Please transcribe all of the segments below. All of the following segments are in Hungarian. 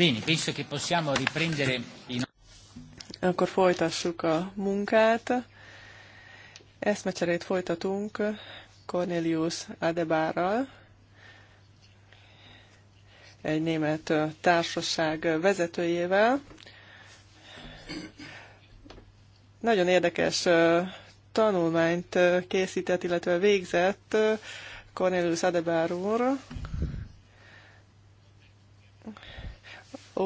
Bene, penso che possiamo riprendere in... Akkor folytassuk a munkát. Eszmecserét folytatunk Cornelius Adebárral, egy német társaság vezetőjével. Nagyon érdekes tanulmányt készített, illetve végzett Cornelius Adebár úr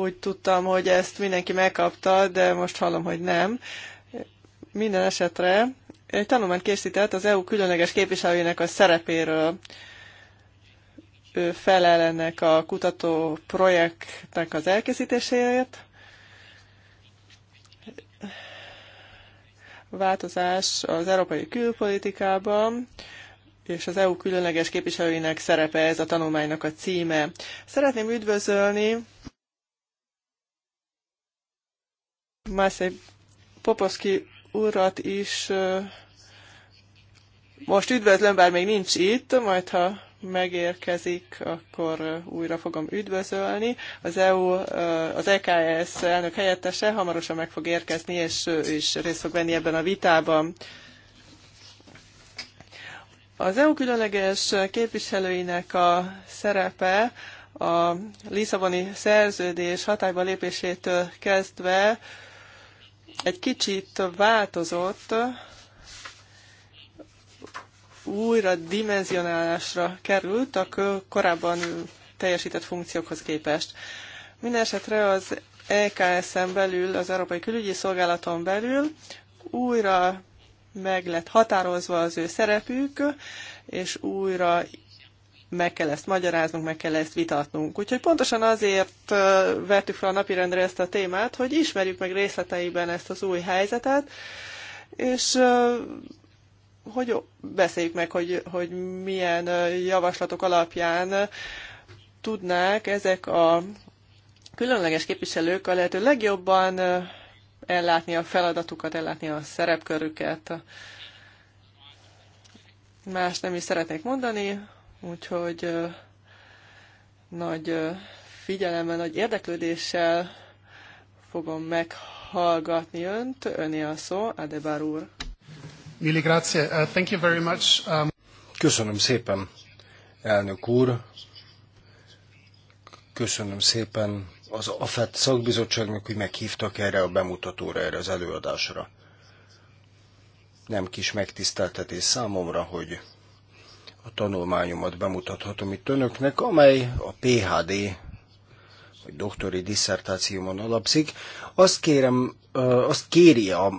Úgy tudtam, hogy ezt mindenki megkapta, de most hallom, hogy nem. Minden esetre egy tanulmányt készített az EU különleges képviselőjének a szerepéről. Ő felel ennek a kutató projektnek az elkészítéséért. Változás az európai külpolitikában és az EU különleges képviselőinek szerepe ez a tanulmánynak a címe. Szeretném üdvözölni Mászé Poposzki urat is most üdvözlöm, bár még nincs itt, majd ha megérkezik, akkor újra fogom üdvözölni. Az EU, az EKS elnök helyettese hamarosan meg fog érkezni, és ő is részt fog venni ebben a vitában. Az EU különleges képviselőinek a szerepe a Lisszaboni szerződés hatályba lépésétől kezdve egy kicsit változott, újra dimenzionálásra került a korábban teljesített funkciókhoz képest. Mindenesetre az EKS-en belül, az Európai Külügyi Szolgálaton belül újra meg lett határozva az ő szerepük, és újra meg kell ezt magyaráznunk, meg kell ezt vitatnunk. Úgyhogy pontosan azért vettük fel a napirendre ezt a témát, hogy ismerjük meg részleteiben ezt az új helyzetet, és hogy beszéljük meg, hogy, hogy milyen javaslatok alapján tudnák ezek a különleges képviselők a lehető legjobban ellátni a feladatukat, ellátni a szerepkörüket. Más nem is szeretnék mondani, Úgyhogy nagy figyelemmel, nagy érdeklődéssel fogom meghallgatni önt. Öné a szó, Adebar úr. Really grazie. Uh, thank you very much. Um, Köszönöm szépen, elnök úr. Köszönöm szépen az AFET szakbizottságnak, hogy meghívtak erre a bemutatóra, erre az előadásra. Nem kis megtiszteltetés számomra, hogy a tanulmányomat bemutathatom itt önöknek, amely a PHD, vagy doktori diszertációmon alapszik. Azt kérem, azt kéri a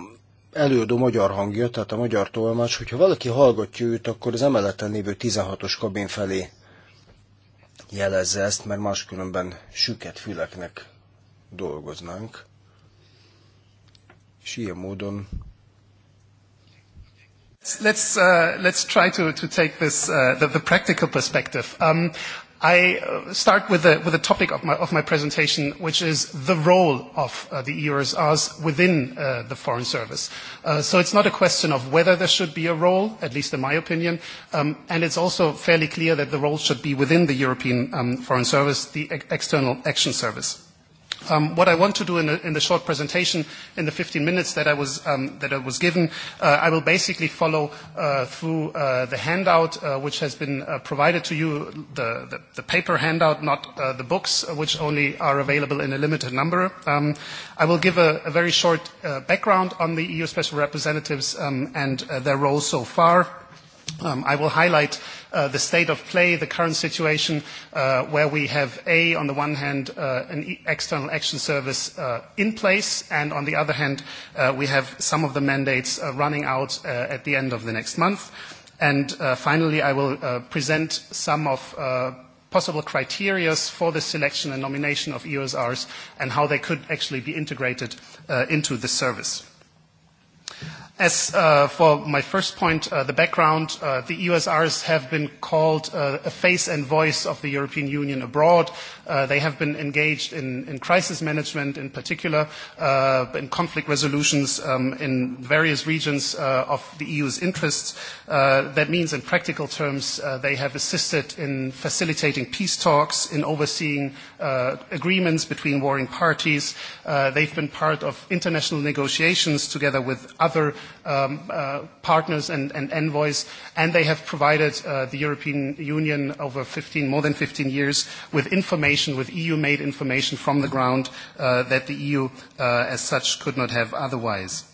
előadó magyar hangja, tehát a magyar tolmács, hogyha valaki hallgatja őt, akkor az emeleten lévő 16-os kabin felé jelezze ezt, mert máskülönben süket füleknek dolgoznánk. És ilyen módon Let's uh, let's try to to take this uh, the, the practical perspective. Um, I uh, start with the, with the topic of my, of my presentation, which is the role of uh, the ERSRs within uh, the Foreign Service. Uh, so it's not a question of whether there should be a role, at least in my opinion, um, and it's also fairly clear that the role should be within the European um, Foreign Service, the e External Action Service. Um, what I want to do in the, in the short presentation, in the 15 minutes that I was, um, that I was given, uh, I will basically follow uh, through uh, the handout uh, which has been uh, provided to you, the, the, the paper handout, not uh, the books, uh, which only are available in a limited number. Um, I will give a, a very short uh, background on the EU Special Representatives um, and uh, their role so far. Um, I will highlight uh, the state of play, the current situation, uh, where we have, A, on the one hand, uh, an e-, external action service uh, in place, and on the other hand, uh, we have some of the mandates uh, running out uh, at the end of the next month. And uh, finally, I will uh, present some of uh, possible criteria for the selection and nomination of EOSRs and how they could actually be integrated uh, into the service. As uh, for my first point, uh, the background, uh, the EUSRs have been called uh, a face and voice of the European Union abroad. Uh, they have been engaged in, in crisis management in particular, uh, in conflict resolutions um, in various regions uh, of the EU's interests. Uh, that means in practical terms, uh, they have assisted in facilitating peace talks, in overseeing uh, agreements between warring parties. Uh, they've been part of international negotiations together with other um, uh, partners and, and envoys, and they have provided uh, the European Union over 15, more than 15 years with information, with EU-made information from the ground uh, that the EU uh, as such could not have otherwise.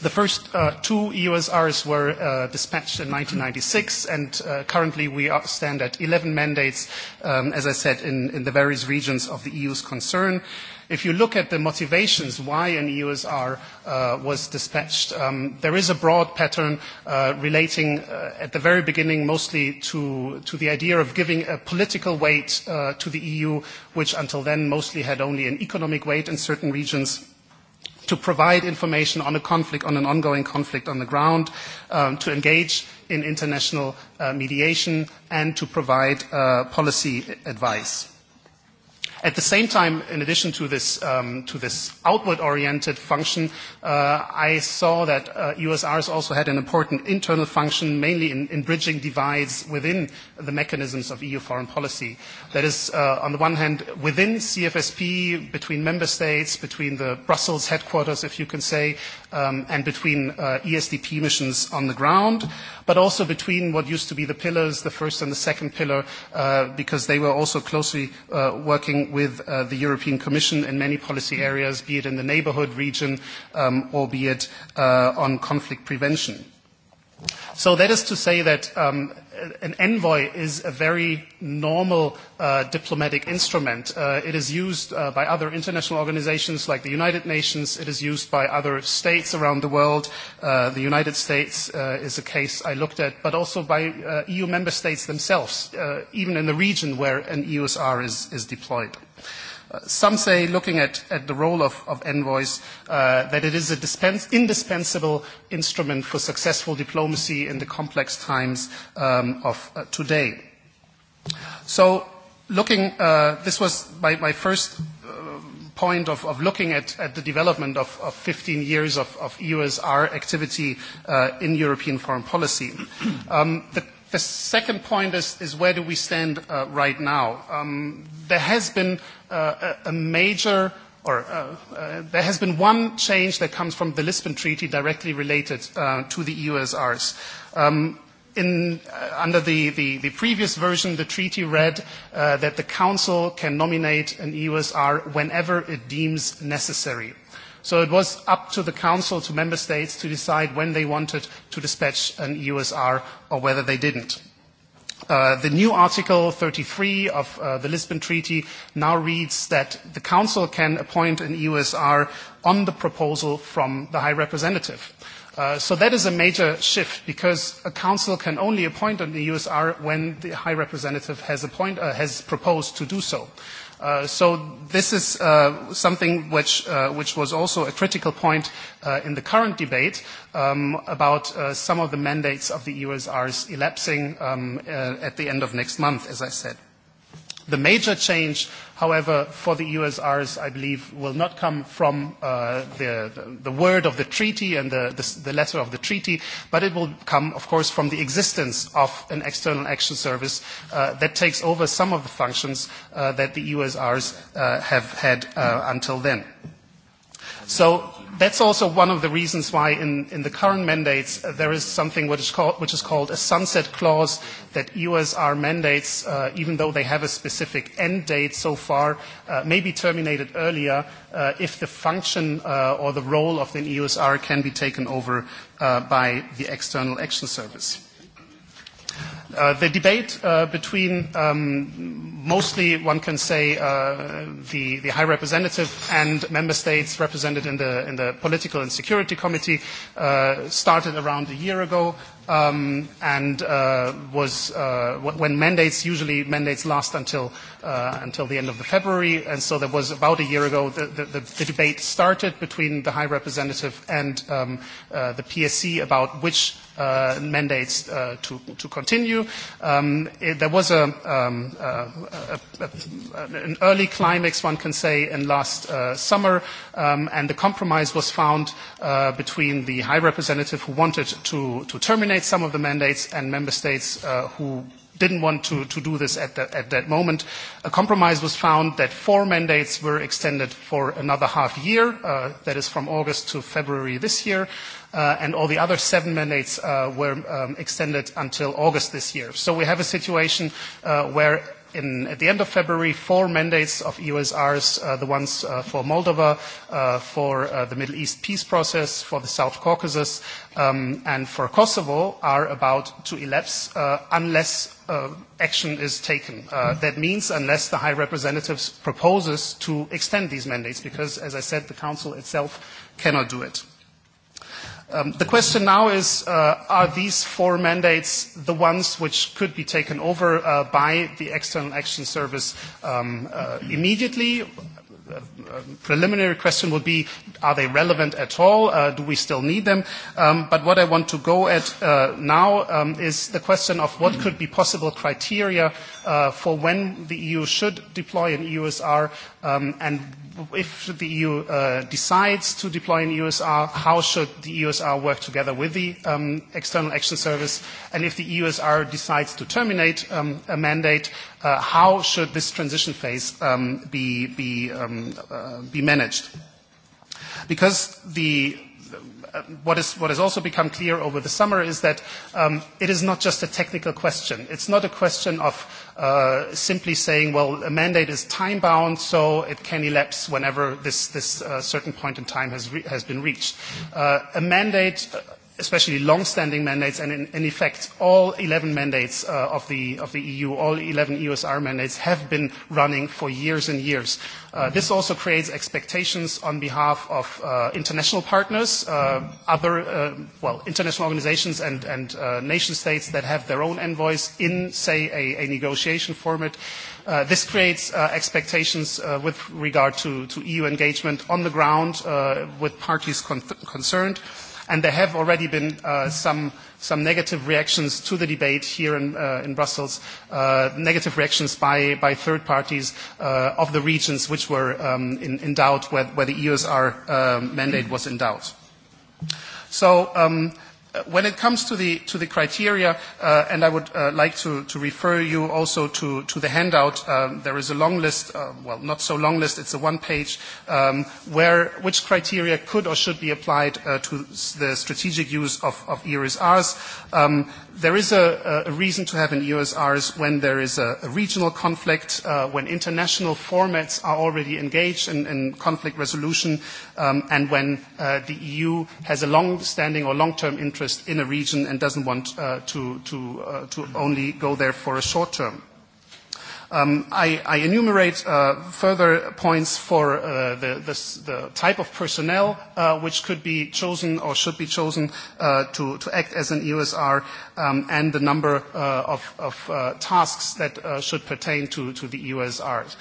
The first uh, two EUSRs were uh, dispatched in 1996, and uh, currently we are, stand at 11 mandates, um, as I said, in, in the various regions of the EU's concern if you look at the motivations why an EUSR uh, was dispatched, um, there is a broad pattern uh, relating uh, at the very beginning mostly to, to the idea of giving a political weight uh, to the EU, which until then mostly had only an economic weight in certain regions to provide information on a conflict, on an ongoing conflict on the ground, um, to engage in international uh, mediation, and to provide uh, policy advice. At the same time, in addition to this, um, to this outward-oriented function, uh, I saw that uh, USRs also had an important internal function, mainly in, in bridging divides within the mechanisms of EU foreign policy. That is, uh, on the one hand, within CFSP, between member states, between the Brussels headquarters, if you can say, um, and between uh, ESDP missions on the ground, but also between what used to be the pillars, the first and the second pillar, uh, because they were also closely uh, working with uh, the European Commission in many policy areas, be it in the neighborhood region um, or be it uh, on conflict prevention. So that is to say that um, an envoy is a very normal uh, diplomatic instrument. Uh, it is used uh, by other international organizations like the United Nations. It is used by other states around the world. Uh, the United States uh, is a case I looked at, but also by uh, EU member states themselves, uh, even in the region where an EUSR is, is deployed. Uh, Some say, looking at, at the role of, of envoys, uh, that it is an dispense, indispensable instrument for successful diplomacy in the complex times um, of uh, today. So, looking, uh, this was my, my first um, point of, of looking at, at the development of, of 15 years of, of EUSR activity uh, in European foreign policy. Um, the The second point is, is where do we stand uh, right now? Um, there has been uh, a, major or uh, uh, there has been one change that comes from the Lisbon Treaty directly related uh, to the EUSRs. Um, in, uh, under the, the, the previous version, the treaty read uh, that the Council can nominate an EUSR whenever it deems necessary. So it was up to the Council, to Member States, to decide when they wanted to dispatch an EUSR or whether they didn't. Uh, the new Article 33 of uh, the Lisbon Treaty now reads that the Council can appoint an EUSR on the proposal from the High Representative. Uh, so that is a major shift because a council can only appoint an EUSR when the High Representative has, appoint, uh, has proposed to do so. Uh, Uh, so this is uh, something which, uh, which was also a critical point uh, in the current debate um, about uh, some of the mandates of the EUSRs elapsing um, uh, at the end of next month, as I said. The major change, however, for the USRs, I believe, will not come from uh, the, the word of the treaty and the, the, the letter of the treaty, but it will come, of course, from the existence of an external action service uh, that takes over some of the functions uh, that the USRs uh, have had uh, until then. So that's also one of the reasons why in, in the current mandates uh, there is something which is, called, which is called a sunset clause that USR mandates, uh, even though they have a specific end date so far, uh, may be terminated earlier uh, if the function uh, or the role of the USR can be taken over uh, by the External Action Service. Uh, the debate uh, between um, mostly, one can say, uh, the, the High Representative and member states represented in the, in the Political and Security Committee uh, started around a year ago um, and uh, was uh, when mandates usually mandates last until uh, until the end of the February, and so there was about a year ago the, the, the debate started between the High Representative and um, uh, the PSC about which uh, mandates uh, to, to continue. Um, it, there was a, um, uh, a, a, an early climax, one can say, in last uh, summer, um, and the compromise was found uh, between the High Representative who wanted to, to terminate mandate, some of the mandates and member states uh, who didn't want to, to do this at, the, at that moment. A compromise was found that four mandates were extended for another half year, uh, that is from August to February this year, uh, and all the other seven mandates uh, were um, extended until August this year. So we have a situation uh, where in, at the end of February, four mandates of EOSRs, uh, the ones uh, for Moldova, uh, for uh, the Middle East peace process, for the South Caucasus, um, and for Kosovo, are about to elapse uh, unless uh, action is taken. Uh, that means unless the High Representative proposes to extend these mandates, because, as I said, the Council itself cannot do it. Um, the question now is, uh, are these four mandates the ones which could be taken over uh, by the External Action Service um, uh, immediately? A uh, uh, preliminary question would be, are they relevant at all? Uh, do we still need them? Um, but what I want to go at uh, now um, is the question of what could be possible criteria uh, for when the EU should deploy an EUSR um, and if the EU uh, decides to deploy an EUSR, how should the EUSR work together with the um, External Action Service? And if the EUSR decides to terminate um, a mandate, uh, how should this transition phase um, be, be, um, uh, be managed? Because the uh, what, is, what has also become clear over the summer is that um, it is not just a technical question. It's not a question of Uh, simply saying, well, a mandate is time bound, so it can elapse whenever this, this uh, certain point in time has, re- has been reached. Uh, a mandate especially long-standing mandates, and in, in effect, all 11 mandates uh, of, the, of the EU, all 11 EUSR mandates have been running for years and years. Uh, this also creates expectations on behalf of uh, international partners, uh, other, uh, well, international organizations and, and uh, nation states that have their own envoys in, say, a, a negotiation format. Uh, this creates uh, expectations uh, with regard to, to EU engagement on the ground uh, with parties con- concerned. Uh, And there have already been uh, some, some negative reactions to the debate here in, uh, in Brussels, uh, negative reactions by, by third parties uh, of the regions which were um, in, in doubt, where, where the EUSR uh, mandate was in doubt. So um, Uh, when it comes to the to the criteria, uh, and I would uh, like to, to refer you also to, to the handout. Um, there is a long list, uh, well, not so long list. It's a one page um, where which criteria could or should be applied uh, to the strategic use of, of ERSRs. Um, there is a, a reason to have an ERSRs when there is a, a regional conflict, uh, when international formats are already engaged in, in conflict resolution, um, and when uh, the EU has a long-standing or long-term interest interest in a region and doesn't want uh, to, to, uh, to only go there for a short term. Um, I, I enumerate uh, further points for uh, the, the, the type of personnel uh, which could be chosen or should be chosen uh, to, to act as an EOSR um, and the number uh, of, of uh, tasks that uh, should pertain to, to the EOSRs.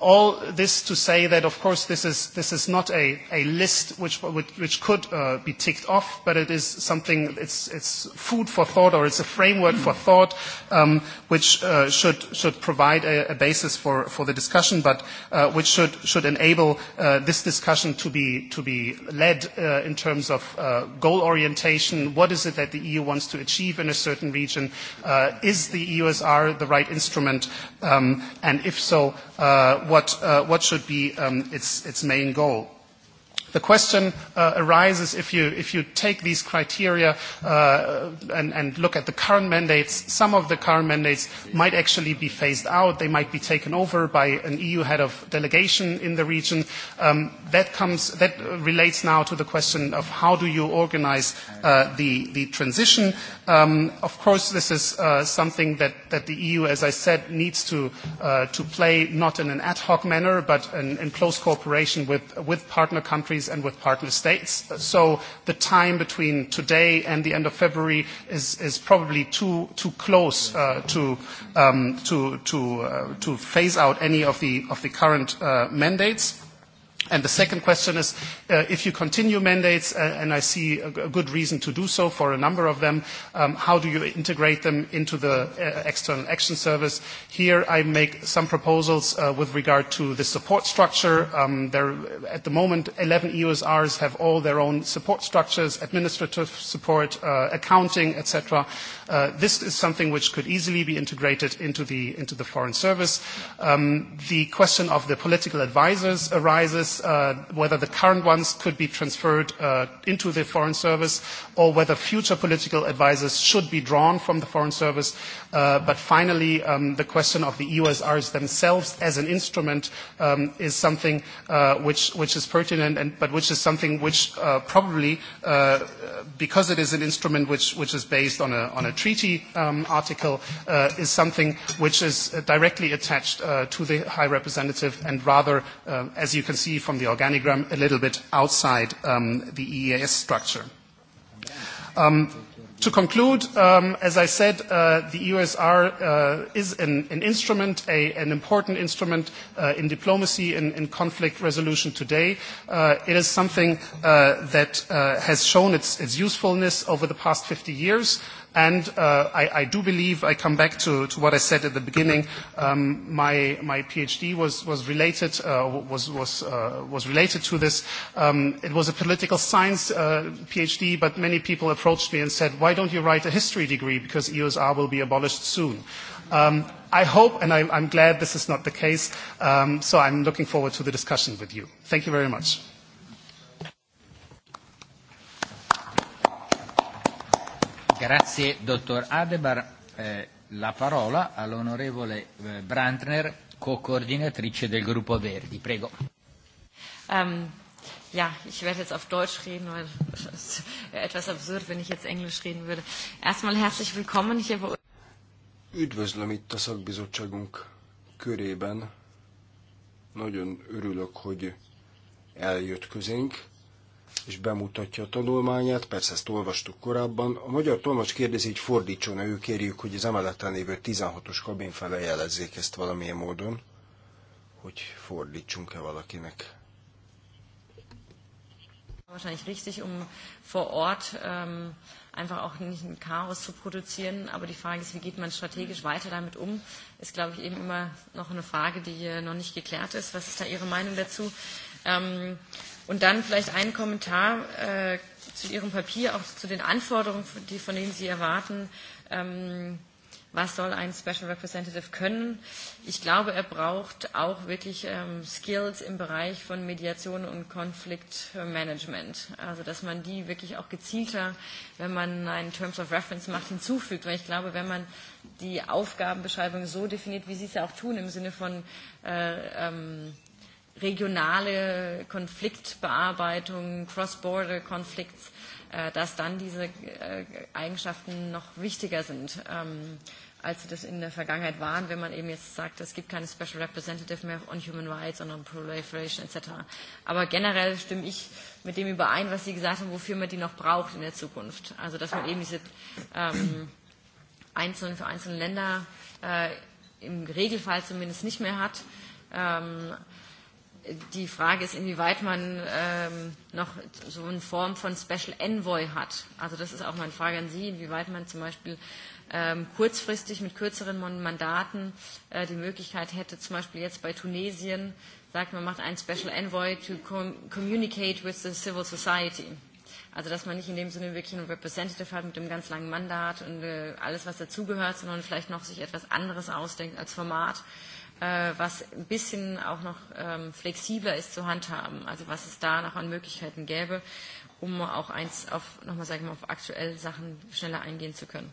All this to say that, of course, this is, this is not a, a list which, which could uh, be ticked off, but it is something, it's, it's food for thought or it's a framework for thought um, which uh, should, should provide a, a basis for, for the discussion, but uh, which should, should enable uh, this discussion to be, to be led uh, in terms of uh, goal orientation. What is it that the EU wants to achieve in a certain region? Uh, is the EUSR the right instrument? Um, and if so, uh, what, uh, what should be um, its, its main goal. The question uh, arises if you, if you take these criteria uh, and, and look at the current mandates, some of the current mandates might actually be phased out. They might be taken over by an EU head of delegation in the region. Um, that, comes, that uh, relates now to the question of how do you organize uh, the, the transition. Um, of course, this is uh, something that, that the EU, as I said, needs to, uh, to play not in an ad hoc manner, but in, in close cooperation with, with partner countries countries and with partner states. So the time between today and the end of February is, is probably too, too close uh, to, um, to, to, uh, to phase out any of the, of the current uh, mandates. And the second question is, uh, if you continue mandates, uh, and I see a, a good reason to do so for a number of them, um, how do you integrate them into the uh, External Action Service? Here I make some proposals uh, with regard to the support structure. Um, there, at the moment, 11 EOSRs have all their own support structures, administrative support, uh, accounting, etc. Uh, this is something which could easily be integrated into the, into the Foreign Service. Um, the question of the political advisors arises services, uh, whether the current ones could be transferred uh, into the Foreign Service, or whether future political advisers should be drawn from the Foreign Service. Uh, but finally, um, the question of the EUSRs themselves as an instrument um, is something uh, which, which is pertinent, and, but which is something which uh, probably, uh, because it is an instrument which, which is based on a, on a treaty um, article, uh, is something which is directly attached uh, to the High Representative and rather, uh, as you can see see from the organigram a little bit outside um, the EAS e structure. Um, to conclude, um, as I said, uh, the EUSR uh, is an, an instrument, a, an important instrument uh, in diplomacy and in, in conflict resolution today. Uh, it is something uh, that uh, has shown its, its usefulness over the past 50 years. And uh, I, I do believe, I come back to, to what I said at the beginning, um, my, my PhD was, was, related, uh, was, was, uh, was related to this. Um, it was a political science uh, PhD, but many people approached me and said, why don't you write a history degree because EOSR will be abolished soon. Um, I hope, and I, I'm glad this is not the case, um, so I'm looking forward to the discussion with you. Thank you very much. Grazie, dottor Adebar. Eh, la parola all'onorevole eh, Brandner, co-coordinatrice del Gruppo Verdi. Prego. Um. Ja, ich werde jetzt auf Deutsch reden, weil es wäre etwas absurd, wenn ich jetzt Englisch reden würde. Erstmal herzlich willkommen hier bei Üdvözlöm itt a szakbizottságunk körében. Nagyon örülök, hogy eljött közénk és bemutatja a tanulmányát, persze ezt olvastuk korábban. A magyar tolmács kérdezi, hogy fordítson-e, ő kérjük, hogy az emeleten lévő 16-os kabin fele jelezzék ezt valamilyen módon, hogy fordítsunk-e valakinek. Wahrscheinlich richtig, um vor Ort ähm, einfach auch nicht ein Chaos zu produzieren. Aber die Frage ist, wie geht man strategisch weiter damit um? Ist, glaube ich, eben immer noch eine Frage, die äh, noch nicht geklärt ist. Was ist da Ihre Meinung dazu? Ähm, Und dann vielleicht einen Kommentar äh, zu Ihrem Papier, auch zu den Anforderungen, die, von denen Sie erwarten. Ähm, was soll ein Special Representative können? Ich glaube, er braucht auch wirklich ähm, Skills im Bereich von Mediation und Konfliktmanagement. Äh, also, dass man die wirklich auch gezielter, wenn man einen Terms of Reference macht, hinzufügt. Weil ich glaube, wenn man die Aufgabenbeschreibung so definiert, wie Sie es ja auch tun, im Sinne von äh, ähm, regionale Konfliktbearbeitung, Cross-Border Konflikts, äh, dass dann diese äh, Eigenschaften noch wichtiger sind, ähm, als sie das in der Vergangenheit waren, wenn man eben jetzt sagt, es gibt keine Special Representative mehr on Human Rights und on Proliferation etc. Aber generell stimme ich mit dem überein, was Sie gesagt haben, wofür man die noch braucht in der Zukunft. Also dass man eben diese ähm, einzelnen für einzelne Länder äh, im Regelfall zumindest nicht mehr hat. Ähm, Die Frage ist, inwieweit man ähm, noch so eine Form von Special Envoy hat. Also das ist auch meine Frage an Sie, inwieweit man zum Beispiel ähm, kurzfristig mit kürzeren Mandaten äh, die Möglichkeit hätte, zum Beispiel jetzt bei Tunesien, sagt man macht einen Special Envoy to com communicate with the civil society. Also dass man nicht in dem Sinne wirklich einen Representative hat mit einem ganz langen Mandat und äh, alles, was dazugehört, sondern vielleicht noch sich etwas anderes ausdenkt als Format. Äh, was ein bisschen auch noch ähm, flexibler ist zu handhaben, also was es da noch an Möglichkeiten gäbe, um auch eins auf, nochmal sagen wir, auf aktuelle Sachen schneller eingehen zu können.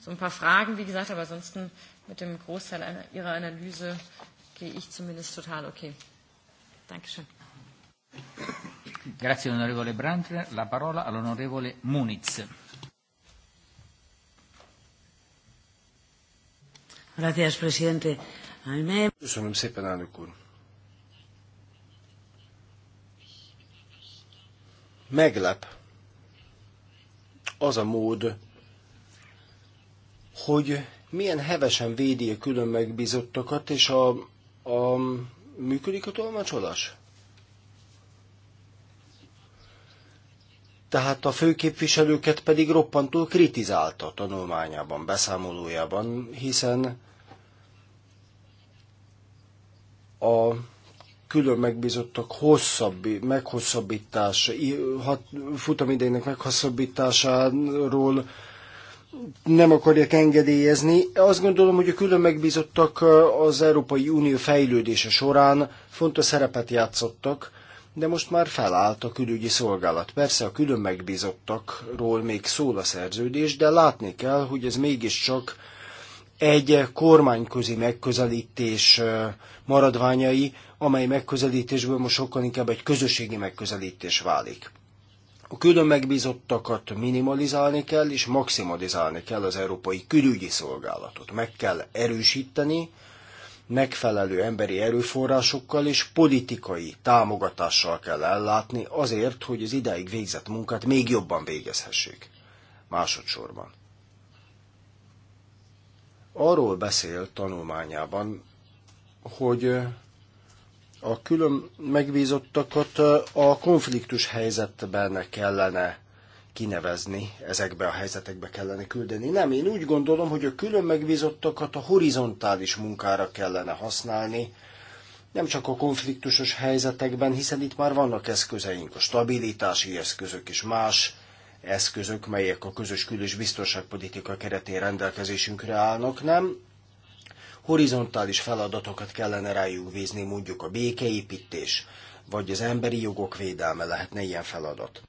So ein paar Fragen, wie gesagt, aber ansonsten mit dem Großteil einer, Ihrer Analyse gehe ich zumindest total okay. Dankeschön. Grazie onorevole Brandner. La parola all'onorevole Muniz. Gracias, presidente. Köszönöm szépen, elnök úr. Meglep az a mód, hogy milyen hevesen védi a külön megbízottakat, és a, a működik a tolmácsolás? Tehát a főképviselőket pedig roppantól kritizálta a tanulmányában, beszámolójában, hiszen a külön megbízottak hosszabb, meghosszabbítása, futamidejének meghosszabbításáról nem akarják engedélyezni. Azt gondolom, hogy a külön megbízottak az Európai Unió fejlődése során fontos szerepet játszottak, de most már felállt a külügyi szolgálat. Persze a külön megbízottakról még szól a szerződés, de látni kell, hogy ez mégiscsak egy kormányközi megközelítés maradványai, amely megközelítésből most sokkal inkább egy közösségi megközelítés válik. A külön megbízottakat minimalizálni kell, és maximalizálni kell az Európai Külügyi Szolgálatot. Meg kell erősíteni, megfelelő emberi erőforrásokkal és politikai támogatással kell ellátni azért, hogy az idáig végzett munkát még jobban végezhessék. Másodszorban arról beszél tanulmányában, hogy a külön megbízottakat a konfliktus helyzetben kellene kinevezni, ezekbe a helyzetekbe kellene küldeni. Nem, én úgy gondolom, hogy a külön megbízottakat a horizontális munkára kellene használni, nem csak a konfliktusos helyzetekben, hiszen itt már vannak eszközeink, a stabilitási eszközök és más eszközök, melyek a közös kül- és biztonságpolitika keretén rendelkezésünkre állnak, nem? Horizontális feladatokat kellene rájuk vízni, mondjuk a békeépítés, vagy az emberi jogok védelme lehetne ilyen feladat.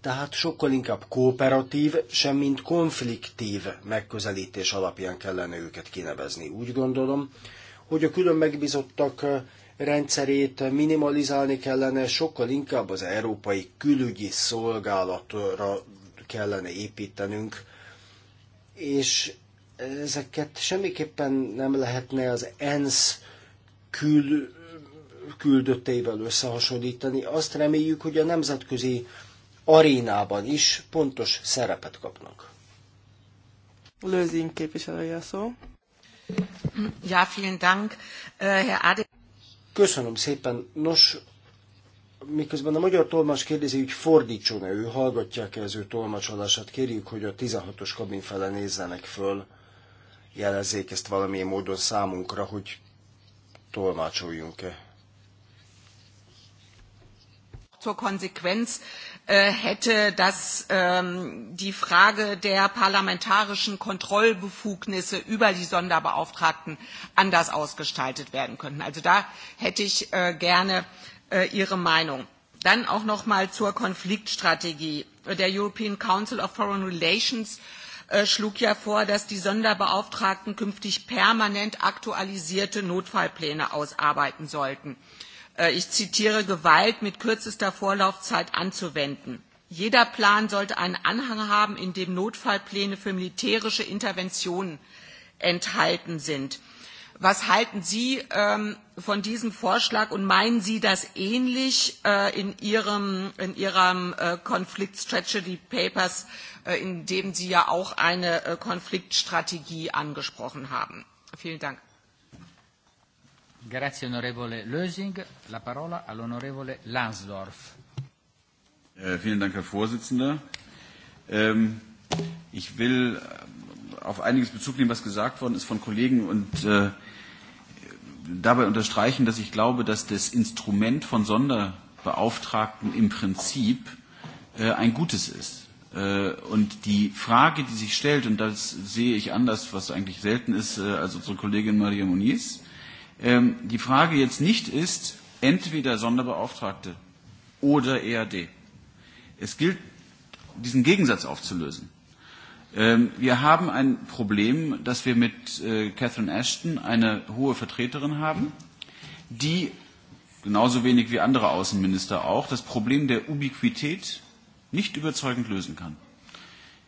Tehát sokkal inkább kooperatív, semmint konfliktív megközelítés alapján kellene őket kinevezni. Úgy gondolom, hogy a külön megbizottak rendszerét minimalizálni kellene, sokkal inkább az Európai Külügyi Szolgálatra kellene építenünk, és ezeket semmiképpen nem lehetne az ENSZ kül, küldöttével összehasonlítani. Azt reméljük, hogy a nemzetközi arénában is pontos szerepet kapnak. Lőzin képviselője a szó. Ja, vielen Dank, äh, Herr Ade. Köszönöm szépen. Nos, miközben a magyar tolmács kérdezi, hogy fordítson-e ő, hallgatják-e az ő tolmácsolását, kérjük, hogy a 16-os kabin fele nézzenek föl, jelezzék ezt valamilyen módon számunkra, hogy tolmácsoljunk-e. Zur Konsequenz, Äh, hätte, dass ähm, die Frage der parlamentarischen Kontrollbefugnisse über die Sonderbeauftragten anders ausgestaltet werden könnten. Also da hätte ich äh, gerne äh, Ihre Meinung. Dann auch noch mal zur Konfliktstrategie. Der European Council of Foreign Relations äh, schlug ja vor, dass die Sonderbeauftragten künftig permanent aktualisierte Notfallpläne ausarbeiten sollten. Äh, Äh, ich zitiere Gewalt mit kürzester Vorlaufzeit anzuwenden. Jeder Plan sollte einen Anhang haben, in dem Notfallpläne für militärische Interventionen enthalten sind. Was halten Sie ähm, von diesem Vorschlag und meinen Sie das ähnlich äh, in Ihrem, in Ihrem äh, Konflikt Strategy Papers, äh, in dem Sie ja auch eine äh, Konfliktstrategie angesprochen haben? Vielen Dank. Grazie onorevole Lösing. La parola all'onorevole Lansdorf. Äh, vielen Dank, Herr Vorsitzender. Ähm, ich will äh, auf einiges Bezug nehmen, was gesagt worden ist von Kollegen und äh, dabei unterstreichen, dass ich glaube, dass das Instrument von Sonderbeauftragten im Prinzip äh, ein gutes ist. Äh, und die Frage, die sich stellt, und das sehe ich anders, was eigentlich selten ist, äh, als unsere Kollegin Maria Moniz, Ähm, die Frage jetzt nicht ist, entweder Sonderbeauftragte oder EAD. Es gilt, diesen Gegensatz aufzulösen. Ähm, wir haben ein Problem, dass wir mit äh, Catherine Ashton eine hohe Vertreterin haben, die genauso wenig wie andere Außenminister auch das Problem der Ubiquität nicht überzeugend lösen kann.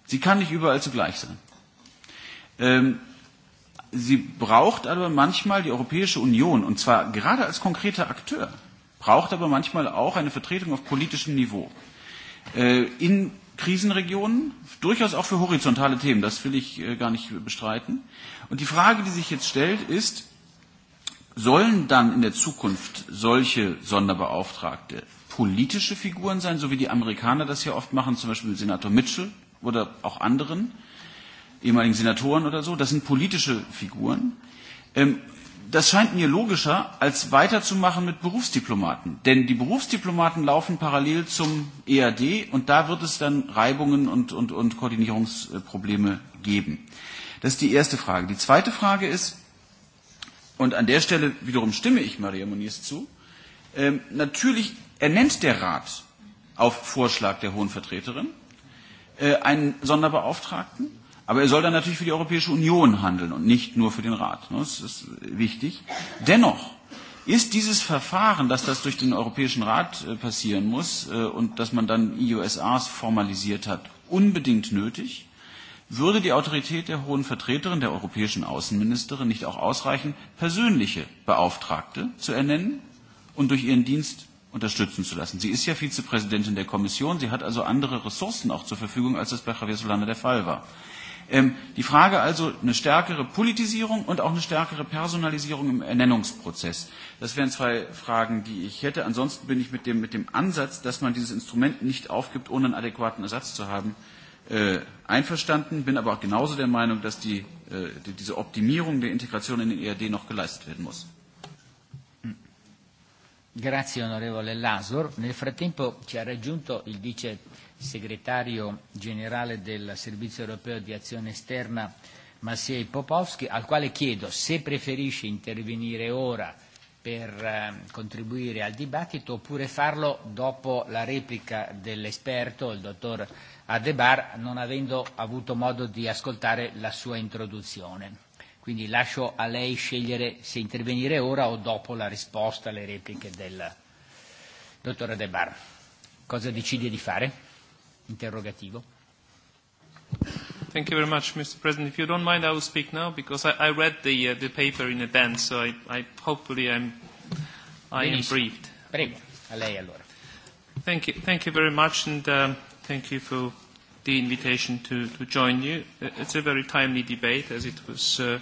Sie kann nicht überall zugleich sein. Ähm, Sie braucht aber manchmal die Europäische Union, und zwar gerade als konkreter Akteur, braucht aber manchmal auch eine Vertretung auf politischem Niveau. Äh, in Krisenregionen, durchaus auch für horizontale Themen, das will ich äh, gar nicht bestreiten. Und die Frage, die sich jetzt stellt, ist, sollen dann in der Zukunft solche Sonderbeauftragte politische Figuren sein, so wie die Amerikaner das ja oft machen, zum Beispiel Senator Mitchell oder auch anderen, äh, ehemaligen Senatoren oder so. Das sind politische Figuren. Ähm, das scheint mir logischer, als weiterzumachen mit Berufsdiplomaten. Denn die Berufsdiplomaten laufen parallel zum EAD und da wird es dann Reibungen und, und, und Koordinierungsprobleme geben. Das ist die erste Frage. Die zweite Frage ist, und an der Stelle wiederum stimme ich Maria Moniz zu, ähm, natürlich ernennt der Rat auf Vorschlag der Hohen Vertreterin äh, einen Sonderbeauftragten Aber er soll dann natürlich für die Europäische Union handeln und nicht nur für den Rat. Das ist wichtig. Dennoch ist dieses Verfahren, dass das durch den Europäischen Rat äh, passieren muss äh, und dass man dann EUSAs formalisiert hat, unbedingt nötig? Würde die Autorität der Hohen Vertreterin, der europäischen Außenministerin, nicht auch ausreichen, persönliche Beauftragte zu ernennen und durch ihren Dienst unterstützen zu lassen. Sie ist ja Vizepräsidentin der Kommission, sie hat also andere Ressourcen auch zur Verfügung, als das bei Javier Solana der Fall war. Ähm, die Frage also eine stärkere Politisierung und auch eine stärkere Personalisierung im Ernennungsprozess. Das wären zwei Fragen, die ich hätte. Ansonsten bin ich mit dem, mit dem Ansatz, dass man dieses Instrument nicht aufgibt, ohne einen adäquaten Ersatz zu haben, äh, einverstanden, bin aber auch genauso der Meinung, dass die, äh, diese Optimierung der Integration in den ERD noch geleistet werden muss. Grazie onorevole Lasor. Nel frattempo ci ha raggiunto il vice segretario generale del Servizio europeo di azione esterna Massiei Popovski, al quale chiedo se preferisce intervenire ora per eh, contribuire al dibattito oppure farlo dopo la replica dell'esperto, il dottor Adebar, non avendo avuto modo di ascoltare la sua introduzione. Quindi lascio a lei scegliere se intervenire ora o dopo la risposta alle repliche del dottor Adebar. Cosa decide di fare? interrogativo. Thank you very much, Mr. President. If you don't mind, I will speak now because I, I read the, uh, the paper in advance, so I, I hopefully I'm, I am briefed. Prego, a lei allora. Thank you, thank you very much, and um, thank you for the invitation to, to join you. It's a very timely debate, as it was uh,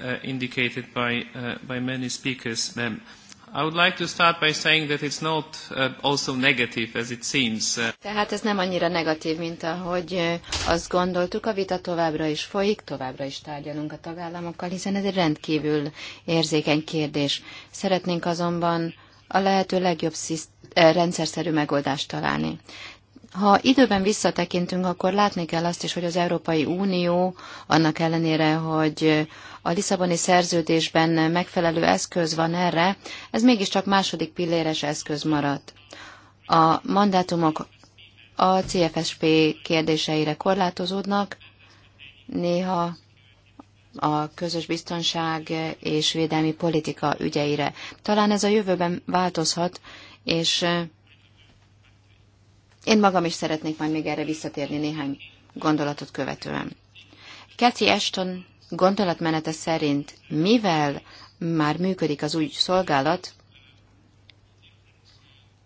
uh, indicated by, uh, by many speakers. Um, I would like to start by saying that it's not uh, also negative as it seems. Uh, Tehát ez nem annyira negatív, mint ahogy uh, azt gondoltuk, a vita továbbra is folyik, továbbra is tárgyalunk a tagállamokkal, hiszen ez egy rendkívül érzékeny kérdés. Szeretnénk azonban a lehető legjobb eh, rendszer megoldást találni. Ha időben visszatekintünk, akkor látni kell azt is, hogy az Európai Unió, annak ellenére, hogy a Lisszaboni szerződésben megfelelő eszköz van erre, ez mégiscsak második pilléres eszköz maradt. A mandátumok a CFSP kérdéseire korlátozódnak, néha a közös biztonság és védelmi politika ügyeire. Talán ez a jövőben változhat, és én magam is szeretnék majd még erre visszatérni néhány gondolatot követően. Kathy Ashton gondolatmenete szerint, mivel már működik az új szolgálat,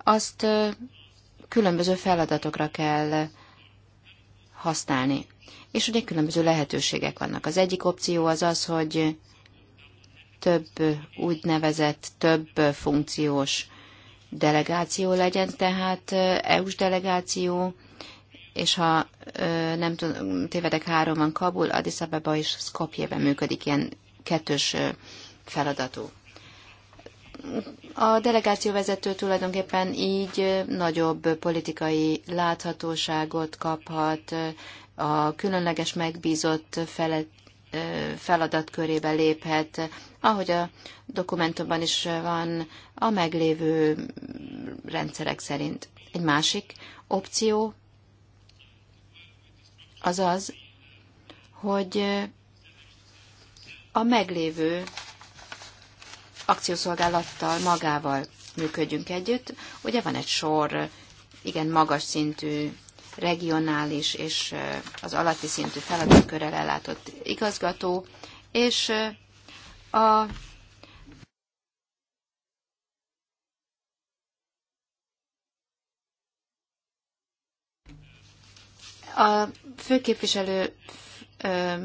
azt különböző feladatokra kell használni. És ugye különböző lehetőségek vannak. Az egyik opció az az, hogy több úgynevezett több funkciós delegáció legyen, tehát EU-s delegáció, és ha nem tudom, tévedek három van, Kabul, Addis Abeba és Skopjeben működik ilyen kettős feladatú. A delegáció vezető tulajdonképpen így nagyobb politikai láthatóságot kaphat, a különleges megbízott felett feladatkörébe léphet, ahogy a dokumentumban is van a meglévő rendszerek szerint. Egy másik opció az az, hogy a meglévő akciószolgálattal magával működjünk együtt. Ugye van egy sor igen magas szintű regionális és az alatti szintű feladatkörrel ellátott igazgató, és a A főképviselő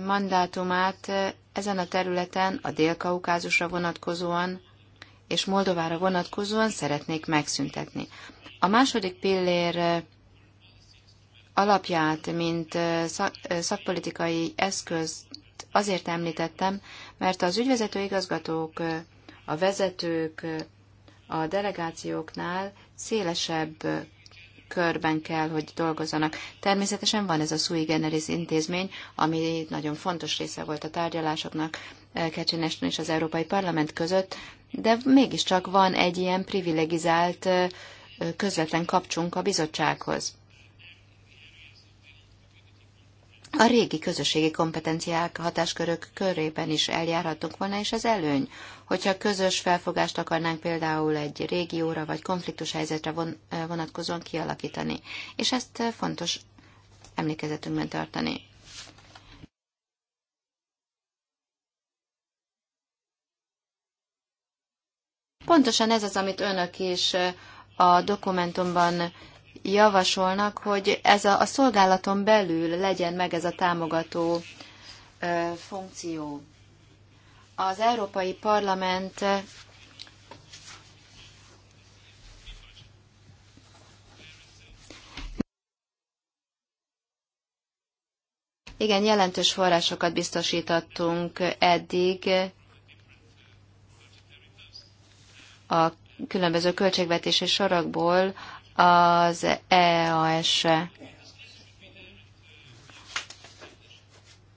mandátumát ezen a területen a Dél-Kaukázusra vonatkozóan és Moldovára vonatkozóan szeretnék megszüntetni. A második pillér alapját, mint szak, szakpolitikai eszközt azért említettem, mert az ügyvezető igazgatók, a vezetők, a delegációknál szélesebb körben kell, hogy dolgozzanak. Természetesen van ez a sui generis intézmény, ami nagyon fontos része volt a tárgyalásoknak Kecsinesten és az Európai Parlament között, de mégiscsak van egy ilyen privilegizált közvetlen kapcsunk a bizottsághoz. a régi közösségi kompetenciák, hatáskörök körében is eljárhatunk volna, és ez előny. Hogyha közös felfogást akarnánk például egy régióra vagy konfliktus helyzetre von, eh, vonatkozóan kialakítani, és ezt eh, fontos emlékezetünkben tartani. Pontosan ez az, amit önök is eh, a dokumentumban javasolnak, hogy ez a, a szolgálaton belül legyen meg ez a támogató ö, funkció. Az Európai Parlament Igen, jelentős forrásokat biztosítottunk eddig a különböző költségvetési sorokból az EAS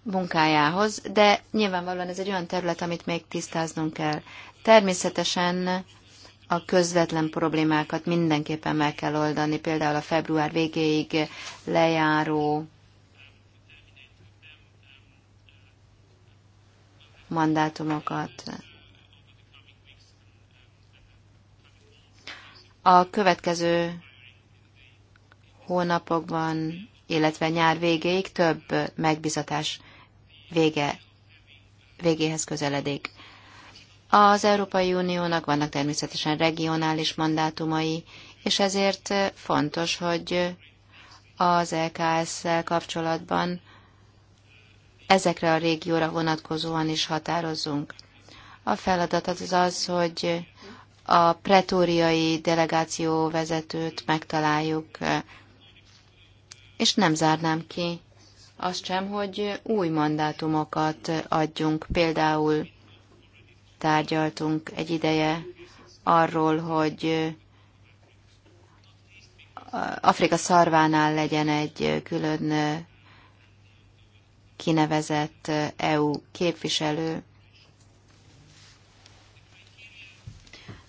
munkájához, de nyilvánvalóan ez egy olyan terület, amit még tisztáznunk kell. Természetesen a közvetlen problémákat mindenképpen meg kell oldani, például a február végéig lejáró mandátumokat. A következő hónapokban, illetve nyár végéig több megbizatás vége, végéhez közeledik. Az Európai Uniónak vannak természetesen regionális mandátumai, és ezért fontos, hogy az LKS-szel e kapcsolatban ezekre a régióra vonatkozóan is határozzunk. A feladat az az, hogy a pretóriai delegáció vezetőt megtaláljuk, és nem zárnám ki azt sem, hogy új mandátumokat adjunk. Például tárgyaltunk egy ideje arról, hogy Afrika szarvánál legyen egy külön kinevezett EU képviselő.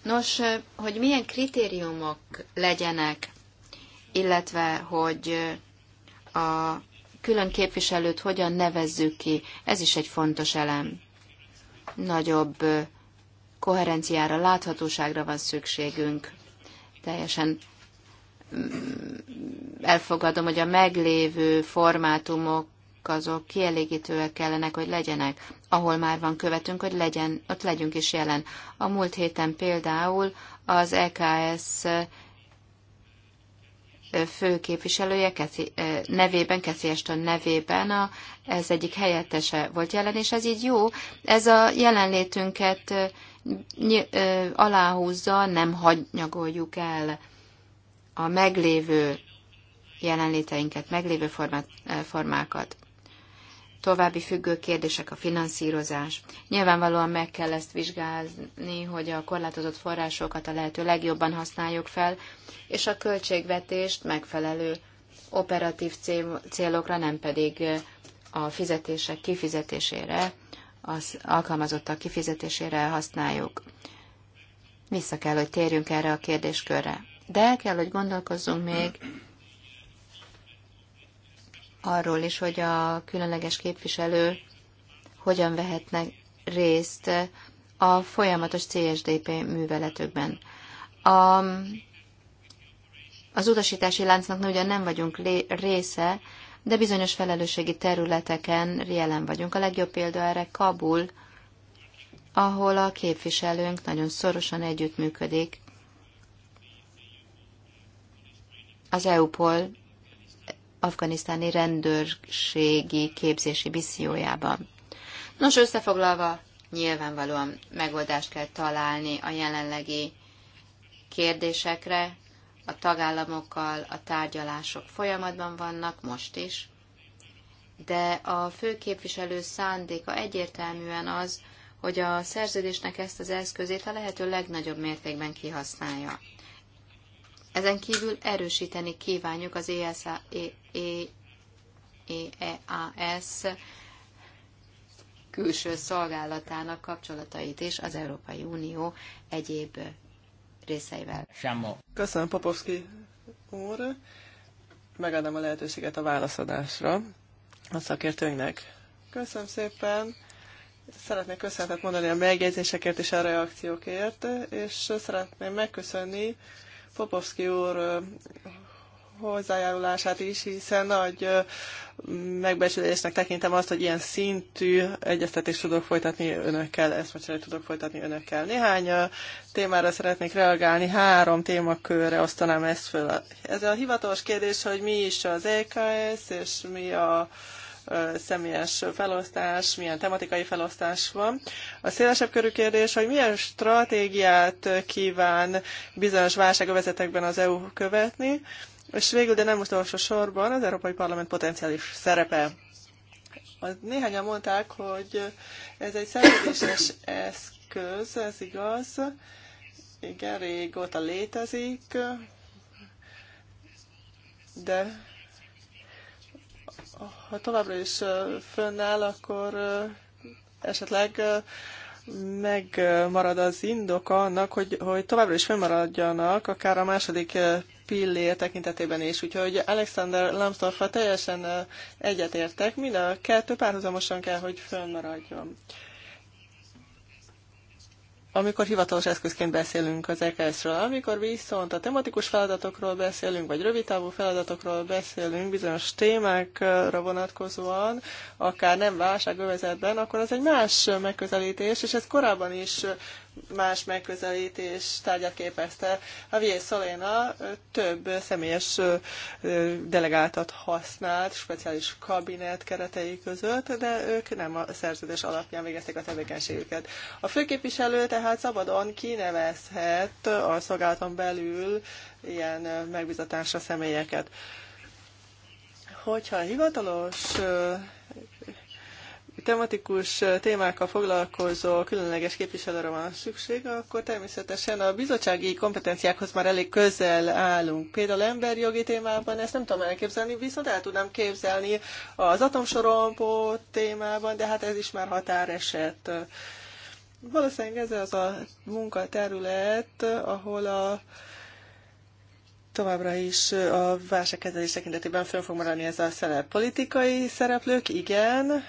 Nos, hogy milyen kritériumok legyenek, illetve hogy a külön képviselőt hogyan nevezzük ki, ez is egy fontos elem. Nagyobb koherenciára, láthatóságra van szükségünk. Teljesen mm, elfogadom, hogy a meglévő formátumok azok kielégítőek kellenek, hogy legyenek. Ahol már van követünk, hogy legyen, ott legyünk is jelen. A múlt héten például az EKS fő képviselője Keszi, nevében, Keszi Eston nevében a, ez egyik helyettese volt jelen, és ez így jó. Ez a jelenlétünket aláhúzza, nem hagynyagoljuk el a meglévő jelenléteinket, meglévő formát, formákat. További függő kérdések a finanszírozás. Nyilvánvalóan meg kell ezt vizsgálni, hogy a korlátozott forrásokat a lehető legjobban használjuk fel, és a költségvetést megfelelő operatív célokra, nem pedig a fizetések kifizetésére, az alkalmazottak kifizetésére használjuk. Vissza kell, hogy térjünk erre a kérdéskörre. De el kell, hogy gondolkozzunk még arról is, hogy a különleges képviselő hogyan vehetne részt a folyamatos CSDP műveletükben. A, az utasítási láncnak ugyan nem vagyunk lé, része, de bizonyos felelősségi területeken jelen vagyunk. A legjobb példa erre Kabul, ahol a képviselőnk nagyon szorosan együttműködik az EUPOL afganisztáni rendőrségi képzési missziójában. Nos, összefoglalva, nyilvánvalóan megoldást kell találni a jelenlegi kérdésekre, a tagállamokkal a tárgyalások folyamatban vannak most is, de a főképviselő szándéka egyértelműen az, hogy a szerződésnek ezt az eszközét a lehető legnagyobb mértékben kihasználja. Ezen kívül erősíteni kívánjuk az EAS e, e, e, külső szolgálatának kapcsolatait és az Európai Unió egyéb részeivel. Köszönöm, Popovski úr. Megadom a lehetőséget a válaszadásra a szakértőnknek. Köszönöm szépen. Szeretnék köszönetet mondani a megjegyzésekért és a reakciókért, és szeretném megköszönni Popovski úr hozzájárulását is, hiszen nagy megbecsülésnek tekintem azt, hogy ilyen szintű egyeztetést tudok folytatni önökkel, ezt most tudok folytatni önökkel. Néhány témára szeretnék reagálni, három témakörre osztanám ezt föl. Ez a hivatalos kérdés, hogy mi is az EKS, és mi a személyes felosztás, milyen tematikai felosztás van. A szélesebb körű kérdés, hogy milyen stratégiát kíván bizonyos válságövezetekben az EU követni, és végül, de nem utolsó sorban, az Európai Parlament potenciális szerepe. Néhányan mondták, hogy ez egy szerződéses eszköz, ez igaz. Igen, régóta létezik, de ha továbbra is fönnáll, akkor esetleg megmarad az indoka annak, hogy, hogy továbbra is fönnmaradjanak, akár a második pillér tekintetében is. Úgyhogy Alexander Lambsdorff-a teljesen egyetértek, mind a kettő párhuzamosan kell, hogy fönnmaradjon amikor hivatalos eszközként beszélünk az EKS-ről, amikor viszont a tematikus feladatokról beszélünk, vagy rövidtávú feladatokról beszélünk bizonyos témákra vonatkozóan, akár nem válságövezetben, akkor az egy más megközelítés, és ez korábban is más megközelítés tárgyát képezte. A Vier Szoléna több személyes delegáltat használt speciális kabinet keretei között, de ők nem a szerződés alapján végezték a tevékenységüket. A főképviselő tehát szabadon kinevezhet a szolgálaton belül ilyen megbizatásra személyeket. Hogyha hivatalos tematikus témákkal foglalkozó különleges képviselőre van szükség, akkor természetesen a bizottsági kompetenciákhoz már elég közel állunk. Például emberjogi témában ezt nem tudom elképzelni, viszont el tudnám képzelni az atomsorompó témában, de hát ez is már határeset. Valószínűleg ez az a munkaterület, ahol a továbbra is a válságkezelés tekintetében fönn fog maradni ez a szerep. Politikai szereplők, igen,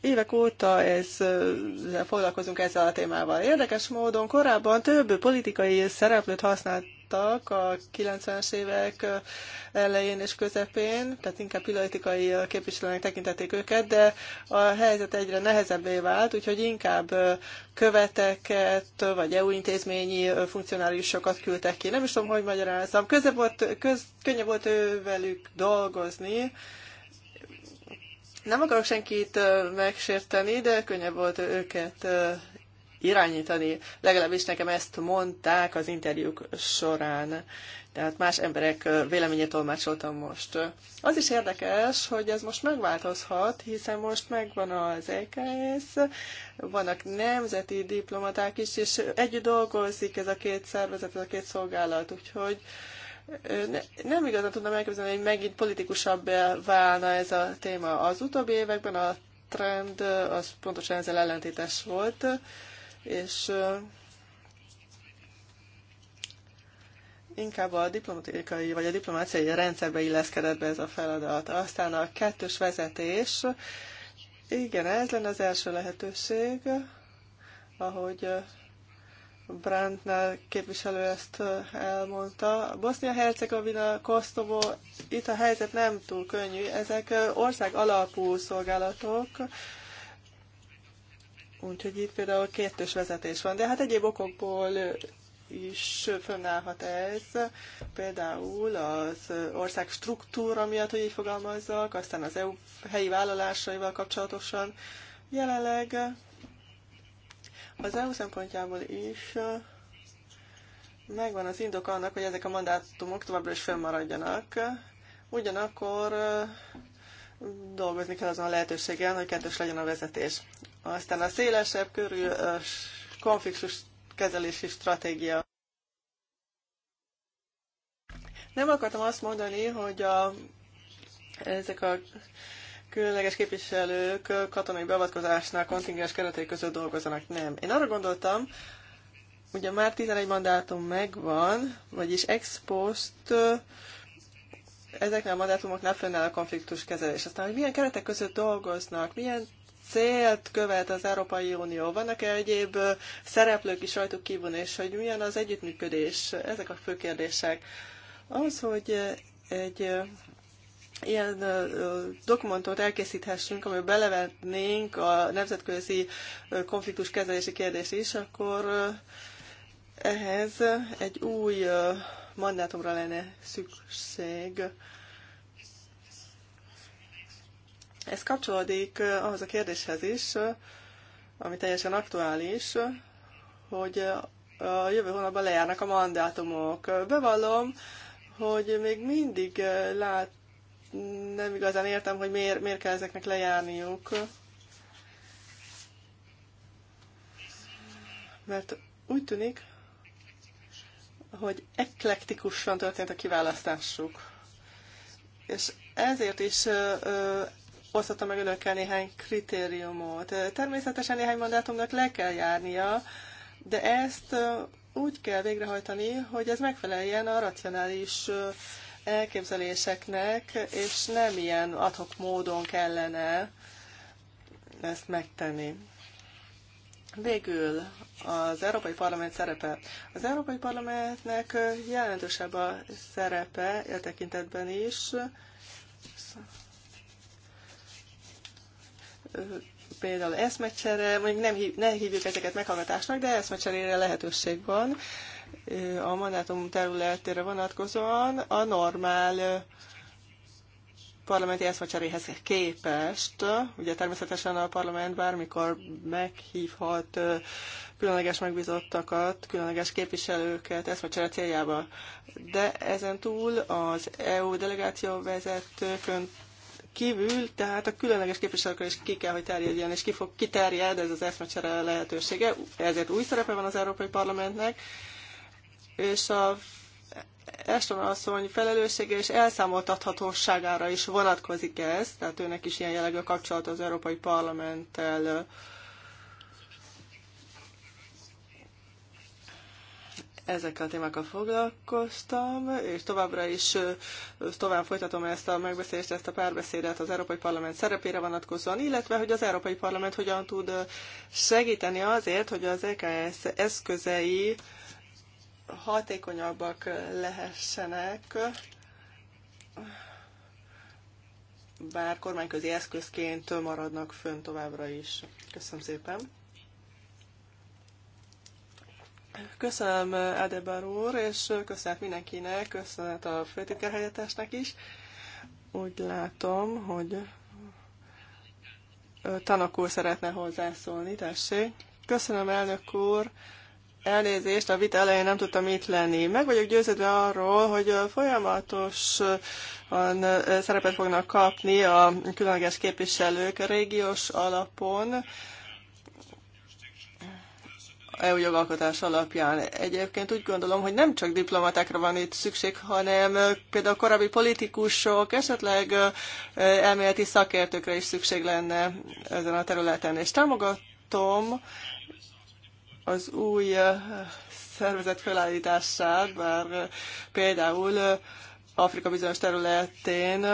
évek óta ezzel foglalkozunk ezzel a témával. Érdekes módon korábban több politikai szereplőt használtak a 90-es évek elején és közepén, tehát inkább politikai képviselőnek tekintették őket, de a helyzet egyre nehezebbé vált, úgyhogy inkább követeket vagy EU intézményi funkcionáriusokat küldtek ki. Nem is tudom, hogy magyarázzam. volt, köz, könnyebb volt velük dolgozni, nem akarok senkit megsérteni, de könnyebb volt őket irányítani. Legalábbis nekem ezt mondták az interjúk során. Tehát más emberek véleményét tolmácsoltam most. Az is érdekes, hogy ez most megváltozhat, hiszen most megvan az EKS, vannak nemzeti diplomaták is, és együtt dolgozik ez a két szervezet, ez a két szolgálat, úgyhogy uh, ne, nem igazán tudnám elképzelni, hogy megint politikusabb válna ez a téma. Az utóbbi években a trend az pontosan ezzel ellentétes volt, és inkább a diplomatikai vagy a diplomáciai rendszerbe illeszkedett be ez a feladat. Aztán a kettős vezetés, igen, ez lenne az első lehetőség, ahogy Brandtnál képviselő ezt elmondta. Bosznia-Hercegovina, Kosztovó, itt a helyzet nem túl könnyű. Ezek ország alapú szolgálatok, úgyhogy itt például kettős vezetés van. De hát egyéb okokból is fönnállhat ez, például az ország struktúra miatt, hogy így fogalmazzak, aztán az EU helyi vállalásaival kapcsolatosan. Jelenleg az EU szempontjából is megvan az indok annak, hogy ezek a mandátumok továbbra is fennmaradjanak. Ugyanakkor dolgozni kell azon a lehetőségen, hogy kettős legyen a vezetés. Aztán a szélesebb körű konfliktus kezelési stratégia. Nem akartam azt mondani, hogy a, ezek a különleges képviselők katonai beavatkozásnál kontingens keretei között dolgozanak. Nem. Én arra gondoltam, ugye már 11 mandátum megvan, vagyis ex post ezeknél a mandátumoknál fönnáll a konfliktus kezelés. Aztán, hogy milyen keretek között dolgoznak, milyen célt követ az Európai Unió, vannak-e egyéb szereplők is rajtuk kívül, és hogy milyen az együttműködés, ezek a fő kérdések. Ahhoz, hogy egy ilyen dokumentumot elkészíthessünk, amiben belevetnénk a nemzetközi konfliktus kezelési kérdés is, akkor ehhez egy új mandátumra lenne szükség. Ez kapcsolódik ahhoz a kérdéshez is, ami teljesen aktuális, hogy a jövő hónapban lejárnak a mandátumok. Bevallom, hogy még mindig lát, nem igazán értem, hogy miért, miért kell ezeknek lejárniuk. Mert úgy tűnik, hogy eklektikusan történt a kiválasztásuk. És ezért is ö, ö, osztottam meg önökkel néhány kritériumot. Természetesen néhány mandátumnak le kell járnia, de ezt úgy kell végrehajtani, hogy ez megfeleljen a racionális elképzeléseknek, és nem ilyen adhok módon kellene ezt megtenni. Végül az Európai Parlament szerepe. Az Európai Parlamentnek jelentősebb a szerepe e tekintetben is. Például eszmecsere, mondjuk nem hív, ne hívjuk ezeket meghallgatásnak, de eszmecserére lehetőség van a mandátum területére vonatkozóan a normál parlamenti eszmecseréhez képest, ugye természetesen a parlament bármikor meghívhat különleges megbizottakat, különleges képviselőket eszmecsere céljába. De ezen túl az EU delegáció vezetőkön kívül, tehát a különleges képviselőkre is ki kell, hogy terjedjen, és ki fog kiterjed ez az eszmecsere lehetősége. Ezért új szerepe van az Európai Parlamentnek, és a Eston asszony felelőssége és elszámoltathatóságára is vonatkozik ez, tehát őnek is ilyen jellegű kapcsolat az Európai Parlamenttel. Ezekkel a témákkal foglalkoztam, és továbbra is tovább folytatom ezt a megbeszélést, ezt a párbeszédet az Európai Parlament szerepére vonatkozóan, illetve hogy az Európai Parlament hogyan tud segíteni azért, hogy az EKS eszközei hatékonyabbak lehessenek, bár kormányközi eszközként maradnak fönn továbbra is. Köszönöm szépen! Köszönöm Adebar úr, és köszönet mindenkinek, köszönet a főtitkár is. Úgy látom, hogy Tanak úr szeretne hozzászólni, tessék. Köszönöm elnök úr, Elnézést, a vita elején nem tudtam itt lenni. Meg vagyok győződve arról, hogy folyamatosan szerepet fognak kapni a különleges képviselők régiós alapon, EU jogalkotás alapján. Egyébként úgy gondolom, hogy nem csak diplomatákra van itt szükség, hanem például korábbi politikusok, esetleg elméleti szakértőkre is szükség lenne ezen a területen. És támogatom az új eh, szervezet felállítását, bár eh, például eh, Afrika bizonyos területén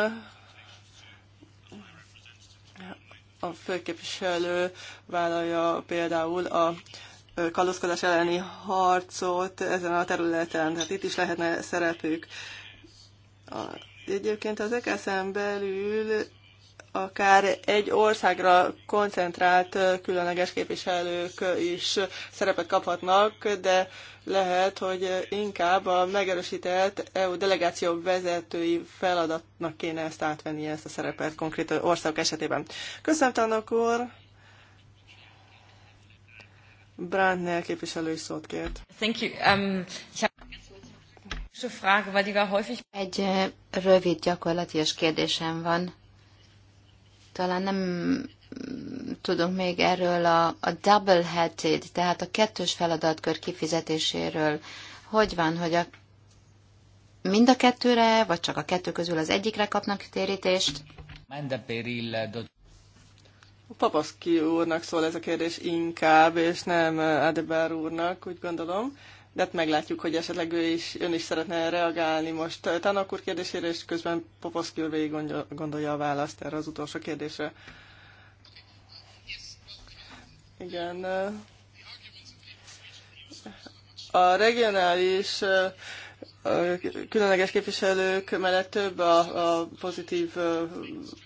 a főképviselő vállalja például a kalózkodás elleni harcot ezen a területen, tehát itt is lehetne szerepük. Egyébként az EKSZ-en belül akár egy országra koncentrált különleges képviselők is szerepet kaphatnak, de lehet, hogy inkább a megerősített EU delegációk vezetői feladatnak kéne ezt átvenni, ezt a szerepet konkrét országok esetében. Köszönöm, tanok úr! Brandner képviselő is szót kért. Thank you. Um, Egy rövid gyakorlatilag kérdésem van talán nem tudunk még erről a, a double-headed, tehát a kettős feladatkör kifizetéséről. Hogy van, hogy a, mind a kettőre, vagy csak a kettő közül az egyikre kapnak térítést? A Papaszki úrnak szól ez a kérdés inkább, és nem Adebar úrnak, úgy gondolom de hát meglátjuk, hogy esetleg ő is, ön is szeretne reagálni most Tanak úr kérdésére, és közben Poposzki úr végig gondolja a választ erre az utolsó kérdésre. Igen. A regionális különleges képviselők mellett több a, a pozitív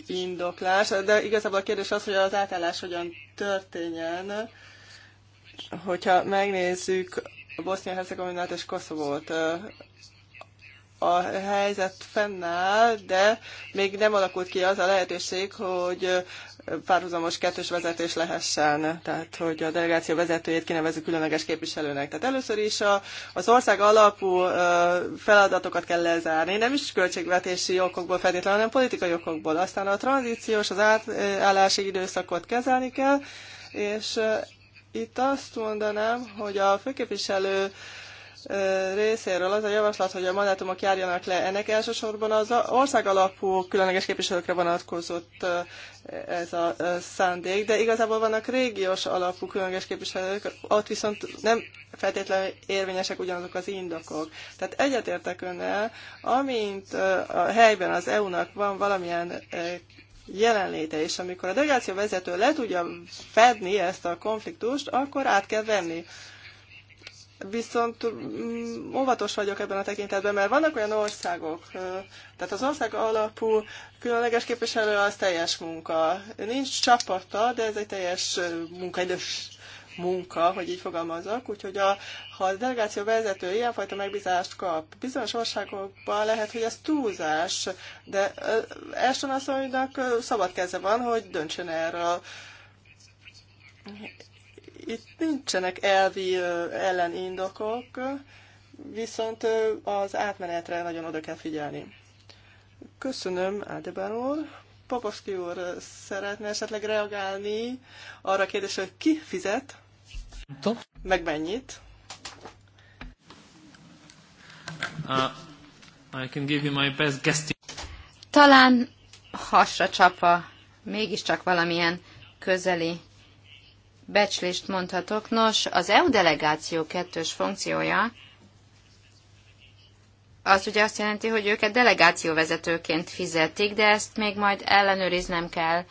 indoklás, de igazából a kérdés az, hogy az átállás hogyan történjen. Hogyha megnézzük Bosznia-Hercegovinát és Koszovót. A helyzet fennáll, de még nem alakult ki az a lehetőség, hogy párhuzamos kettős vezetés lehessen, tehát hogy a delegáció vezetőjét kinevezzük különleges képviselőnek. Tehát először is a, az ország alapú feladatokat kell lezárni, nem is költségvetési okokból feltétlenül, hanem politikai okokból. Aztán a tranzíciós, az átállási időszakot kezelni kell, és itt azt mondanám, hogy a főképviselő részéről az a javaslat, hogy a mandátumok járjanak le, ennek elsősorban az ország alapú különleges képviselőkre vonatkozott ez a szándék, de igazából vannak régiós alapú különleges képviselők, ott viszont nem feltétlenül érvényesek ugyanazok az indokok. Tehát egyetértek önnel, amint a helyben az EU-nak van valamilyen jelenléte, és amikor a delegáció vezető le tudja fedni ezt a konfliktust, akkor át kell venni. Viszont mm, óvatos vagyok ebben a tekintetben, mert vannak olyan országok, tehát az ország alapú különleges képviselő az teljes munka. Nincs csapata, de ez egy teljes munkaidős munka, hogy így fogalmazok, Úgyhogy a, ha a delegáció vezető ilyenfajta megbízást kap, bizonyos országokban lehet, hogy ez túlzás, de Ashton asszonynak szabad keze van, hogy döntsön erről. Itt nincsenek elvi ellenindokok, viszont az átmenetre nagyon oda kell figyelni. Köszönöm, Ádeban úr. Popovsky úr szeretne esetleg reagálni arra a kérdésre, hogy ki fizet Top. Meg mennyit? Uh, I can give you my best guess. Talán hasra csapa, mégiscsak valamilyen közeli becslést mondhatok. Nos, az EU delegáció kettős funkciója az ugye azt jelenti, hogy őket delegációvezetőként fizetik, de ezt még majd ellenőriznem kell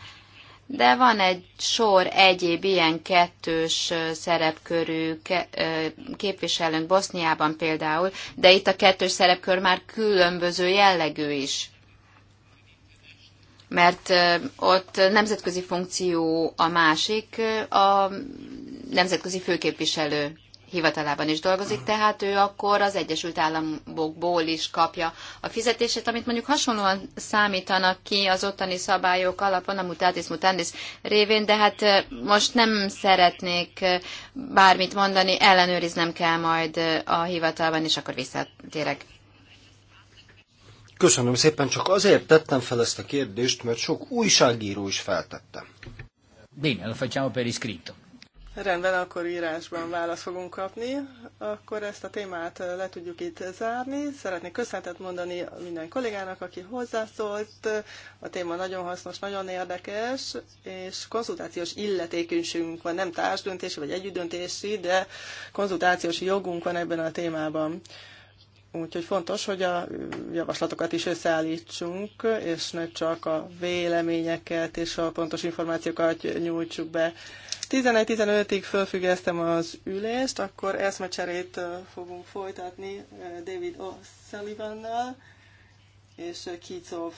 de van egy sor egyéb ilyen kettős szerepkörű képviselőnk Boszniában például, de itt a kettős szerepkör már különböző jellegű is. Mert ott nemzetközi funkció a másik, a nemzetközi főképviselő hivatalában is dolgozik, tehát ő akkor az Egyesült Államokból is kapja a fizetését, amit mondjuk hasonlóan számítanak ki az ottani szabályok alapon, a mutatis mutandis révén, de hát most nem szeretnék bármit mondani, ellenőriznem kell majd a hivatalban, és akkor visszatérek. Köszönöm szépen, csak azért tettem fel ezt a kérdést, mert sok újságíró is feltette. Bene, lo facciamo per iscritto. Rendben, akkor írásban választ fogunk kapni. Akkor ezt a témát eh, le tudjuk itt zárni. Szeretnék köszönetet mondani minden kollégának, aki hozzászólt. A téma nagyon hasznos, nagyon érdekes, és konzultációs illetékünkünk van, nem társdöntési vagy együttdöntési, de konzultációs jogunk van ebben a témában. Úgyhogy fontos, hogy a javaslatokat is összeállítsunk, és ne csak a véleményeket és a pontos információkat nyújtsuk be. 11-15-ig fölfüggesztem az ülést, akkor eszmecserét fogunk folytatni David O'Sullivan-nal, és Kicov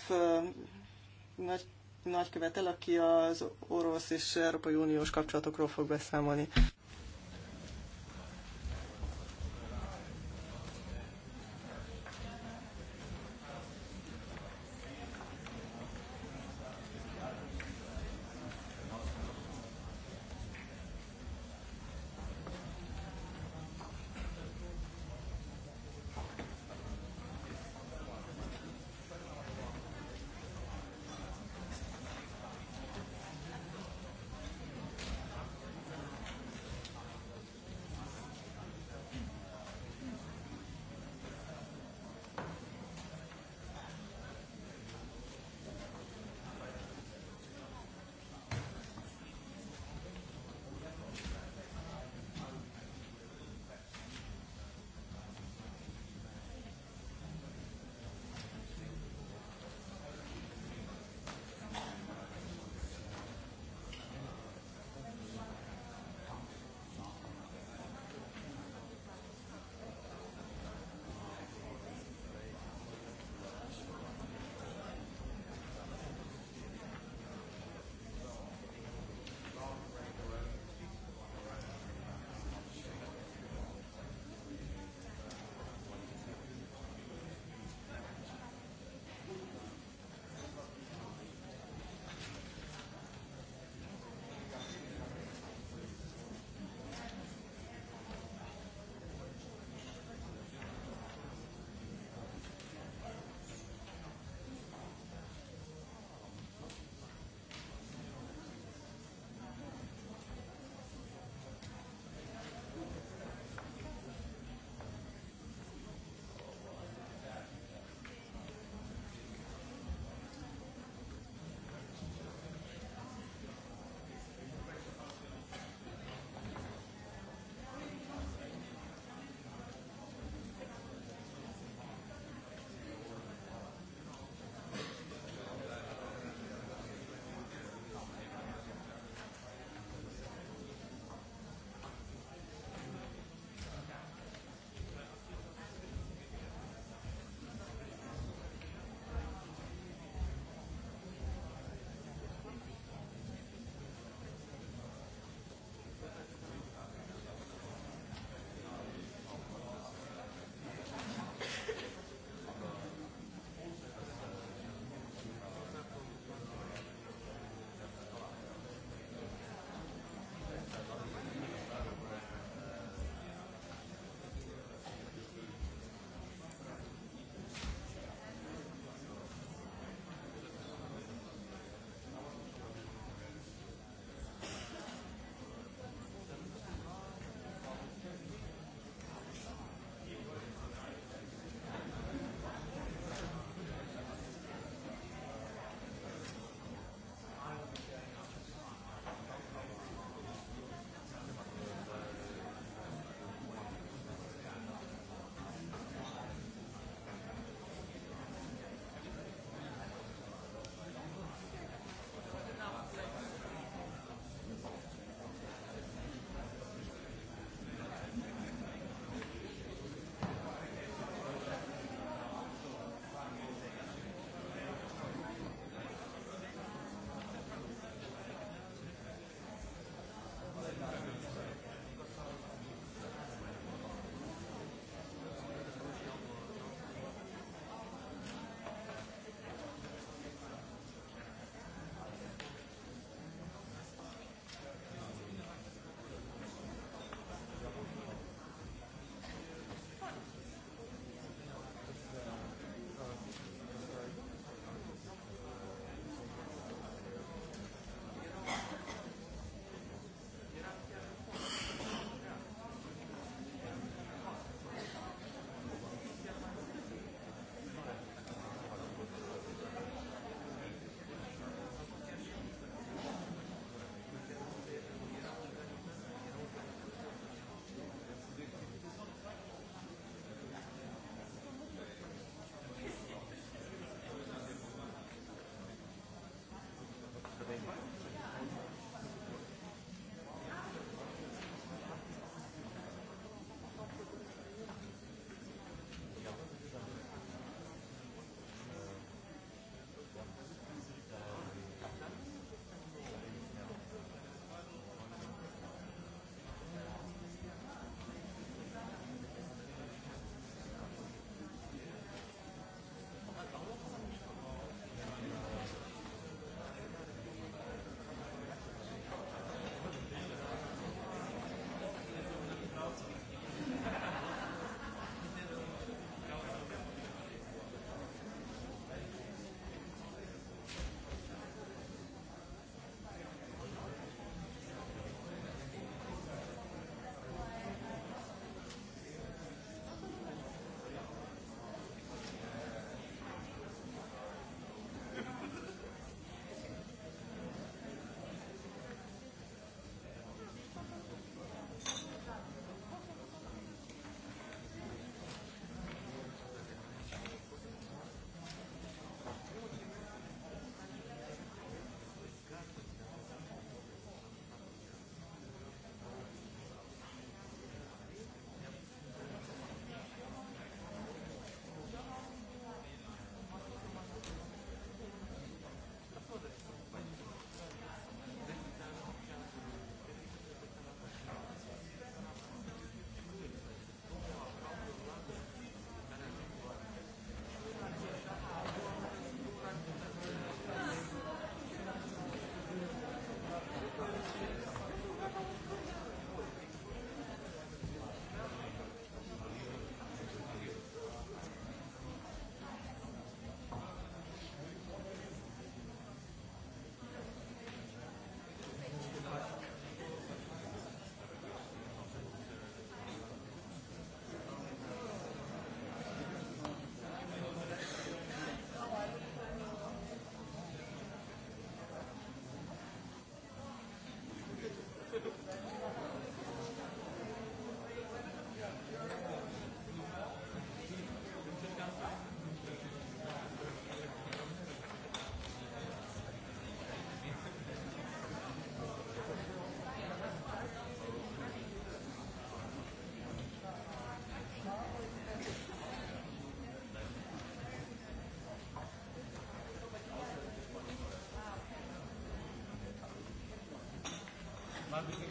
nagy, nagykövetel, aki az orosz és Európai Uniós kapcsolatokról fog beszámolni. Hát,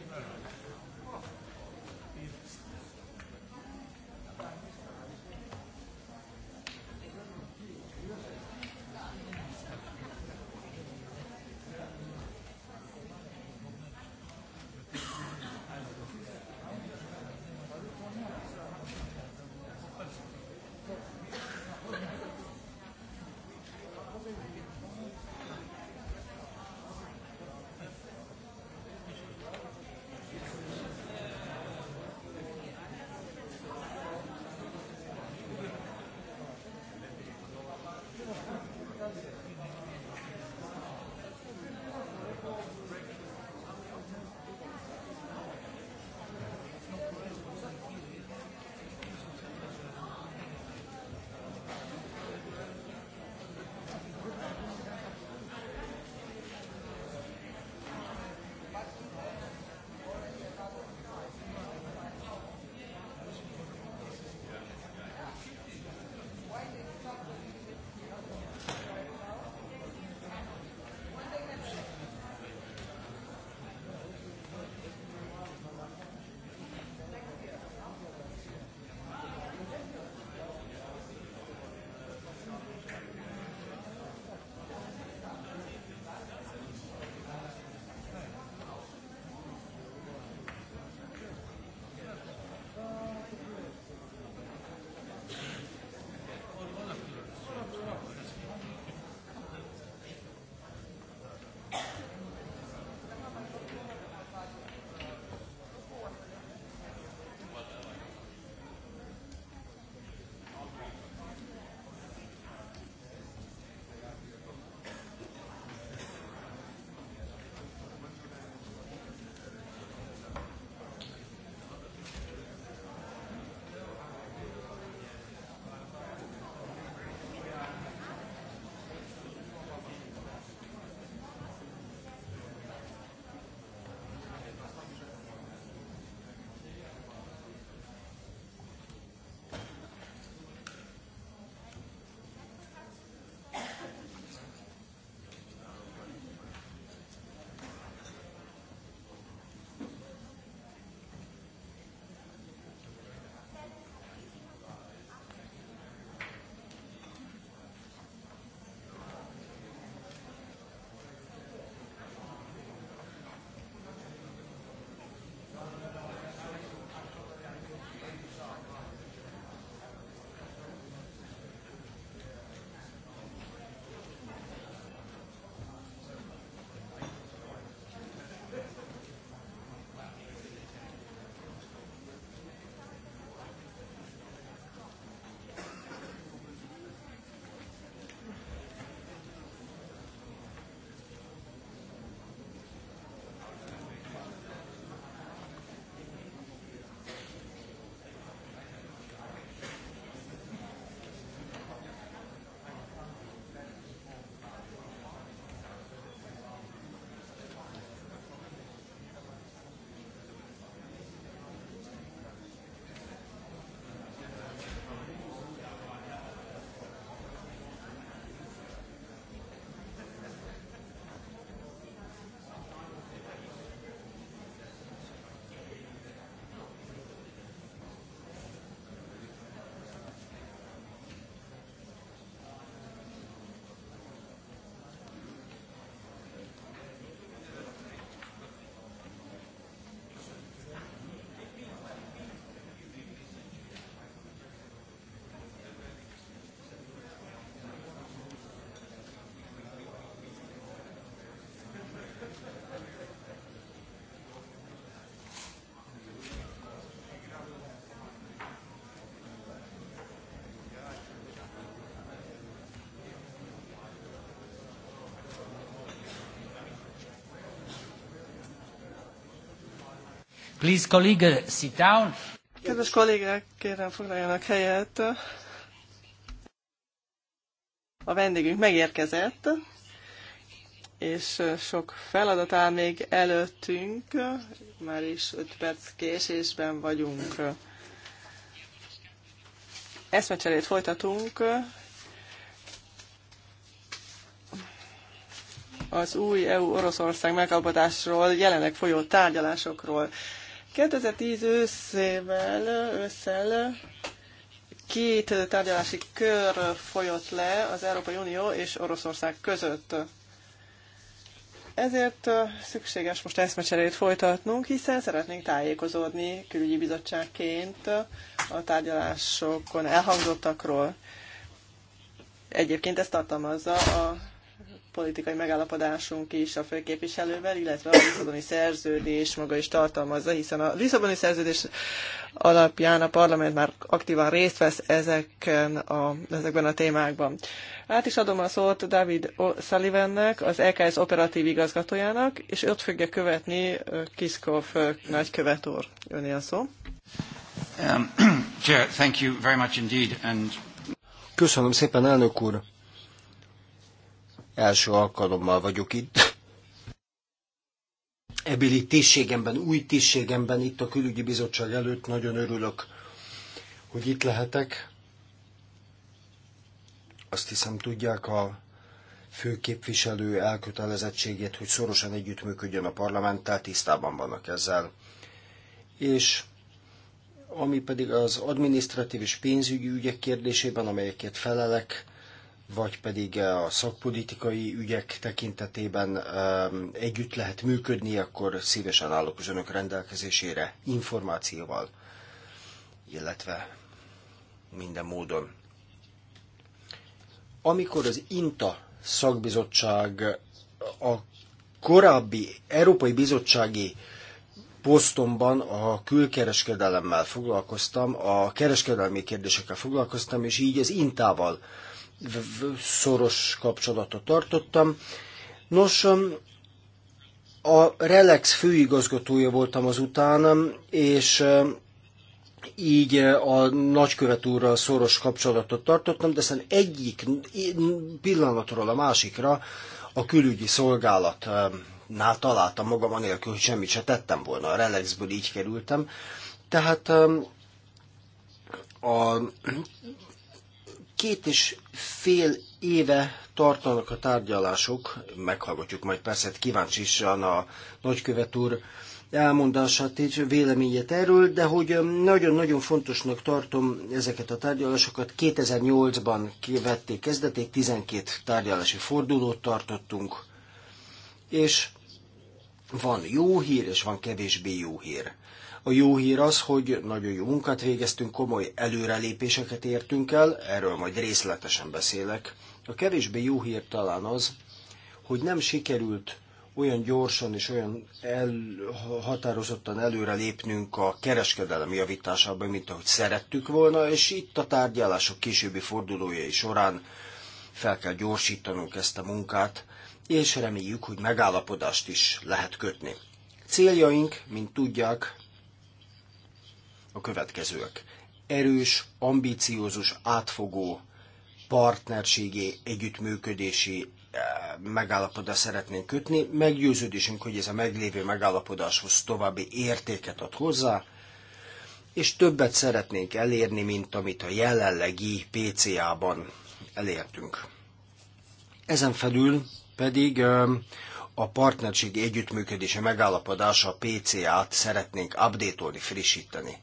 Please, colleague, sit down. Kedves kollégák, kérem foglaljanak helyet. A vendégünk megérkezett, és sok feladat áll még előttünk. Már is 5 perc késésben vagyunk. Eszmecserét folytatunk. az új EU-Oroszország megalapodásról jelenleg folyó tárgyalásokról. 2010 őszével, ősszel két tárgyalási kör folyott le az Európai Unió és Oroszország között. Ezért szükséges most eszmecserét folytatnunk, hiszen szeretnénk tájékozódni külügyi bizottságként a tárgyalásokon elhangzottakról. Egyébként ez tartalmazza a politikai megállapodásunk is a főképviselővel, illetve a Lisszaboni szerződés maga is tartalmazza, hiszen a Lisszaboni szerződés alapján a parlament már aktívan részt vesz ezeken a, ezekben a témákban. Át is adom a szót David Sullivannek, az EKS operatív igazgatójának, és ott fogja követni Kiskov nagykövet úr. Jönni a szó. Um, Chair, thank you very much indeed, and... Köszönöm szépen, elnök úr! Első alkalommal vagyok itt. Ebéli tisztségemben, új tisztségemben itt a külügyi bizottság előtt nagyon örülök, hogy itt lehetek. Azt hiszem tudják a főképviselő elkötelezettségét, hogy szorosan együttműködjön a parlamenttel, tisztában vannak ezzel. És ami pedig az adminisztratív és pénzügyi ügyek kérdésében, amelyeket felelek, vagy pedig eh, a szakpolitikai ügyek tekintetében eh, együtt lehet működni, akkor szívesen állok az önök rendelkezésére információval, illetve minden módon. Amikor az INTA szakbizottság a korábbi Európai Bizottsági posztomban a külkereskedelemmel foglalkoztam, a kereskedelmi kérdésekkel foglalkoztam, és így az Intával szoros kapcsolatot tartottam. Nos, um, a Relax főigazgatója voltam azután, um, és um, így uh, a nagykövet úrral szoros kapcsolatot tartottam, de aztán egyik pillanatról a másikra a külügyi szolgálatnál találtam magam, anélkül, hogy semmit se tettem volna. A Relaxből így kerültem. Tehát a Két és fél éve tartanak a tárgyalások, meghallgatjuk majd persze hát is a nagykövet úr elmondását és véleményét erről, de hogy nagyon-nagyon fontosnak tartom ezeket a tárgyalásokat. 2008-ban vették kezdetét, 12 tárgyalási fordulót tartottunk, és van jó hír, és van kevésbé jó hír. A jó hír az, hogy nagyon jó munkát végeztünk, komoly előrelépéseket értünk el, erről majd részletesen beszélek. A kevésbé jó hír talán az, hogy nem sikerült olyan gyorsan és olyan el, határozottan előre lépnünk a kereskedelem javításában, mint ahogy szerettük volna, és itt a tárgyalások későbbi fordulójai során fel kell gyorsítanunk ezt a munkát, és reméljük, hogy megállapodást is lehet kötni. Céljaink, mint tudják, a következők Erős, ambíciózus, átfogó partnerségi, együttműködési eh, megállapodást szeretnénk kötni. Meggyőződésünk, hogy ez a meglévő megállapodáshoz további értéket ad hozzá, és többet szeretnénk elérni, mint amit a jelenlegi PCA-ban elértünk. Ezen felül pedig eh, a partnerségi együttműködési megállapodása a PCA-t szeretnénk updatolni, frissíteni.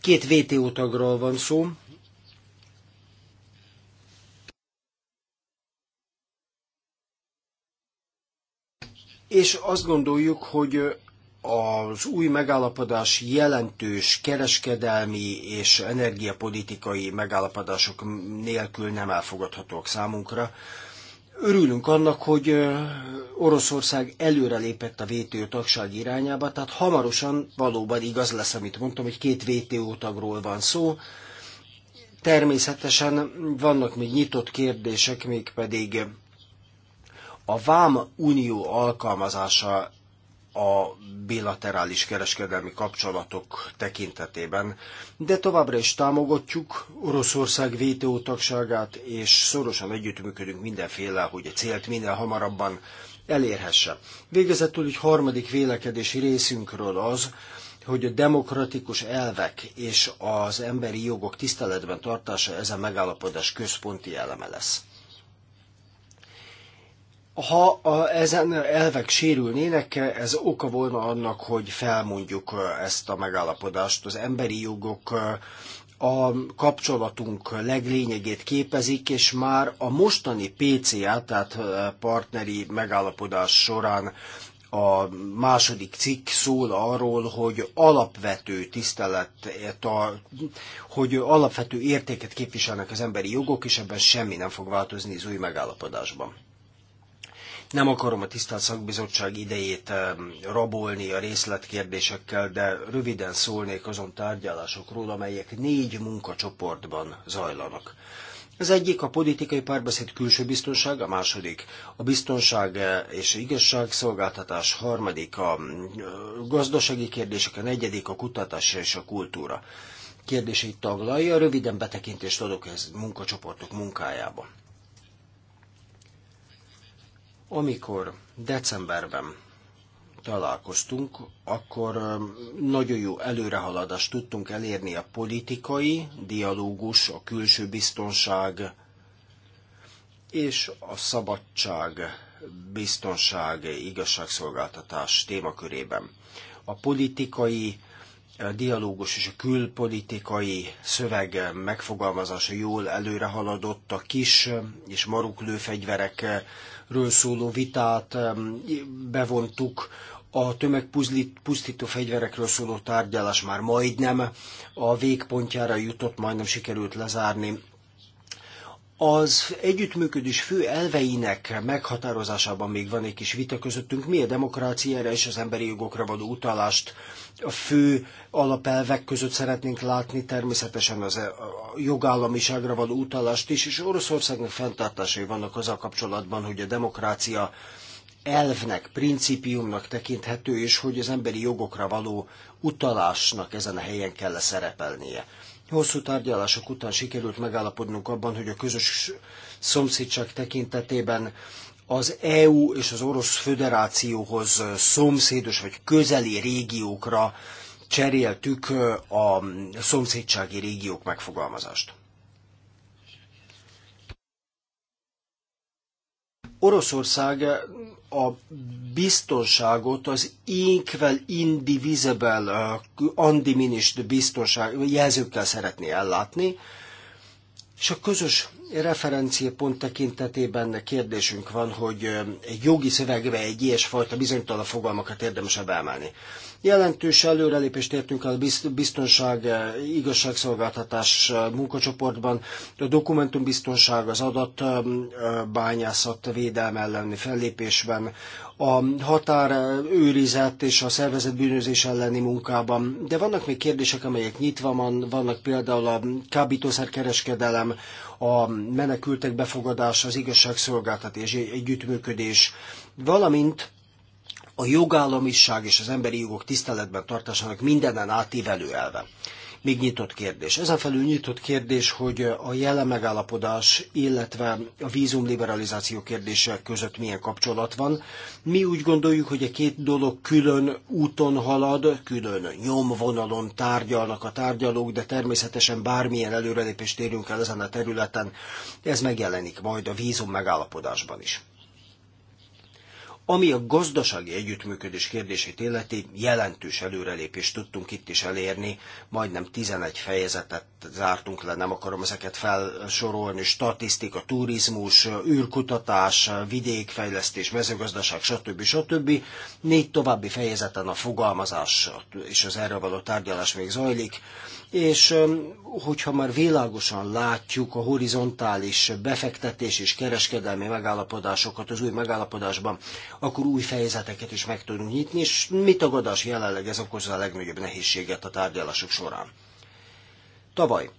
Két WTO tagról van szó, és azt gondoljuk, hogy az új megállapodás jelentős kereskedelmi és energiapolitikai megállapodások nélkül nem elfogadhatók számunkra. Örülünk annak, hogy Oroszország előrelépett a WTO tagság irányába, tehát hamarosan valóban igaz lesz, amit mondtam, hogy két WTO tagról van szó. Természetesen vannak még nyitott kérdések, még pedig a Vám Unió alkalmazása a bilaterális kereskedelmi kapcsolatok tekintetében, de továbbra is támogatjuk Oroszország VTO tagságát, és szorosan együttműködünk mindenféle, hogy a célt minél hamarabban elérhesse. Végezetül egy harmadik vélekedési részünkről az, hogy a demokratikus elvek és az emberi jogok tiszteletben tartása ez a megállapodás központi eleme lesz ha a, ezen elvek sérülnének, ez oka volna annak, hogy felmondjuk ezt a megállapodást. Az emberi jogok a kapcsolatunk leglényegét képezik, és már a mostani PCA, tehát partneri megállapodás során a második cikk szól arról, hogy alapvető tisztelet, eh, hogy alapvető értéket képviselnek az emberi jogok, és ebben semmi nem fog változni az új megállapodásban. Nem akarom a tisztelt szakbizottság idejét rabolni a részletkérdésekkel, de röviden szólnék azon tárgyalásokról, amelyek négy munkacsoportban zajlanak. Az egyik a politikai párbeszéd külső biztonság, a második a biztonság e, és igazságszolgáltatás, harmadik a gazdasági kérdések, a negyedik a kutatás és a kultúra kérdéseit taglalja, röviden betekintést adok ez munkacsoportok munkájába. Amikor decemberben találkoztunk, akkor um, nagyon jó előrehaladást tudtunk elérni a politikai dialógus, a külső biztonság és a szabadság, biztonság, igazságszolgáltatás témakörében. A politikai a eh, dialógus és a külpolitikai szöveg eh, megfogalmazása jól előrehaladott, a kis eh, és maruklő fegyverek ről szóló vitát bevontuk, a tömegpusztító fegyverekről szóló tárgyalás már majdnem a végpontjára jutott, majdnem sikerült lezárni az együttműködés fő elveinek meghatározásában még van egy kis vita közöttünk, mi a demokráciára és az emberi jogokra való utalást a fő alapelvek között szeretnénk látni, természetesen az e- a jogállamiságra való utalást is, és Oroszországnak fenntartásai vannak azzal kapcsolatban, hogy a demokrácia elvnek, principiumnak tekinthető, és hogy az emberi jogokra való utalásnak ezen a helyen kell -e szerepelnie. Hosszú tárgyalások után sikerült megállapodnunk abban, hogy a közös szomszédság tekintetében az EU és az Orosz Föderációhoz szomszédos vagy közeli régiókra cseréltük a szomszédsági régiók megfogalmazást. Oroszország a biztonságot az inkvel Indivisible uh, Undiminished biztonság jelzőkkel szeretné ellátni, és a közös referenciapont tekintetében kérdésünk van, hogy uh, egy jogi szövegbe egy ilyesfajta bizonytalan fogalmakat érdemesebb emelni. Jelentős előrelépést értünk el a biztonság, eh, igazságszolgáltatás eh, munkacsoportban, a dokumentumbiztonság, az adatbányászat eh, védelme elleni fellépésben, a határőrizet és a szervezet bűnözés elleni munkában. De vannak még kérdések, amelyek nyitva van, vannak például a kábítószerkereskedelem, a menekültek befogadása, az igazságszolgáltatás együttműködés, valamint a jogállamiság és az emberi jogok tiszteletben tartásának mindenen átívelő elve. Még nyitott kérdés. Ezen felül nyitott kérdés, hogy a jelen megállapodás, illetve a vízumliberalizáció kérdése között milyen kapcsolat van. Mi úgy gondoljuk, hogy a két dolog külön úton halad, külön nyomvonalon tárgyalnak a tárgyalók, de természetesen bármilyen előrelépést érünk el ezen a területen, ez megjelenik majd a vízum megállapodásban is. Ami a gazdasági együttműködés kérdését illeti, jelentős előrelépést tudtunk itt is elérni, majdnem 11 fejezetet zártunk le, nem akarom ezeket felsorolni, statisztika, turizmus, űrkutatás, vidékfejlesztés, mezőgazdaság, stb. stb. Négy további fejezeten a fogalmazás és az erről való tárgyalás még zajlik és hogyha már világosan látjuk a horizontális befektetés és kereskedelmi megállapodásokat az új megállapodásban, akkor új fejezeteket is meg tudunk nyitni, és mit tagadás jelenleg ez okozza a legnagyobb nehézséget a tárgyalások során. Tavaly,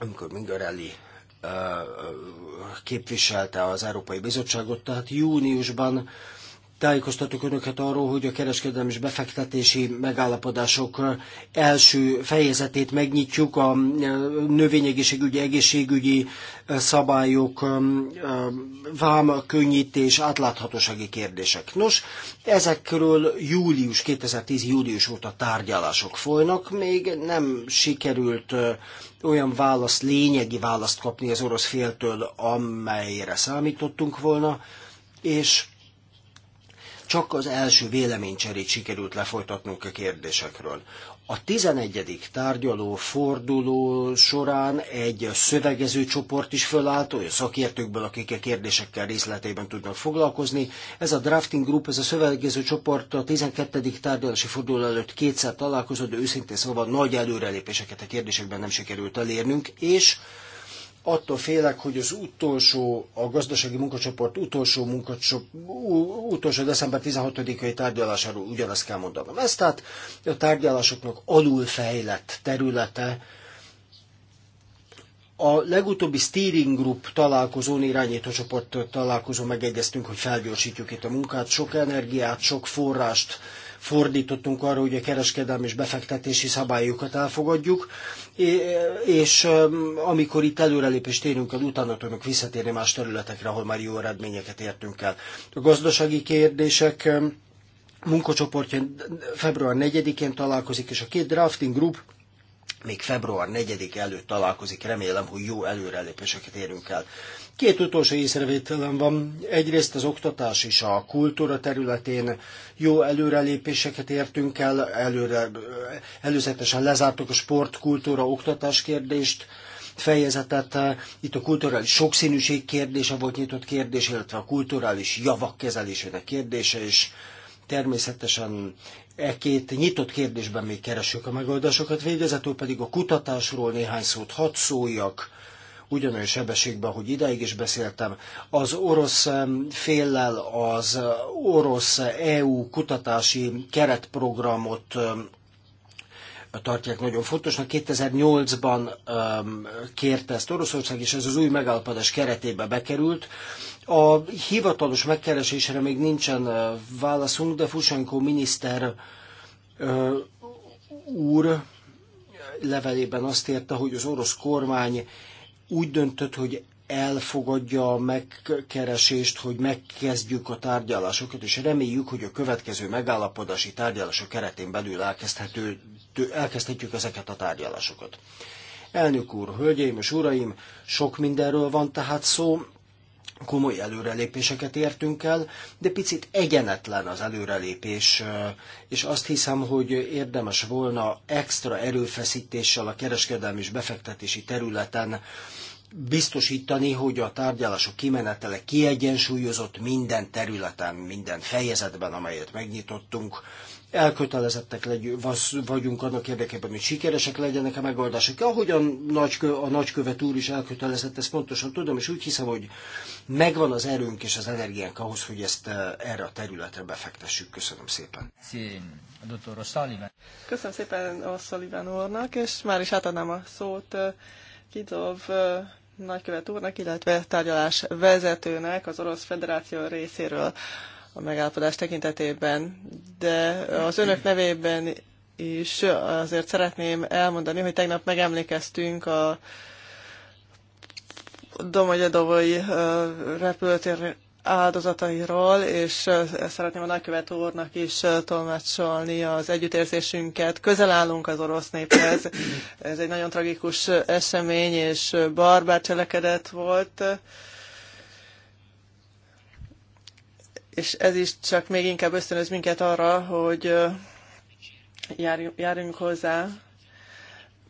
amikor Mingarelli képviselte az Európai Bizottságot, tehát júniusban tájékoztatok önöket arról, hogy a kereskedelmi és befektetési megállapodások első fejezetét megnyitjuk a e, növényegészségügyi, egészségügyi e, szabályok, e, vám, könnyítés, átláthatósági kérdések. Nos, ezekről július, 2010 július óta tárgyalások folynak, még nem sikerült olyan választ, lényegi választ kapni az orosz féltől, amelyre számítottunk volna, és csak az első véleménycserét sikerült lefolytatnunk a kérdésekről. A 11. tárgyaló forduló során egy szövegező csoport is fölállt, olyan szakértőkből, akik a kérdésekkel részletében tudnak foglalkozni. Ez a drafting group, ez a szövegező csoport a 12. tárgyalási forduló előtt kétszer találkozott, de őszintén szóval nagy előrelépéseket a kérdésekben nem sikerült elérnünk, és attól félek, hogy az utolsó, a gazdasági munkacsoport utolsó, munkacsoport, utolsó december 16-ai tárgyalásáról ugyanazt kell mondanom. Ez tehát a tárgyalásoknak alulfejlett területe. A legutóbbi steering group találkozón, irányító csoport találkozón megegyeztünk, hogy felgyorsítjuk itt a munkát, sok energiát, sok forrást fordítottunk arra, hogy a kereskedelmi és befektetési szabályokat elfogadjuk, és um, amikor itt előrelépést érünk el, utána tudunk visszatérni más területekre, ahol már jó eredményeket értünk el. A gazdasági kérdések um, munkacsoportja február 4-én találkozik, és a két drafting group még február 4 előtt találkozik. Remélem, hogy jó előrelépéseket érünk el. Két utolsó észrevételem van. Egyrészt az oktatás és a kultúra területén jó előrelépéseket értünk el, előre, előzetesen lezártuk a sport, kultúra, oktatás kérdést, fejezetet. Itt a kulturális sokszínűség kérdése volt nyitott kérdés, illetve a kulturális javak kezelésének kérdése, és természetesen e két nyitott kérdésben még keresünk a megoldásokat, végezetül pedig a kutatásról néhány szót hadd szóljak ugyanolyan sebességben, hogy idáig is beszéltem. Az orosz féllel az eh, orosz EU eh, e kutatási keretprogramot tartják nagyon fontosnak. 2008-ban um, kérte ezt Oroszország, és ez az új megállapodás keretébe bekerült. A hivatalos megkeresésre még nincsen eh, válaszunk, de Fusenko miniszter uh, úr levelében azt írta, hogy az orosz kormány úgy döntött, hogy elfogadja a megkeresést, hogy megkezdjük a tárgyalásokat, és reméljük, hogy a következő megállapodási tárgyalások keretén belül elkezdhető, elkezdhetjük ezeket a tárgyalásokat. Elnök úr, hölgyeim és uraim, sok mindenről van tehát szó, komoly előrelépéseket értünk el, de picit egyenetlen az előrelépés, és azt hiszem, hogy érdemes volna extra erőfeszítéssel a kereskedelmi és befektetési területen biztosítani, hogy a tárgyalások kimenetele kiegyensúlyozott minden területen, minden fejezetben, amelyet megnyitottunk, elkötelezettek legyünk, vagyunk annak érdekében, hogy sikeresek legyenek a megoldások. Ahogyan nagykö, a nagykövet úr is elkötelezett, ezt pontosan tudom, és úgy hiszem, hogy megvan az erőnk és az energiánk ahhoz, hogy ezt eh, erre a területre befektessük. Köszönöm szépen. Köszönöm szépen Osszolivan úrnak, és már is átadnám a szót eh, Kidov eh, nagykövet úrnak, illetve tárgyalás vezetőnek az Orosz Federáció részéről a megállapodás tekintetében, de az önök nevében is azért szeretném elmondani, hogy tegnap megemlékeztünk a Domagyadovai repülőtér áldozatairól, és szeretném a nagykövet úrnak is tolmácsolni az együttérzésünket. Közel állunk az orosz néphez. Ez egy nagyon tragikus esemény, és barbár cselekedet volt és ez is csak még inkább ösztönöz minket arra, hogy járjunk hozzá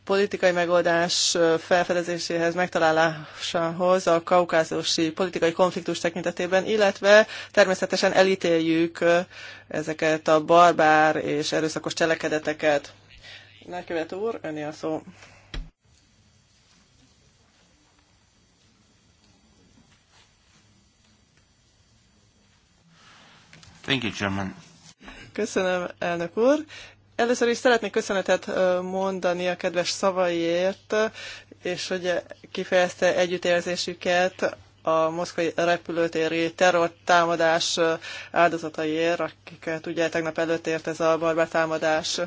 politikai megoldás felfedezéséhez, megtalálásához a kaukázusi politikai konfliktus tekintetében, illetve természetesen elítéljük ezeket a barbár és erőszakos cselekedeteket. Nagykövet úr, öné a szó. Thank you, Chairman. Köszönöm, elnök úr. Először is szeretnék köszönetet mondani a kedves szavaiért, és hogy kifejezte együttérzésüket a moszkvai repülőtéri támadás áldozataiért, akiket ugye tegnap előtt ért ez a barbár támadás.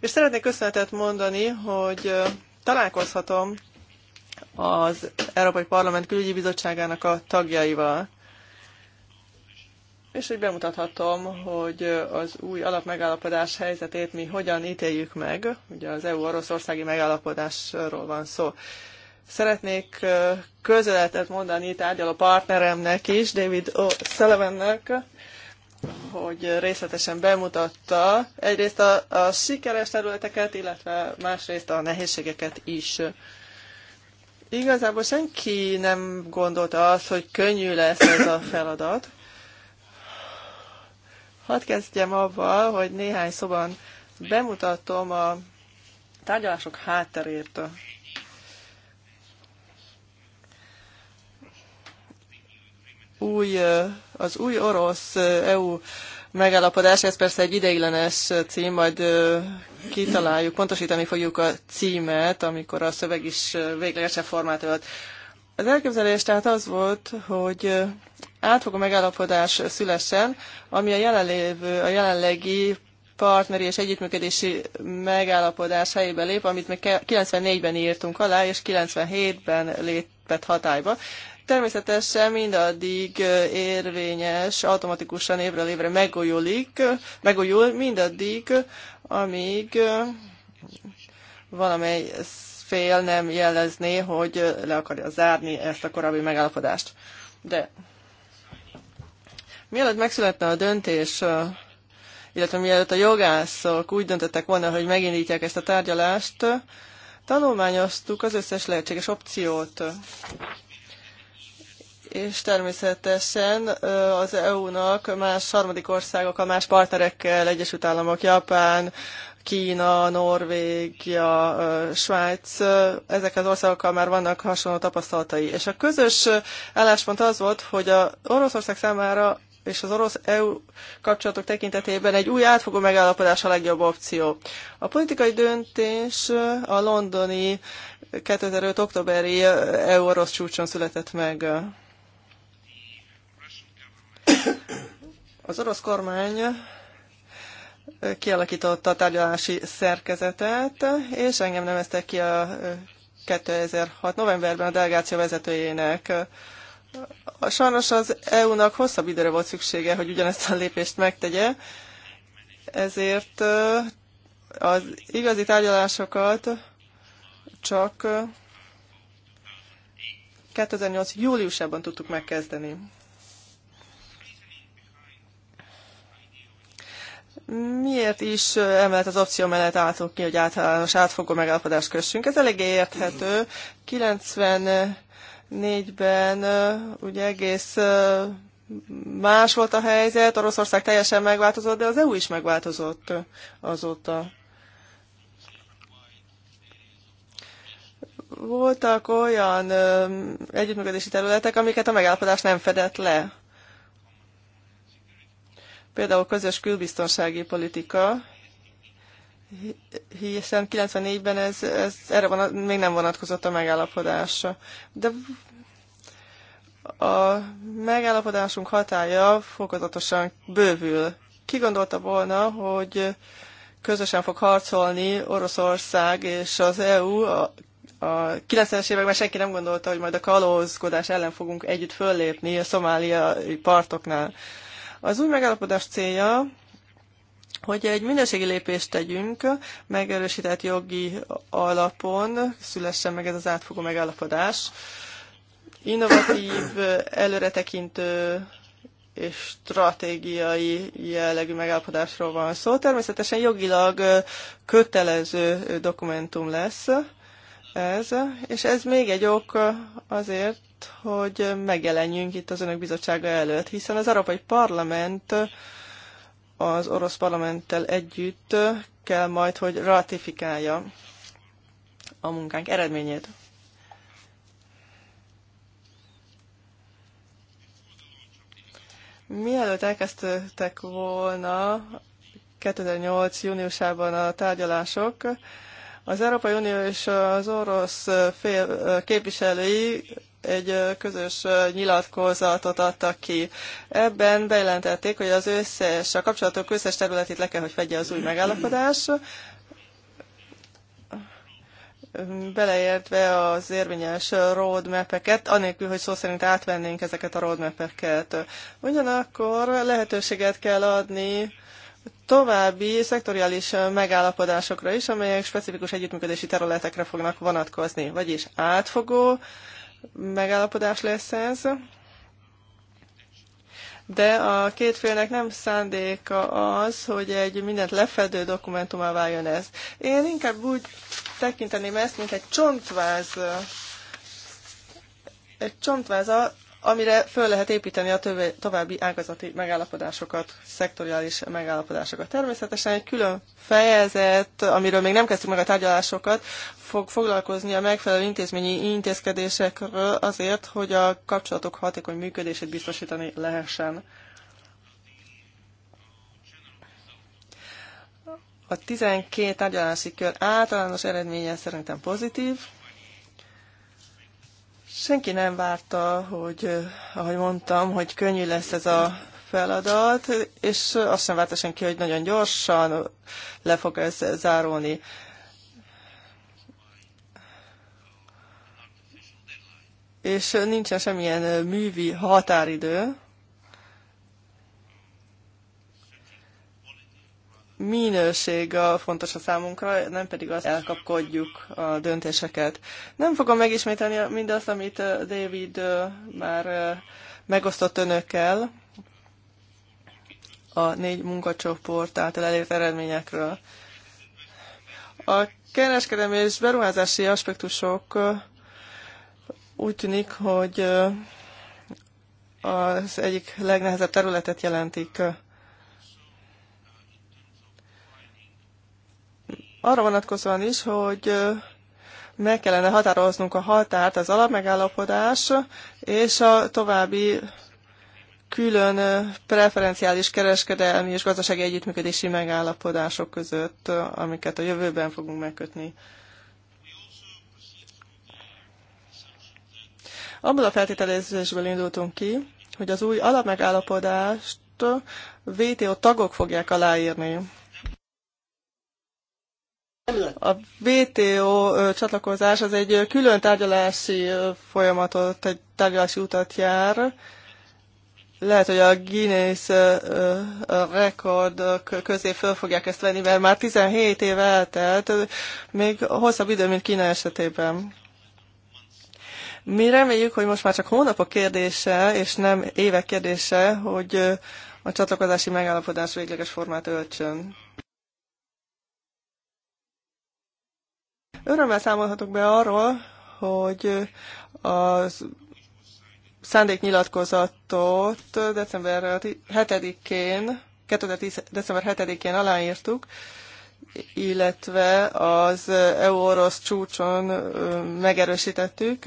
És szeretnék köszönetet mondani, hogy találkozhatom az Európai Parlament Külügyi Bizottságának a tagjaival és hogy bemutathatom, hogy az új alapmegállapodás helyzetét mi hogyan ítéljük meg. Ugye az EU-oroszországi megállapodásról van szó. Szeretnék közeletet mondani tárgyaló partneremnek is, David Sullivannek, hogy részletesen bemutatta egyrészt a, a sikeres területeket, illetve másrészt a nehézségeket is. Igazából senki nem gondolta azt, hogy könnyű lesz ez a feladat. Hadd kezdjem avval, hogy néhány szóban bemutatom a tárgyalások hátterét. Új, az új orosz EU megállapodás, ez persze egy ideiglenes cím, majd kitaláljuk, pontosítani fogjuk a címet, amikor a szöveg is véglegesen formát ölt. Az elképzelés tehát az volt, hogy átfogó megállapodás szülessen, ami a jelenlévő, a jelenlegi partneri és együttműködési megállapodás helyébe lép, amit még 94-ben írtunk alá, és 97-ben lépett hatályba. Természetesen mindaddig érvényes, automatikusan évről évre megújulik, megújul, mindaddig, amíg valamely fél nem jelezné, hogy le akarja zárni ezt a korábbi megállapodást. De Mielőtt megszületne a döntés, illetve mielőtt a jogászok úgy döntöttek volna, hogy megindítják ezt a tárgyalást, tanulmányoztuk az összes lehetséges opciót. És természetesen az EU-nak más harmadik országok, a más partnerekkel, Egyesült Államok, Japán, Kína, Norvégia, Svájc, ezek az országokkal már vannak hasonló tapasztalatai. És a közös álláspont az volt, hogy a Oroszország számára és az orosz-EU kapcsolatok tekintetében egy új átfogó megállapodás a legjobb opció. A politikai döntés a londoni 2005. októberi EU-orosz csúcson született meg. Az orosz kormány kialakította a tárgyalási szerkezetet, és engem neveztek ki a 2006. novemberben a delegáció vezetőjének. Sajnos az EU-nak hosszabb időre volt szüksége, hogy ugyanezt a lépést megtegye, ezért az igazi tárgyalásokat csak 2008. júliusában tudtuk megkezdeni. Miért is emellett az opció mellett álltunk ki, hogy általános átfogó megállapodást kössünk? Ez eléggé érthető. 90 négyben ugye egész más volt a helyzet, Oroszország teljesen megváltozott, de az EU is megváltozott azóta. Voltak olyan együttműködési területek, amiket a megállapodás nem fedett le. Például közös külbiztonsági politika, hiszen 94-ben ez, ez erre vonat, még nem vonatkozott a megállapodás. De a megállapodásunk hatája fokozatosan bővül. Ki gondolta volna, hogy közösen fog harcolni Oroszország és az EU a a 90-es években senki nem gondolta, hogy majd a kalózkodás ellen fogunk együtt föllépni a szomáliai partoknál. Az új megállapodás célja, hogy egy minőségi lépést tegyünk, megerősített jogi alapon szülessen meg ez az átfogó megállapodás, innovatív, előretekintő és stratégiai jellegű megállapodásról van szó. Természetesen jogilag kötelező dokumentum lesz ez, és ez még egy ok azért, hogy megjelenjünk itt az Önök bizottsága előtt, hiszen az Európai Parlament az orosz parlamenttel együtt kell majd, hogy ratifikálja a munkánk eredményét. Mielőtt elkezdtek volna 2008. júniusában a tárgyalások, az Európai Unió és az orosz fél képviselői egy közös nyilatkozatot adtak ki. Ebben bejelentették, hogy az összes, a kapcsolatok összes területét le kell, hogy fedje az új megállapodás, beleértve az érvényes roadmap-eket, anélkül, hogy szó szerint átvennénk ezeket a roadmap-eket. Ugyanakkor lehetőséget kell adni további szektoriális megállapodásokra is, amelyek specifikus együttműködési területekre fognak vonatkozni, vagyis átfogó megállapodás lesz ez. De a két félnek nem szándéka az, hogy egy mindent lefedő dokumentumá váljon ez. Én inkább úgy tekinteném ezt, mint egy csontváz, egy csontváz amire föl lehet építeni a további ágazati megállapodásokat, szektoriális megállapodásokat. Természetesen egy külön fejezet, amiről még nem kezdtük meg a tárgyalásokat, fog foglalkozni a megfelelő intézményi intézkedésekről azért, hogy a kapcsolatok hatékony működését biztosítani lehessen. A 12 tárgyalási kör általános eredménye szerintem pozitív, Senki nem várta, hogy, ahogy mondtam, hogy könnyű lesz ez a feladat, és azt sem várta senki, hogy nagyon gyorsan le fog ez zárulni. És nincsen semmilyen művi határidő, minőség a fontos a számunkra, nem pedig azt elkapkodjuk a döntéseket. Nem fogom megismételni mindazt, amit David már megosztott önökkel a négy munkacsoport által elért eredményekről. A kereskedelmi és beruházási aspektusok úgy tűnik, hogy az egyik legnehezebb területet jelentik arra vonatkozóan is, hogy meg kellene határoznunk a határt, az alapmegállapodás és a további külön preferenciális kereskedelmi és gazdasági együttműködési megállapodások között, amiket a jövőben fogunk megkötni. Abból a feltételezésből indultunk ki, hogy az új alapmegállapodást VTO tagok fogják aláírni. A WTO csatlakozás az egy külön tárgyalási folyamatot, egy tárgyalási utat jár. Lehet, hogy a Guinness rekordok közé föl fogják ezt venni, mert már 17 év eltelt, még hosszabb idő, mint Kína esetében. Mi reméljük, hogy most már csak hónapok kérdése, és nem évek kérdése, hogy a csatlakozási megállapodás végleges formát öltsön. Örömmel számolhatok be arról, hogy az szándéknyilatkozatot december 7-én, 2010. december 7-én aláírtuk, illetve az EU-orosz csúcson megerősítettük.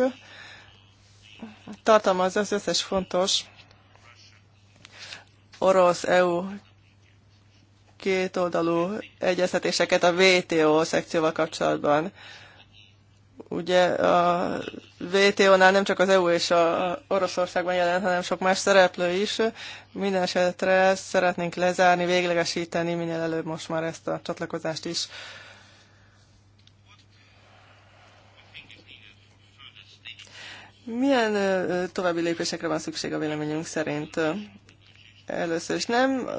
Tartalmaz az összes fontos orosz-EU két oldalú egyeztetéseket a WTO szekcióval kapcsolatban. Ugye a WTO-nál nem csak az EU és a Oroszországban jelent, hanem sok más szereplő is. Minden esetre szeretnénk lezárni, véglegesíteni minél előbb most már ezt a csatlakozást is. Milyen további lépésekre van szükség a véleményünk szerint? Először is nem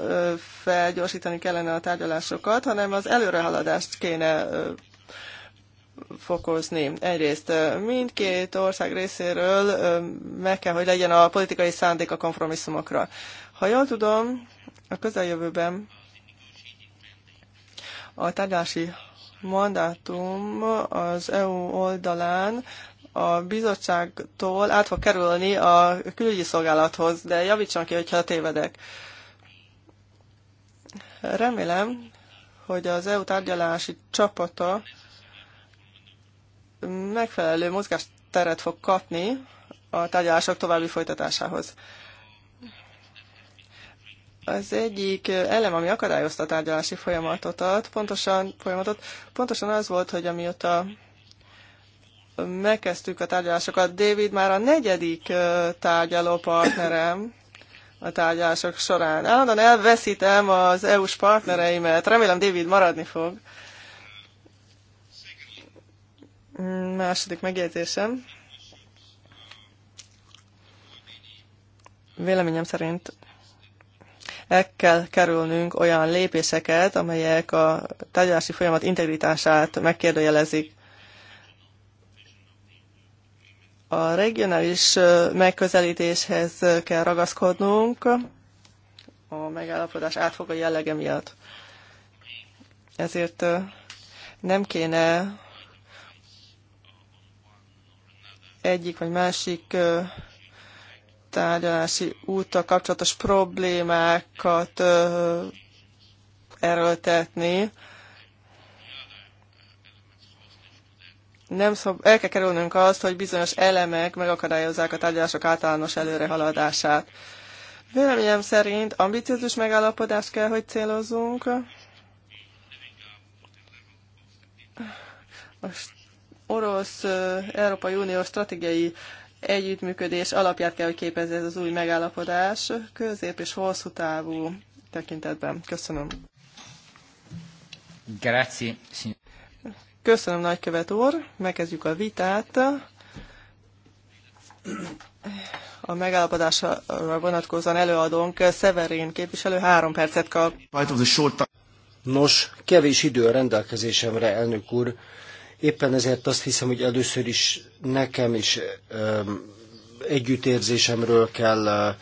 felgyorsítani kellene a tárgyalásokat, hanem az előrehaladást kéne fokozni. Egyrészt mindkét ország részéről meg kell, hogy legyen a politikai szándék a kompromisszumokra. Ha jól tudom, a közeljövőben a tárgyalási mandátum az EU oldalán a bizottságtól át fog kerülni a külügyi szolgálathoz, de javítson ki, hogyha tévedek. Remélem, hogy az EU tárgyalási csapata megfelelő mozgásteret fog kapni a tárgyalások további folytatásához. Az egyik elem, ami akadályozta a tárgyalási folyamatot, pontosan, folyamatot, pontosan az volt, hogy amióta megkezdtük a tárgyalásokat. David már a negyedik tárgyaló partnerem a tárgyalások során. Állandóan elveszítem az EU-s partnereimet. Remélem David maradni fog. Második megjegyzésem. Véleményem szerint el kell kerülnünk olyan lépéseket, amelyek a tárgyalási folyamat integritását megkérdőjelezik. A regionális megközelítéshez kell ragaszkodnunk a megállapodás átfogó jellege miatt. Ezért nem kéne egyik vagy másik tárgyalási úttal kapcsolatos problémákat erőltetni, nem szab, el kell kerülnünk azt, hogy bizonyos elemek megakadályozzák a tárgyalások általános előrehaladását. Véleményem szerint ambiciózus megállapodást kell, hogy célozzunk. Most orosz Európai Unió stratégiai együttműködés alapját kell, hogy képezze ez az új megállapodás közép és hosszú távú tekintetben. Köszönöm. Grazie. Köszönöm, nagykövet úr. Megkezdjük a vitát. A megállapodásra vonatkozóan előadónk Severin képviselő három percet kap. Nos, kevés idő a rendelkezésemre, elnök úr. Éppen ezért azt hiszem, hogy először is nekem is um, együttérzésemről kell uh,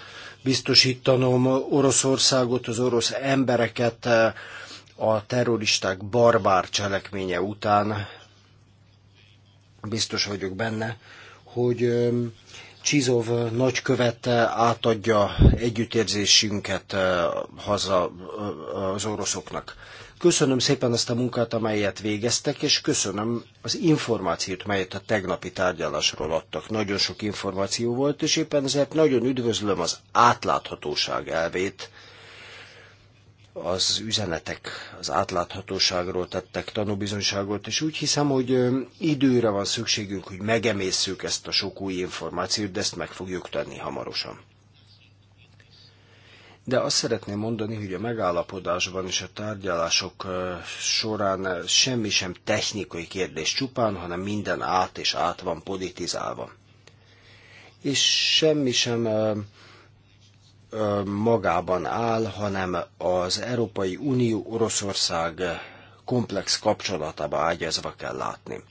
biztosítanom Oroszországot, az orosz embereket, uh, a terroristák barbár cselekménye után biztos vagyok benne, hogy Csizov nagykövet átadja együttérzésünket haza az oroszoknak. Köszönöm szépen ezt a munkát, amelyet végeztek, és köszönöm az információt, melyet a tegnapi tárgyalásról adtak. Nagyon sok információ volt, és éppen ezért nagyon üdvözlöm az átláthatóság elvét, az üzenetek, az átláthatóságról tettek tanúbizonyságot, és úgy hiszem, hogy időre van szükségünk, hogy megemészszük ezt a sok új információt, de ezt meg fogjuk tenni hamarosan. De azt szeretném mondani, hogy a megállapodásban és a tárgyalások során semmi sem technikai kérdés csupán, hanem minden át és át van politizálva. És semmi sem magában áll, hanem az Európai Unió Oroszország komplex kapcsolatába ágyazva kell látni.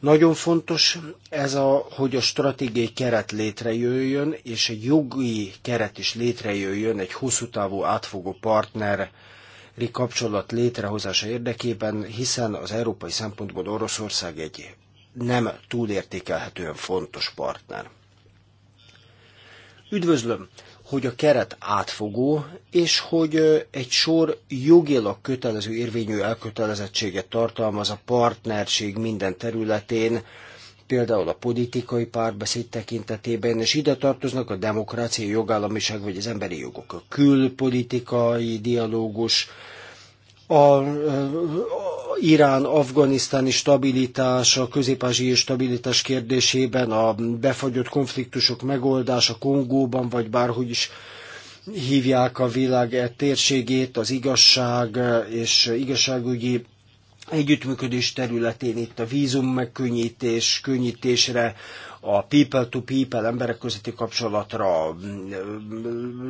Nagyon fontos ez, a, hogy a stratégiai keret létrejöjjön, és egy jogi keret is létrejöjjön egy hosszú távú átfogó partneri kapcsolat létrehozása érdekében, hiszen az európai szempontból Oroszország egy nem túlértékelhetően fontos partner. Üdvözlöm hogy a keret átfogó, és hogy egy sor jogilag kötelező érvényű elkötelezettséget tartalmaz a partnerség minden területén, például a politikai párbeszéd tekintetében, és ide tartoznak a demokrácia, jogállamiság vagy az emberi jogok, a külpolitikai dialógus, a, Irán-afganisztáni stabilitás, a közép-ázsiai stabilitás kérdésében, a befagyott konfliktusok megoldása Kongóban, vagy bárhogy is hívják a világ e térségét, az igazság és igazságügyi együttműködés területén itt a vízum megkönnyítés, könnyítésre, a people-to-people -people, emberek közötti kapcsolatra,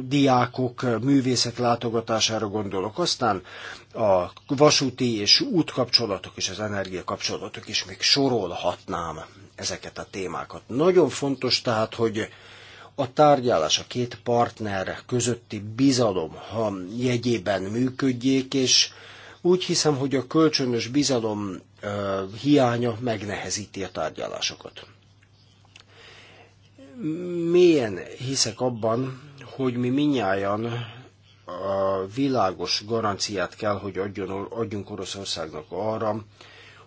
diákok művészet látogatására gondolok, aztán a vasúti és útkapcsolatok és az energiakapcsolatok is még sorolhatnám ezeket a témákat. Nagyon fontos tehát, hogy a tárgyalás a két partner közötti bizalom ha jegyében működjék, és úgy hiszem, hogy a kölcsönös bizalom hiánya megnehezíti a tárgyalásokat mélyen hiszek abban, hogy mi minnyáján a világos garanciát kell, hogy adjon, adjunk Oroszországnak arra,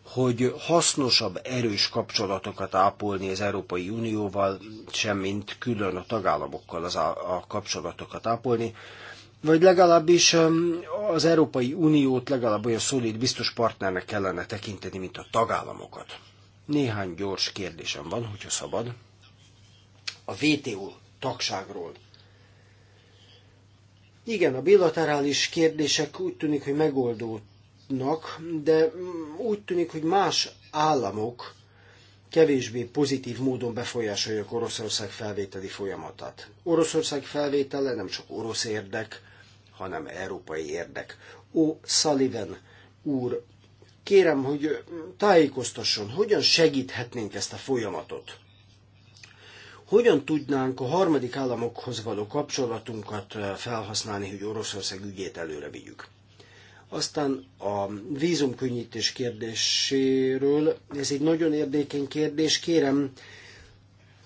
hogy hasznosabb, erős kapcsolatokat ápolni az Európai Unióval, semmint külön a tagállamokkal az a kapcsolatokat ápolni, vagy legalábbis az Európai Uniót legalább olyan szolid, biztos partnernek kellene tekinteni, mint a tagállamokat. Néhány gyors kérdésem van, hogyha szabad a VTO tagságról. Igen, a bilaterális kérdések úgy tűnik, hogy megoldódnak, de úgy tűnik, hogy más államok kevésbé pozitív módon befolyásolják Oroszország felvételi folyamatát. Oroszország felvétele nem csak orosz érdek, hanem európai érdek. Ó, Sullivan úr, kérem, hogy tájékoztasson, hogyan segíthetnénk ezt a folyamatot? hogyan tudnánk a harmadik államokhoz való kapcsolatunkat eh, felhasználni, hogy Oroszország ügyét előre vigyük. Aztán a vízumkönnyítés kérdéséről, ez egy nagyon érdékeny kérdés, kérem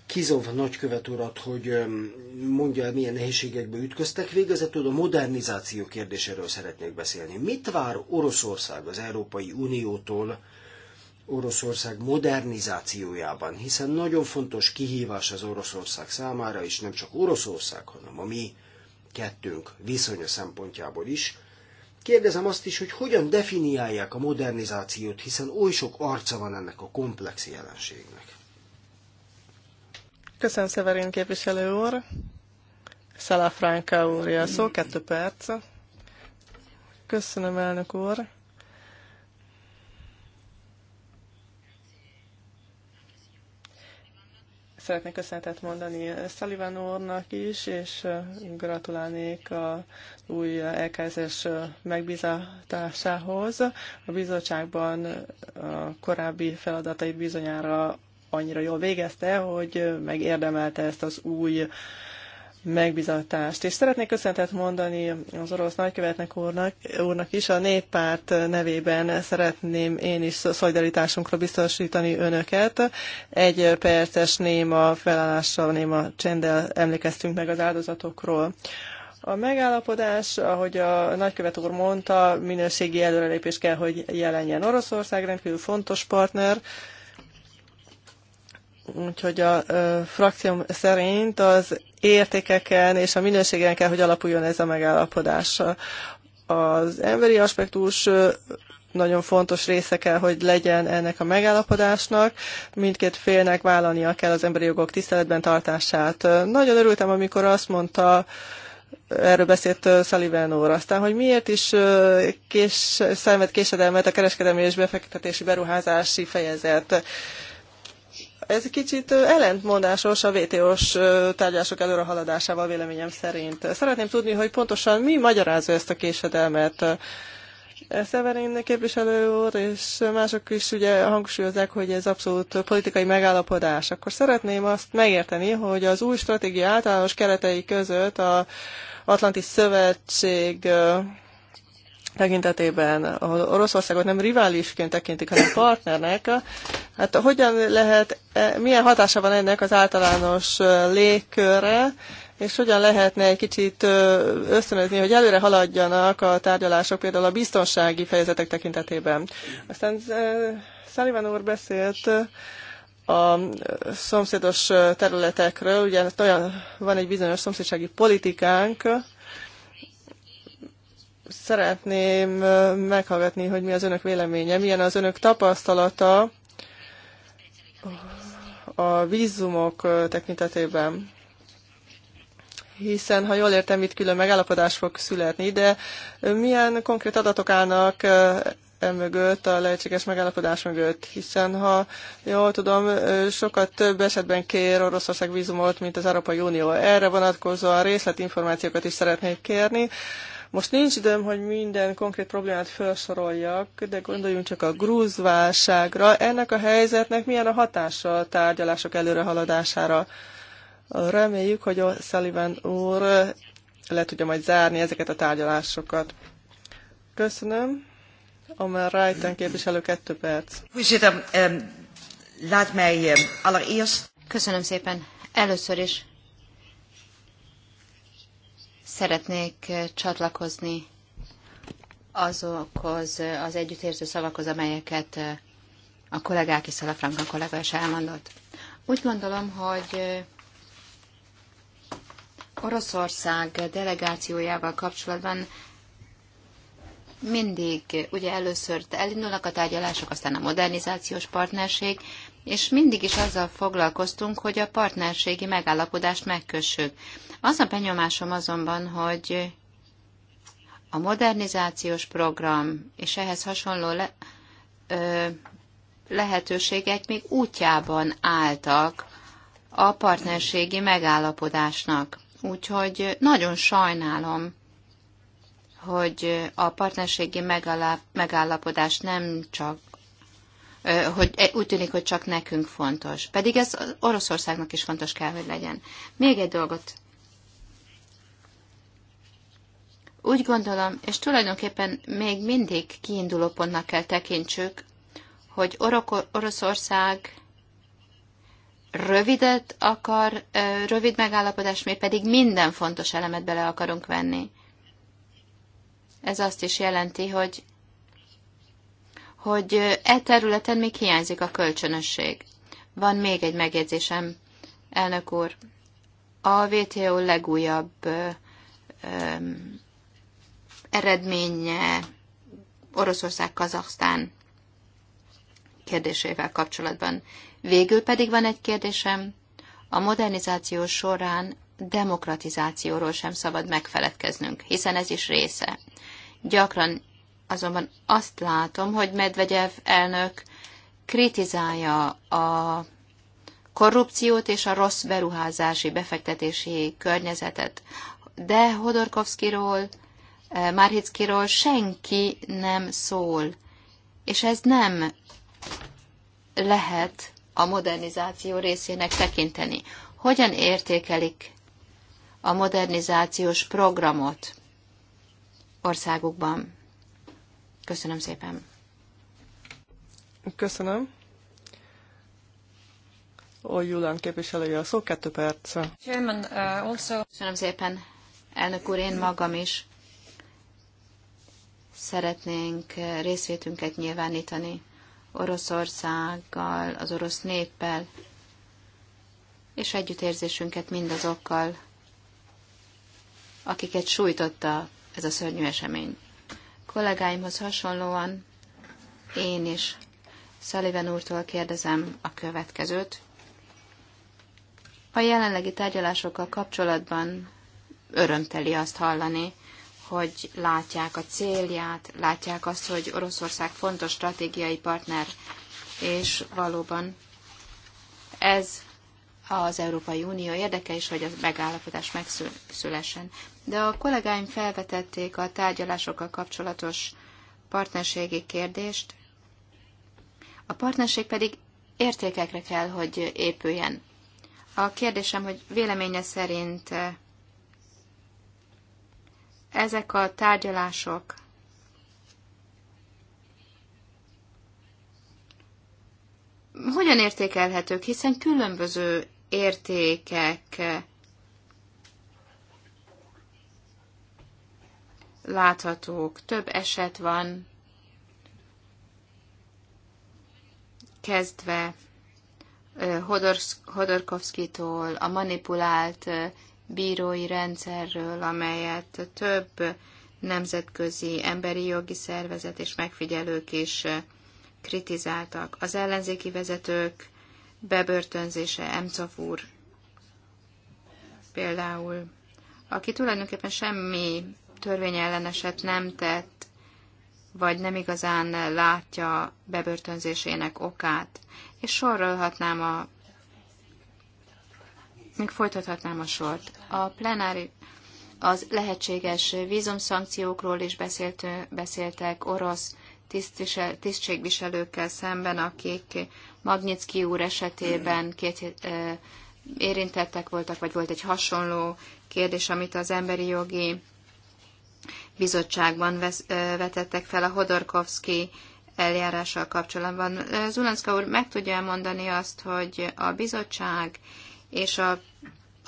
Kizov nagykövet urat, hogy eh, mondja el, milyen nehézségekbe ütköztek. Végezetül a modernizáció kérdéséről szeretnék beszélni. Mit vár Oroszország az Európai Uniótól, Oroszország modernizációjában, hiszen nagyon fontos kihívás az Oroszország számára, és nem csak Oroszország, hanem a mi kettőnk viszonya szempontjából is. Kérdezem azt is, hogy hogyan definiálják a modernizációt, hiszen oly sok arca van ennek a komplex jelenségnek. Köszönöm, Szeverin képviselő úr. Franka úr, szó, kettő perc. Köszönöm, elnök úr. Szeretnék köszönetet mondani Sullivan úrnak is, és gratulálnék a új elkezdés megbizatásához. megbízatásához. A bizottságban a korábbi feladatait bizonyára annyira jól végezte, hogy megérdemelte ezt az új megbizatást. És szeretnék köszönetet mondani az orosz nagykövetnek úrnak, úrnak is, a néppárt nevében szeretném én is szolidaritásunkra biztosítani önöket. Egy perces néma felállással, néma csenddel emlékeztünk meg az áldozatokról. A megállapodás, ahogy a nagykövet úr mondta, minőségi előrelépés kell, hogy jelenjen. Oroszország rendkívül fontos partner, Úgyhogy a ö, frakcióm szerint az értékeken és a minőségen kell, hogy alapuljon ez a megállapodás. Az emberi aspektus nagyon fontos része kell, hogy legyen ennek a megállapodásnak. Mindkét félnek vállalnia kell az emberi jogok tiszteletben tartását. Nagyon örültem, amikor azt mondta, erről beszélt Sullivan úr, aztán, hogy miért is kés, szemet késedelmet a kereskedelmi és befektetési beruházási fejezet ez kicsit ellentmondásos a wto s tárgyalások előrehaladásával véleményem szerint. Szeretném tudni, hogy pontosan mi magyarázza ezt a késedelmet. Szeverin képviselő úr és mások is ugye hangsúlyozzák, hogy ez abszolút politikai megállapodás. Akkor szeretném azt megérteni, hogy az új stratégia általános keretei között a Atlanti Szövetség tekintetében, ahol Oroszországot nem riválisként tekintik, hanem partnernek, hát hogyan lehet, e, milyen hatása van ennek az általános e, légkörre, és hogyan lehetne egy kicsit e, ösztönözni, hogy előre haladjanak a tárgyalások például a biztonsági fejezetek tekintetében. Aztán Sullivan úr beszélt a szomszédos területekről, ugye hát olyan, van egy bizonyos szomszédsági politikánk, Szeretném meghallgatni, hogy mi az önök véleménye, milyen az önök tapasztalata a vízumok tekintetében. Hiszen, ha jól értem, itt külön megállapodás fog születni, de milyen konkrét adatok állnak e mögött, a lehetséges megállapodás mögött, hiszen ha jól tudom, sokat több esetben kér Oroszország vízumot, mint az Európai Unió. Erre vonatkozóan részletinformációkat is szeretnék kérni, most nincs időm, hogy minden konkrét problémát felsoroljak, de gondoljunk csak a grúzválságra. Ennek a helyzetnek milyen a hatása a tárgyalások előrehaladására? Reméljük, hogy a Sullivan úr le tudja majd zárni ezeket a tárgyalásokat. Köszönöm. Amer Reiten képviselő, kettő perc. Ehm, ehm, Köszönöm szépen. Először is Szeretnék eh, csatlakozni azokhoz az együttérző szavakhoz, amelyeket eh, a kollégák és Szalafranka kollega is elmondott. Úgy gondolom, hogy eh, Oroszország delegációjával kapcsolatban mindig, ugye először elindulnak a tárgyalások, aztán a modernizációs partnerség, és mindig is azzal foglalkoztunk, hogy a partnerségi megállapodást megkössük. Az a benyomásom azonban, hogy a modernizációs program és ehhez hasonló le, ö, lehetőségek még útjában álltak a partnerségi megállapodásnak. Úgyhogy nagyon sajnálom, hogy a partnerségi megállapodás nem csak hogy e- úgy tűnik, hogy csak nekünk fontos. Pedig ez Oroszországnak is fontos kell, hogy legyen. Még egy dolgot Úgy gondolom, és tulajdonképpen még mindig kiinduló pontnak kell tekintsük, hogy Oroszország rövidet akar, rövid megállapodás, mi pedig minden fontos elemet bele akarunk venni. Ez azt is jelenti, hogy, hogy e területen még hiányzik a kölcsönösség. Van még egy megjegyzésem, elnök úr. A WTO legújabb ö, ö, eredménye Oroszország-Kazaksztán kérdésével kapcsolatban. Végül pedig van egy kérdésem, a modernizáció során demokratizációról sem szabad megfeledkeznünk, hiszen ez is része. Gyakran azonban azt látom, hogy Medvegyev elnök kritizálja a korrupciót és a rossz beruházási, befektetési környezetet. De Hodorkovszkiról Márhickiról senki nem szól, és ez nem lehet a modernizáció részének tekinteni. Hogyan értékelik a modernizációs programot országukban? Köszönöm szépen. Köszönöm. Julán képviselője a szó, kettő perc. Uh, Köszönöm szépen, elnök úr, én magam is szeretnénk eh, részvétünket nyilvánítani Oroszországgal, az orosz néppel, és együttérzésünket mindazokkal, akiket sújtotta ez a szörnyű esemény. Kollégáimhoz hasonlóan én is Sullivan úrtól kérdezem a következőt. A jelenlegi tárgyalásokkal kapcsolatban örömteli azt hallani, hogy látják a célját, látják azt, hogy Oroszország fontos stratégiai partner, és valóban ez az Európai Unió érdeke is, hogy a megállapodás megszülessen. De a kollégáim felvetették a tárgyalásokkal kapcsolatos partnerségi kérdést, a partnerség pedig értékekre kell, hogy épüljen. A kérdésem, hogy véleménye szerint ezek a tárgyalások hogyan értékelhetők, hiszen különböző értékek láthatók. Több eset van kezdve Hodorkovszkitól, a manipulált bírói rendszerről, amelyet több nemzetközi emberi jogi szervezet és megfigyelők is eh, kritizáltak. Az ellenzéki vezetők bebörtönzése, Emcov úr például, aki tulajdonképpen semmi törvényelleneset nem tett, vagy nem igazán látja bebörtönzésének okát. És sorolhatnám a még folytathatnám a sort. A plenári az lehetséges vízumszankciókról is beszélt, beszéltek orosz tisztségviselőkkel szemben, akik Magnitsky úr esetében két, e, érintettek voltak, vagy volt egy hasonló kérdés, amit az emberi jogi bizottságban vesz, e, vetettek fel a Hodorkovsky eljárással kapcsolatban. Zulanszka úr meg tudja elmondani azt, hogy a bizottság és a,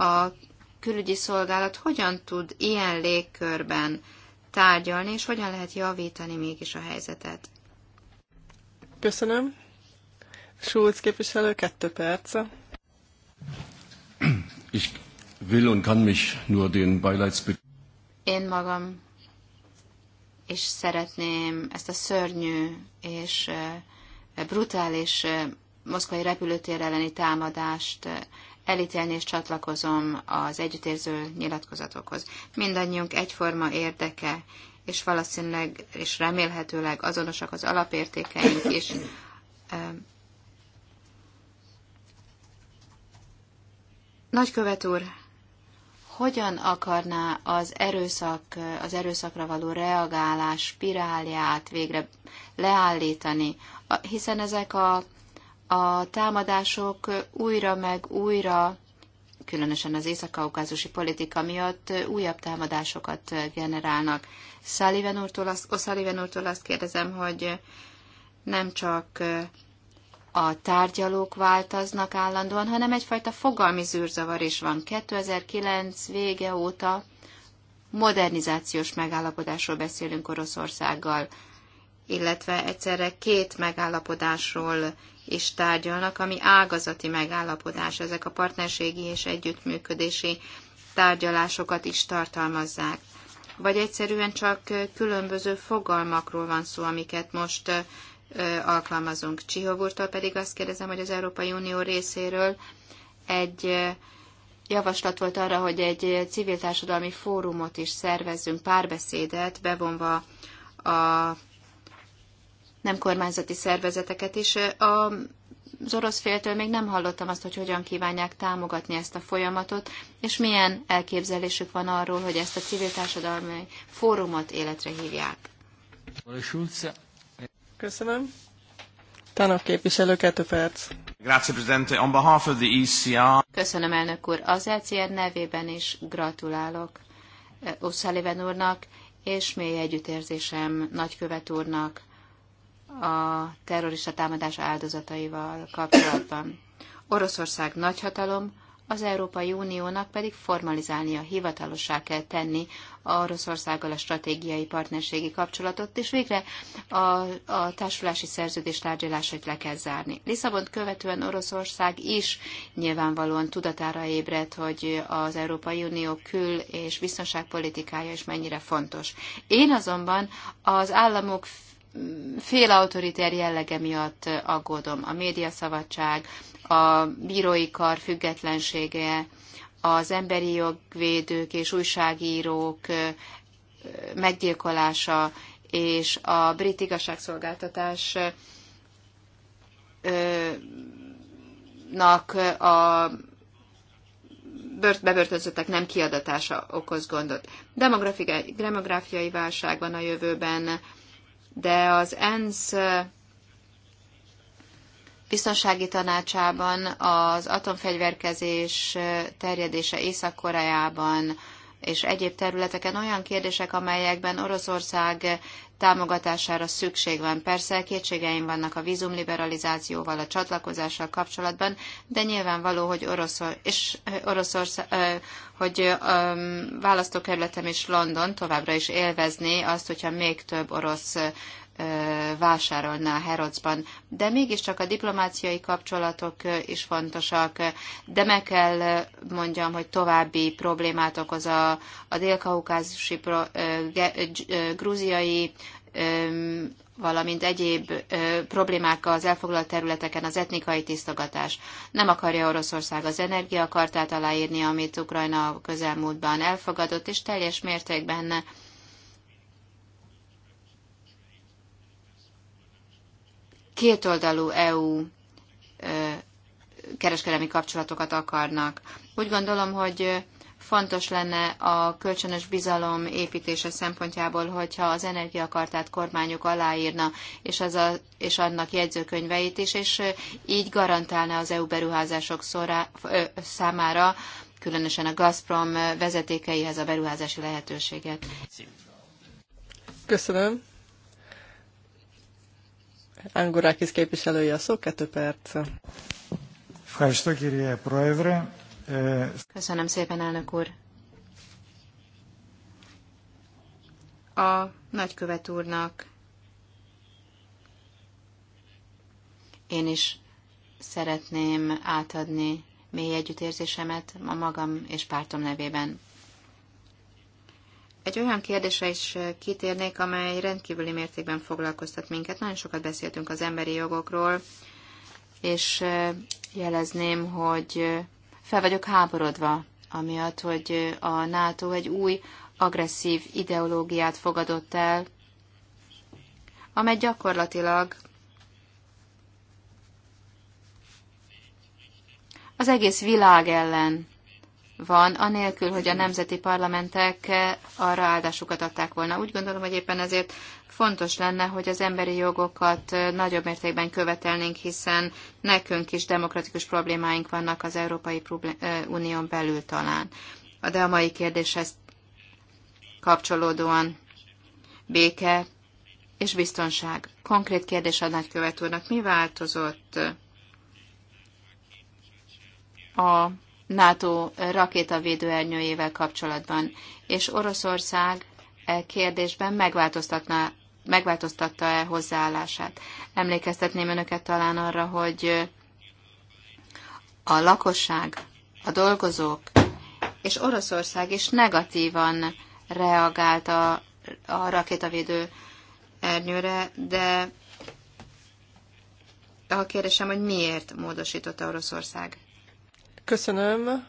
a külügyi szolgálat hogyan tud ilyen légkörben tárgyalni, és hogyan lehet javítani mégis a helyzetet. Köszönöm. Schulz képviselő, kettő perc. Ich will und kann mich nur den Én magam és szeretném ezt a szörnyű és eh, brutális eh, moszkvai repülőtér elleni támadást eh, elítélni és csatlakozom az együttérző nyilatkozatokhoz. Mindannyiunk egyforma érdeke, és valószínűleg és remélhetőleg azonosak az alapértékeink is. Nagykövet úr, hogyan akarná az erőszak, az erőszakra való reagálás spirálját végre leállítani, hiszen ezek a a támadások újra meg újra, különösen az észak-kaukázusi politika miatt újabb támadásokat generálnak. Sullivan úrtól azt, O'Sullivan úrtól azt kérdezem, hogy nem csak a tárgyalók változnak állandóan, hanem egyfajta fogalmi zűrzavar is van. 2009 vége óta modernizációs megállapodásról beszélünk Oroszországgal, illetve egyszerre két megállapodásról és tárgyalnak, ami ágazati megállapodás. Ezek a partnerségi és együttműködési tárgyalásokat is tartalmazzák. Vagy egyszerűen csak különböző fogalmakról van szó, amiket most alkalmazunk. Csihogurtól pedig azt kérdezem, hogy az Európai Unió részéről egy javaslat volt arra, hogy egy civil társadalmi fórumot is szervezzünk, párbeszédet, bevonva a nem kormányzati szervezeteket is. A, az orosz féltől még nem hallottam azt, hogy hogyan kívánják támogatni ezt a folyamatot, és milyen elképzelésük van arról, hogy ezt a civil társadalmi fórumot életre hívják. Köszönöm. Tanak képviselő, kettő perc. E Köszönöm, elnök úr. Az ECR nevében is gratulálok eh, O'Sullivan úrnak, és mély együttérzésem nagykövet úrnak a terrorista támadás áldozataival kapcsolatban. Oroszország nagyhatalom, az Európai Uniónak pedig formalizálnia, hivatalossá kell tenni a Oroszországgal a stratégiai partnerségi kapcsolatot, és végre a, a társulási szerződés tárgyalásait le kell zárni. Lisszabont követően Oroszország is nyilvánvalóan tudatára ébredt, hogy az Európai Unió kül- és biztonságpolitikája is mennyire fontos. Én azonban az államok félautoriter jellege miatt aggódom. A médiaszabadság, a bírói kar függetlensége, az emberi jogvédők és újságírók meggyilkolása és a brit igazságszolgáltatás nak a bört, bebörtözöttek nem kiadatása okoz gondot. Demográfiai válság van a jövőben, de az ENSZ biztonsági tanácsában az atomfegyverkezés terjedése Észak-Koreában és egyéb területeken olyan kérdések, amelyekben Oroszország támogatására szükség van. Persze kétségeim vannak a vízumliberalizációval, a csatlakozással kapcsolatban, de nyilvánvaló, hogy Oroszor, és Oroszország, hogy választókerületem is London továbbra is élvezné azt, hogyha még több orosz a Herodsban. De mégiscsak a diplomáciai kapcsolatok is fontosak, de meg kell mondjam, hogy további problémát okoz a, a dél-kaukázusi, grúziai, valamint egyéb problémák az elfoglalt területeken az etnikai tisztogatás. Nem akarja Oroszország az energiakartát aláírni, amit Ukrajna közelmúltban elfogadott, és teljes mértékben kétoldalú EU kereskedelmi kapcsolatokat akarnak. Úgy gondolom, hogy fontos lenne a kölcsönös bizalom építése szempontjából, hogyha az energiakartát kormányok aláírna, és, az a, és annak jegyzőkönyveit is, és így garantálna az EU beruházások szorá, ö, számára, különösen a Gazprom vezetékeihez a beruházási lehetőséget. Köszönöm. Angurakis képviselője a szó, kettő perc. Köszönöm szépen, elnök úr. A nagykövet úrnak én is szeretném átadni mély együttérzésemet a magam és pártom nevében. Egy olyan kérdésre is kitérnék, amely rendkívüli mértékben foglalkoztat minket. Nagyon sokat beszéltünk az emberi jogokról, és jelezném, hogy fel vagyok háborodva, amiatt, hogy a NATO egy új agresszív ideológiát fogadott el, amely gyakorlatilag az egész világ ellen van, anélkül, hogy a nemzeti parlamentek arra áldásukat adták volna. Úgy gondolom, hogy éppen ezért fontos lenne, hogy az emberi jogokat nagyobb mértékben követelnénk, hiszen nekünk is demokratikus problémáink vannak az Európai Unión belül talán. De a mai kérdéshez kapcsolódóan béke és biztonság. Konkrét kérdés a nagykövet úrnak. Mi változott a NATO rakétavédőernyőjével kapcsolatban, és Oroszország e kérdésben megváltoztatná megváltoztatta-e hozzáállását. Emlékeztetném önöket talán arra, hogy a lakosság, a dolgozók és Oroszország is negatívan reagált a, a rakétavédő ernyőre, de a kérdésem, hogy miért módosította Oroszország? Köszönöm,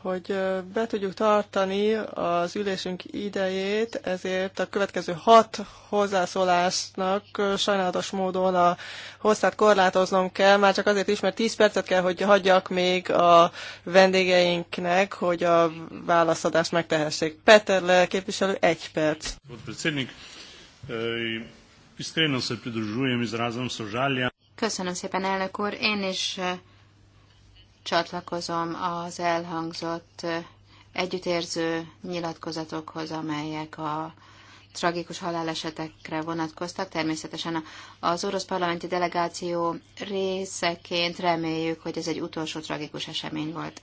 hogy be tudjuk tartani az ülésünk idejét, ezért a következő hat hozzászólásnak sajnálatos módon a hosszát korlátoznom kell, már csak azért is, mert 10 percet kell, hogy hagyjak még a vendégeinknek, hogy a válaszadást megtehessék. Peter Le, képviselő, egy perc. Köszönöm, e, se Köszönöm szépen, elnök úr. Én is csatlakozom az elhangzott együttérző nyilatkozatokhoz, amelyek a tragikus halálesetekre vonatkoztak. Természetesen az orosz parlamenti delegáció részeként reméljük, hogy ez egy utolsó tragikus esemény volt.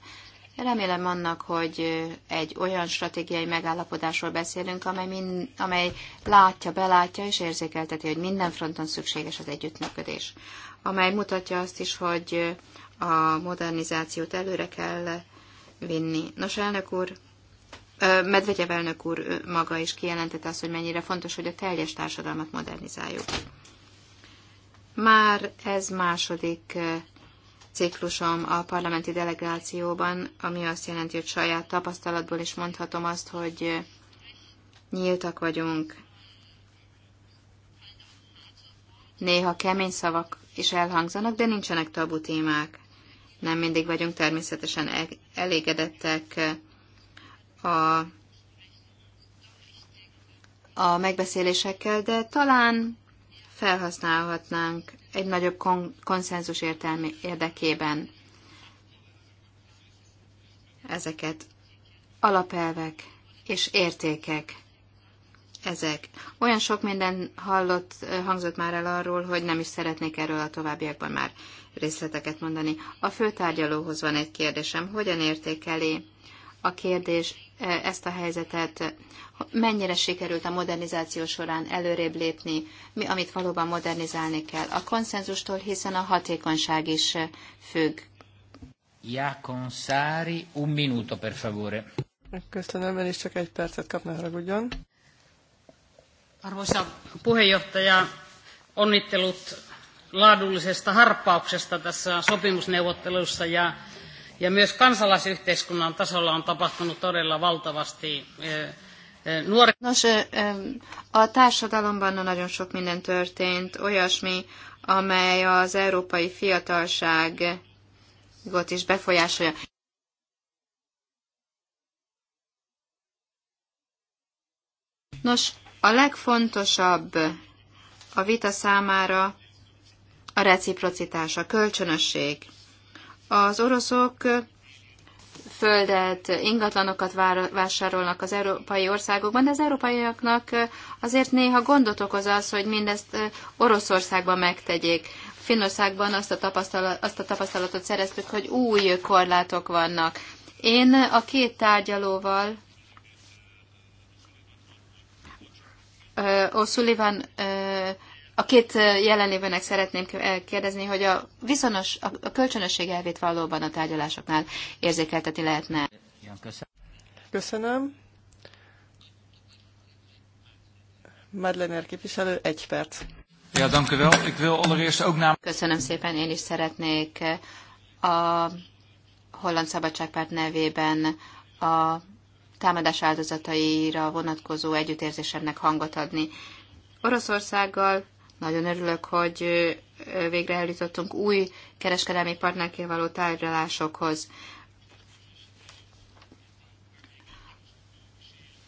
Remélem annak, hogy egy olyan stratégiai megállapodásról beszélünk, amely, min, amely látja, belátja és érzékelteti, hogy minden fronton szükséges az együttműködés. Amely mutatja azt is, hogy a modernizációt előre kell vinni. Nos, elnök úr, Medvegyev elnök úr maga is kijelentette azt, hogy mennyire fontos, hogy a teljes társadalmat modernizáljuk. Már ez második ciklusom a parlamenti delegációban, ami azt jelenti, hogy saját tapasztalatból is mondhatom azt, hogy nyíltak vagyunk. Néha kemény szavak is elhangzanak, de nincsenek tabu témák. Nem mindig vagyunk természetesen e- elégedettek a, a megbeszélésekkel, de talán felhasználhatnánk egy nagyobb kon- konszenzus értelmi érdekében ezeket alapelvek és értékek ezek. Olyan sok minden hallott, hangzott már el arról, hogy nem is szeretnék erről a továbbiakban már részleteket mondani. A főtárgyalóhoz van egy kérdésem. Hogyan értékeli a kérdés E, ezt a helyzetet, mennyire sikerült a modernizáció során előrébb lépni, mi, amit valóban modernizálni kell. A konszenzustól, hiszen a hatékonyság is e, függ. Jákonszári, un minuto, per favore. Köszönöm, én is csak egy percet kap, ne haragudjon. Arvoisa puheenjohtaja, onnittelut laadullisesta harppauksesta tässä sopimusneuvottelussa ja Ja myös kansalaisyhteiskunnan tasolla on tapahtunut todella valtavasti nuori... Nos, a társadalomban nagyon sok minden történt, olyasmi, amely az európai fiatalságot is befolyásolja. Nos, a legfontosabb a vita számára a reciprocitás, a kölcsönösség. Az oroszok földet, ingatlanokat vásárolnak az európai országokban, de az európaiaknak azért néha gondot okoz az, hogy mindezt Oroszországban megtegyék. Finnországban azt a, tapasztalat, azt a tapasztalatot szereztük, hogy új korlátok vannak. Én a két tárgyalóval, O'Sullivan a két jelenlévőnek szeretném kérdezni, hogy a viszonos, a kölcsönösség elvét valóban a tárgyalásoknál érzékelteti lehetne. Köszönöm. Madlener képviselő, egy perc. Ja, dank wel. Köszönöm szépen, én is szeretnék a Holland Szabadságpárt nevében a támadás áldozataira vonatkozó együttérzésemnek hangot adni. Oroszországgal nagyon örülök, hogy végre eljutottunk új kereskedelmi partnerként való tárgyalásokhoz.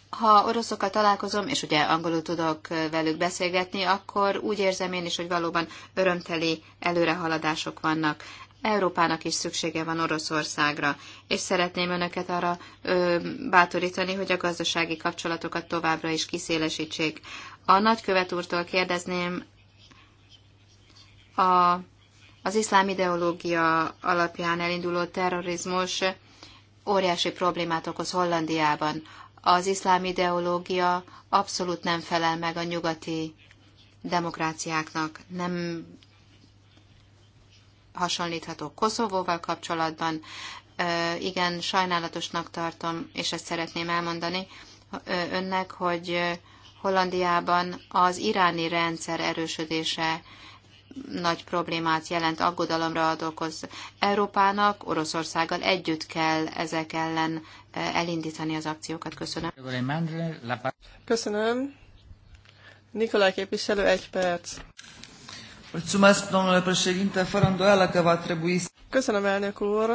ha oroszokkal találkozom, és ugye angolul tudok velük beszélgetni, akkor úgy érzem én is, hogy valóban örömteli előrehaladások vannak. Európának is szüksége van Oroszországra, és szeretném önöket arra ö, bátorítani, hogy a gazdasági kapcsolatokat továbbra is kiszélesítsék. A nagykövet úrtól kérdezném, a, az iszlám ideológia alapján elinduló terrorizmus óriási problémát okoz Hollandiában. Az iszlám ideológia abszolút nem felel meg a nyugati demokráciáknak. Nem hasonlítható Koszovóval kapcsolatban. Igen, sajnálatosnak tartom, és ezt szeretném elmondani önnek, hogy Hollandiában az iráni rendszer erősödése nagy problémát jelent, aggodalomra ad okoz. Európának Oroszországgal együtt kell ezek ellen eh, elindítani az akciókat. Köszönöm. Köszönöm. Nikolaj képviselő, egy perc. Köszönöm, elnök úr.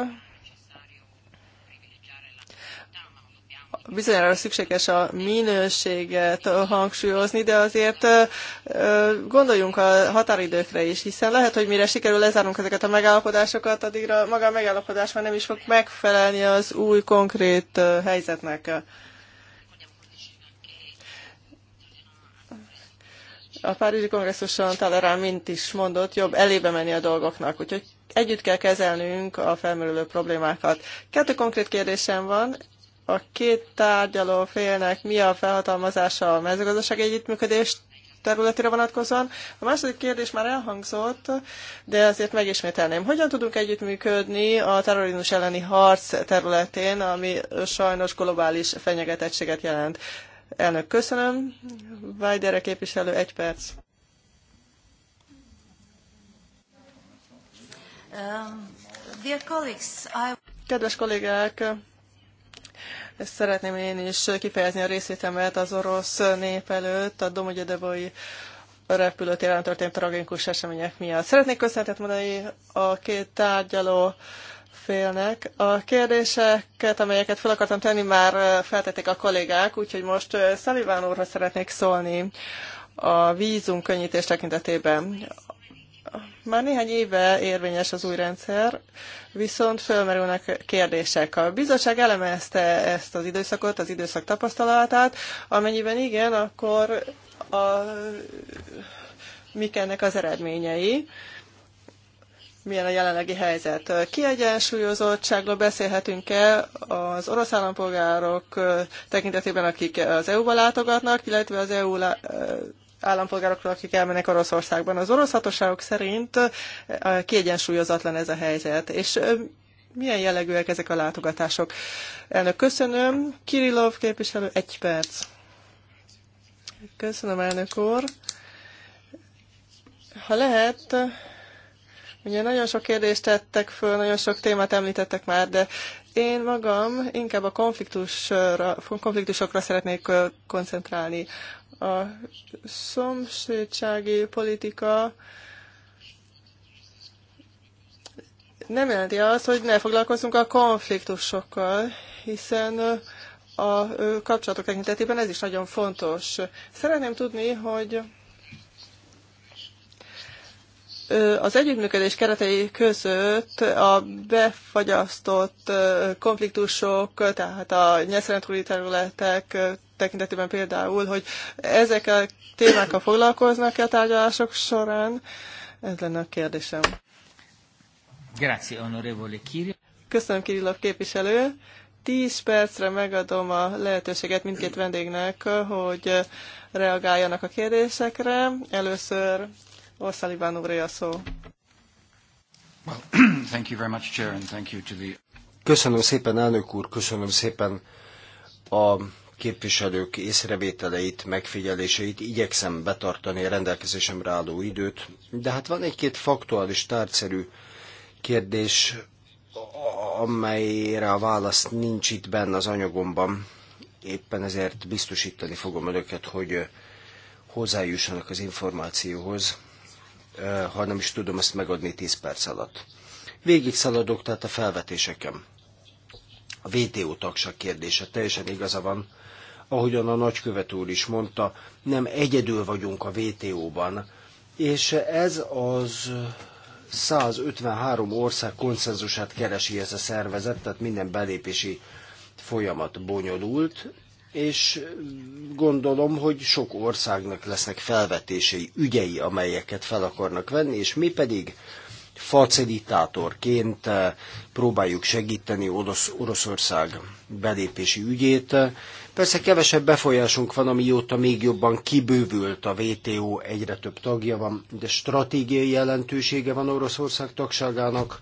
bizonyára szükséges a minőséget hangsúlyozni, de azért gondoljunk a határidőkre is, hiszen lehet, hogy mire sikerül lezárnunk ezeket a megállapodásokat, addigra maga a megállapodás már nem is fog megfelelni az új konkrét helyzetnek. A Párizsi kongresszuson Talerán mint is mondott, jobb elébe menni a dolgoknak, úgyhogy együtt kell kezelnünk a felmerülő problémákat. Kettő konkrét kérdésem van a két tárgyaló félnek mi a felhatalmazása a mezőgazdasági együttműködés területére vonatkozóan. A második kérdés már elhangzott, de azért megismételném. Hogyan tudunk együttműködni a terrorizmus elleni harc területén, ami sajnos globális fenyegetettséget jelent? Elnök, köszönöm. Vajdere képviselő, egy perc. Um, dear colleagues, I... Kedves kollégák, Szeretném én is kifejezni a részvétemet az orosz nép előtt, a Domogyedeboi repülőtéren történt tragikus események miatt. Szeretnék köszönetet mondani a két tárgyaló félnek. A kérdéseket, amelyeket fel akartam tenni, már feltették a kollégák, úgyhogy most eh, Szaliván úrhoz szeretnék szólni a vízum könnyítés tekintetében. Már néhány éve érvényes az új rendszer, viszont fölmerülnek kérdések. A bizottság elemezte ezt az időszakot, az időszak tapasztalatát. Amennyiben igen, akkor a, mik ennek az eredményei? milyen a jelenlegi helyzet. Kiegyensúlyozottságról beszélhetünk-e az orosz állampolgárok tekintetében, akik az EU-ba látogatnak, illetve az EU állampolgárokról, akik elmennek Oroszországban. Az orosz hatóságok szerint eh, kiegyensúlyozatlan ez a helyzet, és eh, milyen jellegűek ezek a látogatások? Elnök, köszönöm. Kirillov képviselő, egy perc. Köszönöm, elnök úr. Ha lehet, ugye nagyon sok kérdést tettek föl, nagyon sok témát említettek már, de én magam inkább a konfliktusra, konfliktusokra szeretnék eh, koncentrálni. A szomszédsági politika nem jelenti azt, hogy ne foglalkozunk a konfliktusokkal, hiszen a kapcsolatok tekintetében ez is nagyon fontos. Szeretném tudni, hogy az együttműködés keretei között a befagyasztott konfliktusok, tehát a nyelszerentúli területek tekintetében például, hogy ezek a témákkal foglalkoznak-e a tárgyalások során? Ez lenne a kérdésem. Grazie, onorevole Kirill. Köszönöm, Kirillov képviselő. Tíz percre megadom a lehetőséget mindkét vendégnek, hogy reagáljanak a kérdésekre. Először Orszaliván úré a szó. Well, thank you very much, Chair, and thank you to the... Köszönöm szépen, elnök úr, köszönöm szépen a képviselők észrevételeit, megfigyeléseit igyekszem betartani a rendelkezésemre álló időt, de hát van egy-két faktuális tárgyszerű kérdés, amelyre a válasz nincs itt benne az anyagomban. Éppen ezért biztosítani fogom önöket, hogy hozzájussanak az információhoz, ha nem is tudom ezt megadni 10 perc alatt. Végig szaladok tehát a felvetéseken. A VTO tagság kérdése teljesen igaza van ahogyan a nagykövet úr is mondta, nem egyedül vagyunk a WTO-ban, és ez az 153 ország konszenzusát keresi ez a szervezet, tehát minden belépési folyamat bonyolult, és gondolom, hogy sok országnak lesznek felvetései, ügyei, amelyeket fel akarnak venni, és mi pedig facilitátorként eh, próbáljuk segíteni Orosz, Oroszország belépési ügyét, Persze kevesebb befolyásunk van, amióta még jobban kibővült a WTO, egyre több tagja van, de stratégiai jelentősége van Oroszország tagságának,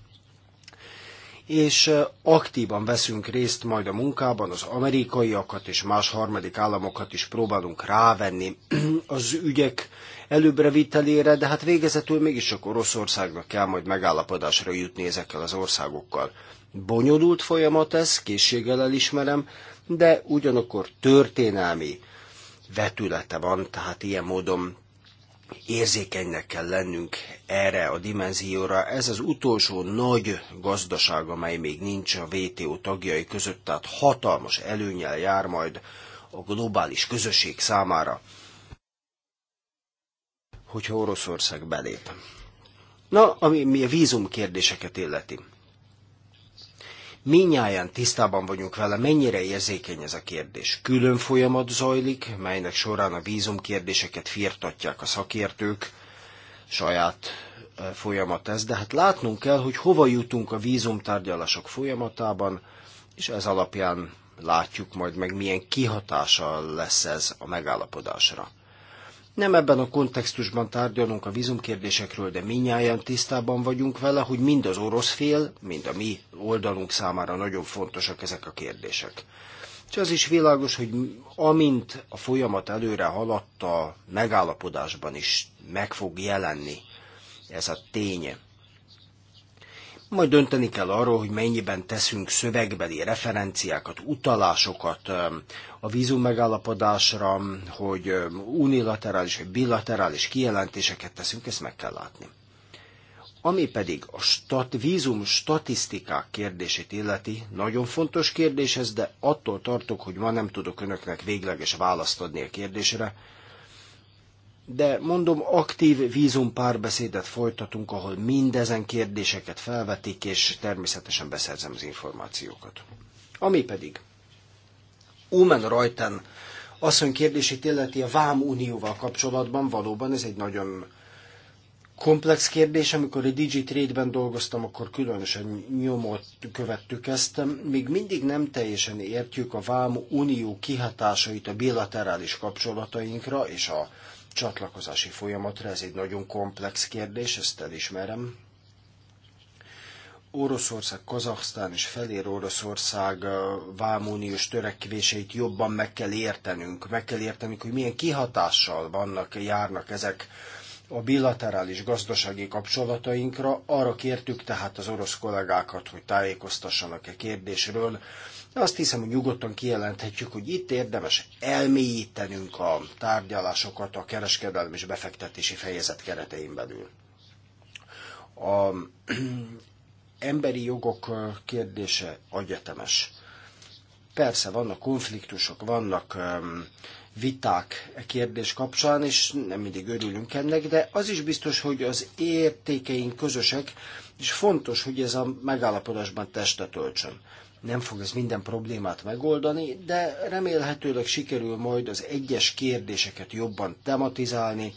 és aktívan veszünk részt majd a munkában, az amerikaiakat és más harmadik államokat is próbálunk rávenni az ügyek előbbre vitelére, de hát végezetül mégiscsak Oroszországnak kell majd megállapodásra jutni ezekkel az országokkal. Bonyolult folyamat ez, készséggel elismerem, de ugyanakkor történelmi vetülete van, tehát ilyen módon érzékenynek kell lennünk erre a dimenzióra. Ez az utolsó nagy gazdaság, amely még nincs a WTO tagjai között, tehát hatalmas előnyel jár majd a globális közösség számára, hogyha Oroszország belép. Na, ami mi a vízum kérdéseket illeti. Minnyáján tisztában vagyunk vele, mennyire érzékeny ez a kérdés. Külön folyamat zajlik, melynek során a vízum kérdéseket firtatják a szakértők, saját folyamat ez, de hát látnunk kell, hogy hova jutunk a vízumtárgyalások folyamatában, és ez alapján látjuk majd meg, milyen kihatással lesz ez a megállapodásra. Nem ebben a kontextusban tárgyalunk a vízumkérdésekről, de minnyáján tisztában vagyunk vele, hogy mind az orosz fél, mind a mi oldalunk számára nagyon fontosak ezek a kérdések. És az is világos, hogy amint a folyamat előre haladt, a megállapodásban is meg fog jelenni ez a ténye majd dönteni kell arról, hogy mennyiben teszünk szövegbeli referenciákat, utalásokat a vízum megállapodásra, hogy unilaterális vagy bilaterális kijelentéseket teszünk, ezt meg kell látni. Ami pedig a stat, vízum statisztikák kérdését illeti, nagyon fontos kérdés ez, de attól tartok, hogy ma nem tudok önöknek végleges választ adni a kérdésre, de mondom, aktív vízum párbeszédet folytatunk, ahol mindezen kérdéseket felvetik, és természetesen beszerzem az információkat. Ami pedig Umen Rajten asszony kérdését illeti a Vám Unióval kapcsolatban, valóban ez egy nagyon komplex kérdés, amikor a Digitrade-ben dolgoztam, akkor különösen nyomot követtük ezt. Még mindig nem teljesen értjük a Vám Unió kihatásait a bilaterális kapcsolatainkra és a csatlakozási folyamatra, ez egy nagyon komplex kérdés, ezt elismerem. Oroszország, Kazahsztán és Felér Oroszország vámuniós törekvéseit jobban meg kell értenünk, meg kell értenünk, hogy milyen kihatással vannak, járnak ezek a bilaterális gazdasági kapcsolatainkra. Arra kértük tehát az orosz kollégákat, hogy tájékoztassanak a e kérdésről, de azt hiszem, hogy nyugodtan kijelenthetjük, hogy itt érdemes elmélyítenünk a tárgyalásokat a kereskedelmi és befektetési fejezet keretein belül. A emberi jogok kérdése agyetemes. Persze vannak konfliktusok, vannak viták e kérdés kapcsán, és nem mindig örülünk ennek, de az is biztos, hogy az értékeink közösek, és fontos, hogy ez a megállapodásban testet öltsön. Nem fog ez minden problémát megoldani, de remélhetőleg sikerül majd az egyes kérdéseket jobban tematizálni,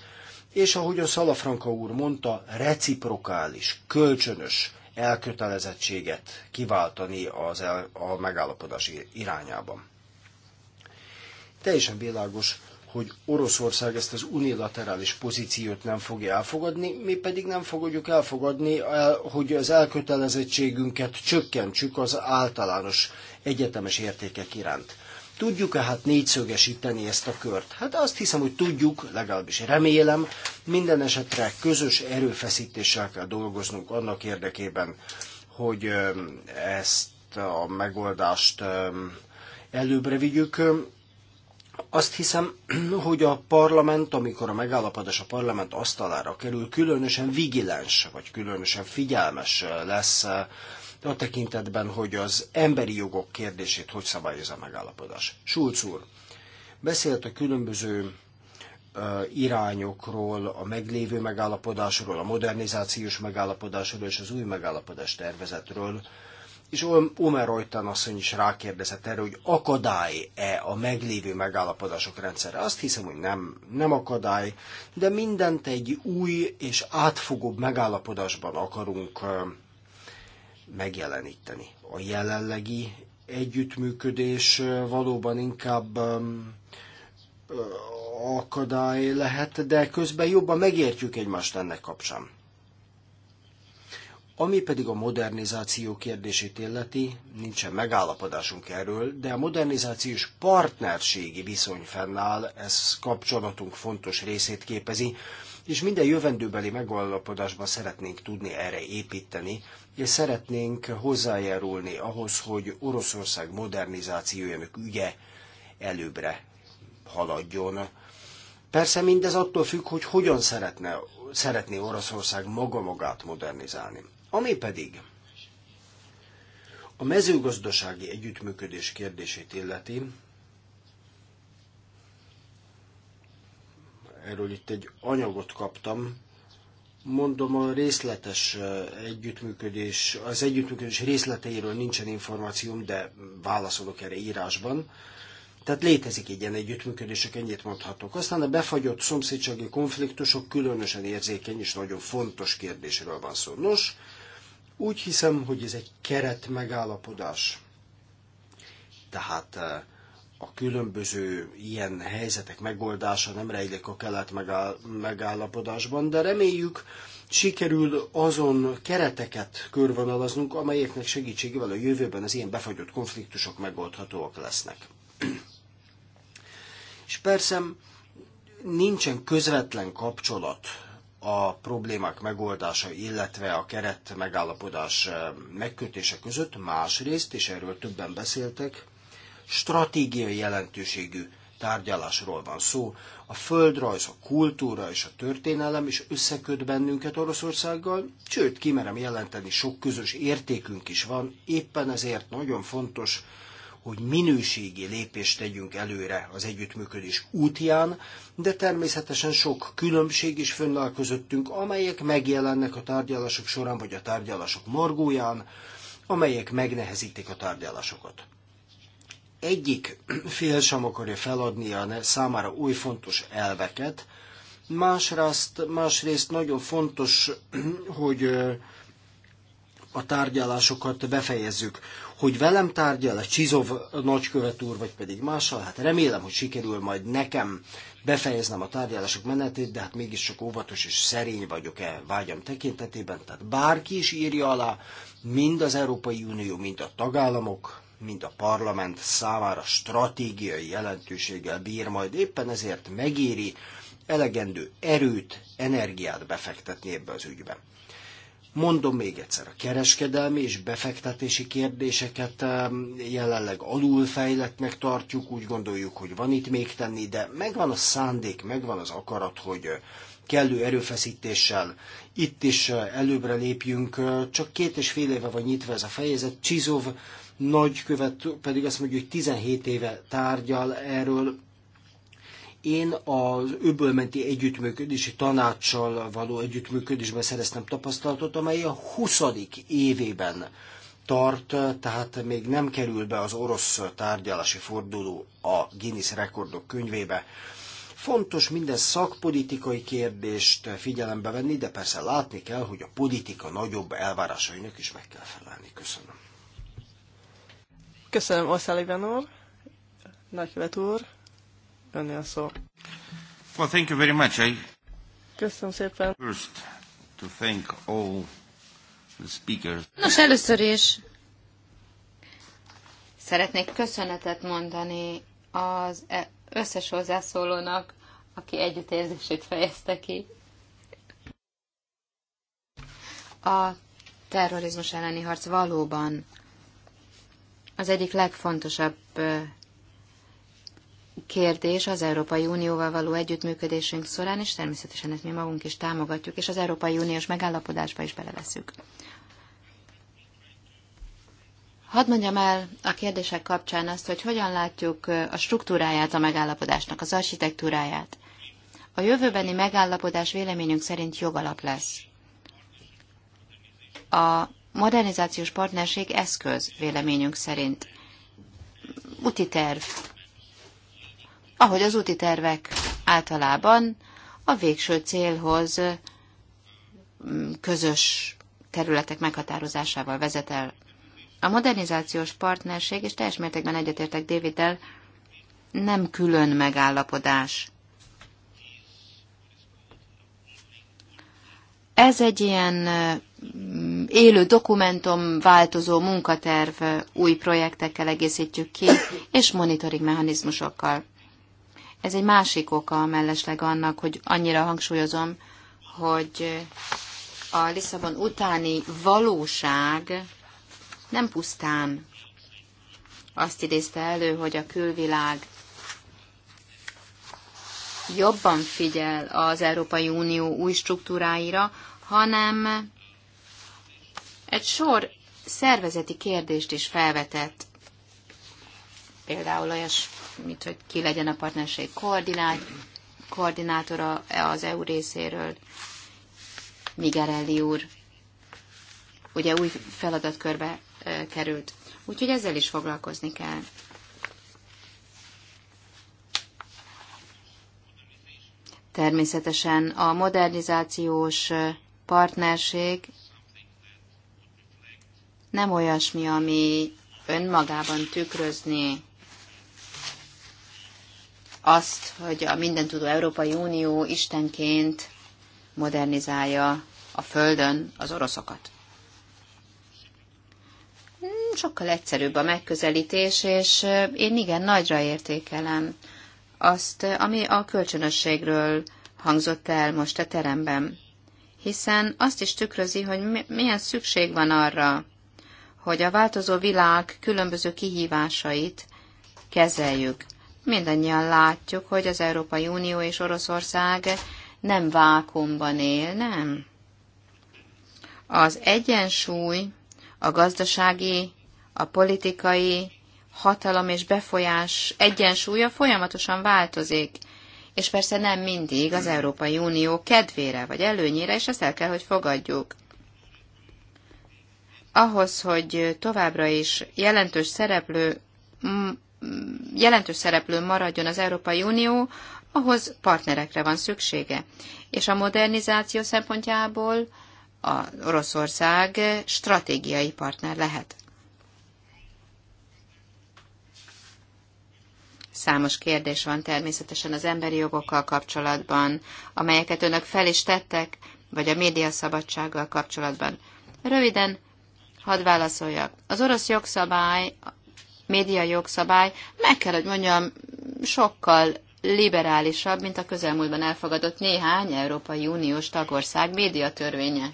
és ahogy a Szalafranka úr mondta, reciprokális, kölcsönös elkötelezettséget kiváltani az el, a megállapodás irányában. Teljesen világos, hogy Oroszország ezt az unilaterális pozíciót nem fogja elfogadni, mi pedig nem fogjuk elfogadni, hogy az elkötelezettségünket csökkentsük az általános egyetemes értékek iránt. Tudjuk-e hát négyszögesíteni ezt a kört? Hát azt hiszem, hogy tudjuk, legalábbis remélem, minden esetre közös erőfeszítéssel kell dolgoznunk annak érdekében, hogy ezt a megoldást előbbre vigyük. Azt hiszem, hogy a parlament, amikor a megállapodás a parlament asztalára kerül, különösen vigilens, vagy különösen figyelmes lesz eh, a tekintetben, hogy az emberi jogok kérdését hogy szabályozza a megállapodás. Schulz úr, beszélt a különböző eh, irányokról, a meglévő megállapodásról, a modernizációs megállapodásról és az új megállapodás tervezetről, és Omer Rajtan asszony is rákérdezett erre, hogy akadály-e a meglévő megállapodások rendszere. Azt hiszem, hogy nem, nem akadály, de mindent egy új és átfogóbb megállapodásban akarunk megjeleníteni. A jelenlegi együttműködés valóban inkább akadály lehet, de közben jobban megértjük egymást ennek kapcsán. Ami pedig a modernizáció kérdését illeti, nincsen megállapodásunk erről, de a modernizációs partnerségi viszony fennáll, ez kapcsolatunk fontos részét képezi, és minden jövendőbeli megállapodásban szeretnénk tudni erre építeni, és szeretnénk hozzájárulni ahhoz, hogy Oroszország modernizációjának ügye előbbre haladjon. Persze mindez attól függ, hogy hogyan szeretne, szeretné Oroszország maga magát modernizálni. Ami pedig a mezőgazdasági együttműködés kérdését illeti, erről itt egy anyagot kaptam, mondom a részletes együttműködés, az együttműködés részleteiről nincsen információm, de válaszolok erre írásban. Tehát létezik egy ilyen együttműködés, csak ennyit mondhatok. Aztán a befagyott szomszédsági konfliktusok különösen érzékeny és nagyon fontos kérdésről van szó. Nos, úgy hiszem, hogy ez egy keret megállapodás. Tehát eh, a különböző ilyen helyzetek megoldása nem rejlik a kelet megállapodásban, de reméljük, sikerül azon kereteket körvonalaznunk, amelyeknek segítségével a jövőben az ilyen befagyott konfliktusok megoldhatóak lesznek. És persze nincsen közvetlen kapcsolat a problémák megoldása, illetve a keret megállapodás eh, megkötése között, másrészt, és erről többen beszéltek, stratégiai jelentőségű tárgyalásról van szó. A földrajz, a kultúra és a történelem is összeköt bennünket Oroszországgal, sőt, kimerem jelenteni, sok közös értékünk is van, éppen ezért nagyon fontos, hogy minőségi lépést tegyünk előre az együttműködés útján, de természetesen sok különbség is fönnáll közöttünk, amelyek megjelennek a tárgyalások során vagy a tárgyalások margóján, amelyek megnehezítik a tárgyalásokat. Egyik fél sem akarja feladni a számára új fontos elveket, másrészt, másrészt nagyon fontos, hogy a tárgyalásokat befejezzük hogy velem tárgyal a Csizov nagykövet úr, vagy pedig mással, hát remélem, hogy sikerül majd nekem befejeznem a tárgyalások menetét, de hát mégiscsak óvatos és szerény vagyok-e vágyam tekintetében, tehát bárki is írja alá, mind az Európai Unió, mind a tagállamok, mind a parlament számára stratégiai jelentőséggel bír majd, éppen ezért megéri elegendő erőt, energiát befektetni ebbe az ügybe. Mondom még egyszer, a kereskedelmi és befektetési kérdéseket jelenleg alulfejletnek tartjuk, úgy gondoljuk, hogy van itt még tenni, de megvan a szándék, megvan az akarat, hogy kellő erőfeszítéssel itt is előbbre lépjünk. Csak két és fél éve van nyitva ez a fejezet. Csizov nagykövet pedig azt mondja, hogy 17 éve tárgyal erről, én az öbölmenti együttműködési tanácssal való együttműködésben szereztem tapasztalatot, amely a 20. évében tart, tehát még nem kerül be az orosz tárgyalási forduló a Guinness rekordok könyvébe. Fontos minden szakpolitikai kérdést figyelembe venni, de persze látni kell, hogy a politika nagyobb elvárásainak is meg kell felelni. Köszönöm. Köszönöm, Oszalivan úr, nagykövet úr önnél szó. Well, thank you very much. I... Köszönöm szépen. First, to thank all the speakers. Nos, először is szeretnék köszönetet mondani az e- összes hozzászólónak, aki együttérzését fejezte ki. A terrorizmus elleni harc valóban az egyik legfontosabb kérdés az Európai Unióval való együttműködésünk során, és természetesen ezt mi magunk is támogatjuk, és az Európai Uniós megállapodásba is beleveszünk. Hadd mondjam el a kérdések kapcsán azt, hogy hogyan látjuk a struktúráját a megállapodásnak, az architektúráját. A jövőbeni megállapodás véleményünk szerint jogalap lesz. A modernizációs partnerség eszköz véleményünk szerint. Úti terv, ahogy az úti tervek általában a végső célhoz mm, közös területek meghatározásával vezet el. A modernizációs partnerség, és teljes mértékben egyetértek Daviddel, nem külön megállapodás. Ez egy ilyen mm, élő dokumentum, változó munkaterv, új projektekkel egészítjük ki, és monitoring mechanizmusokkal. Ez egy másik oka mellesleg annak, hogy annyira hangsúlyozom, hogy a Lisszabon utáni valóság nem pusztán azt idézte elő, hogy a külvilág jobban figyel az Európai Unió új struktúráira, hanem egy sor szervezeti kérdést is felvetett. Például olyas mint hogy ki legyen a partnerség koordinát, koordinátora az EU részéről, Migarelli úr, ugye új feladatkörbe került. Úgyhogy ezzel is foglalkozni kell. Természetesen a modernizációs partnerség nem olyasmi, ami önmagában tükrözni azt, hogy a mindentudó Európai Unió istenként modernizálja a földön az oroszokat. Hmm, sokkal egyszerűbb a megközelítés, és én igen nagyra értékelem azt, ami a kölcsönösségről hangzott el most a teremben. Hiszen azt is tükrözi, hogy milyen szükség van arra, hogy a változó világ különböző kihívásait kezeljük. Mindannyian látjuk, hogy az Európai Unió és Oroszország nem vákumban él, nem. Az egyensúly a gazdasági, a politikai, hatalom és befolyás egyensúlya folyamatosan változik, és persze nem mindig az Európai Unió kedvére vagy előnyére, és ezt el kell, hogy fogadjuk. Ahhoz, hogy továbbra is jelentős szereplő jelentős szereplő maradjon az Európai Unió, ahhoz partnerekre van szüksége. És a modernizáció szempontjából a Oroszország stratégiai partner lehet. Számos kérdés van természetesen az emberi jogokkal kapcsolatban, amelyeket önök fel is tettek, vagy a médiaszabadsággal kapcsolatban. Röviden, hadd válaszoljak. Az orosz jogszabály média jogszabály, meg kell, hogy mondjam, sokkal liberálisabb, mint a közelmúltban elfogadott néhány Európai Uniós tagország médiatörvénye.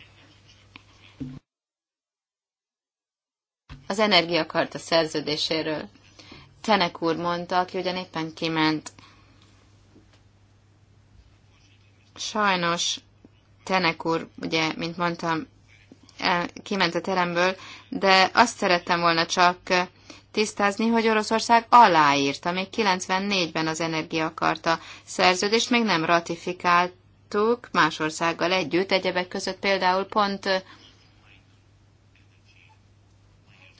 Az energiakarta szerződéséről. Tenek úr mondta, aki ugyan éppen kiment. Sajnos Tenek úr, ugye, mint mondtam, kiment a teremből, de azt szerettem volna csak tisztázni, hogy Oroszország aláírta még 94-ben az energiakarta szerződést, még nem ratifikáltuk más országgal együtt, egyebek között például pont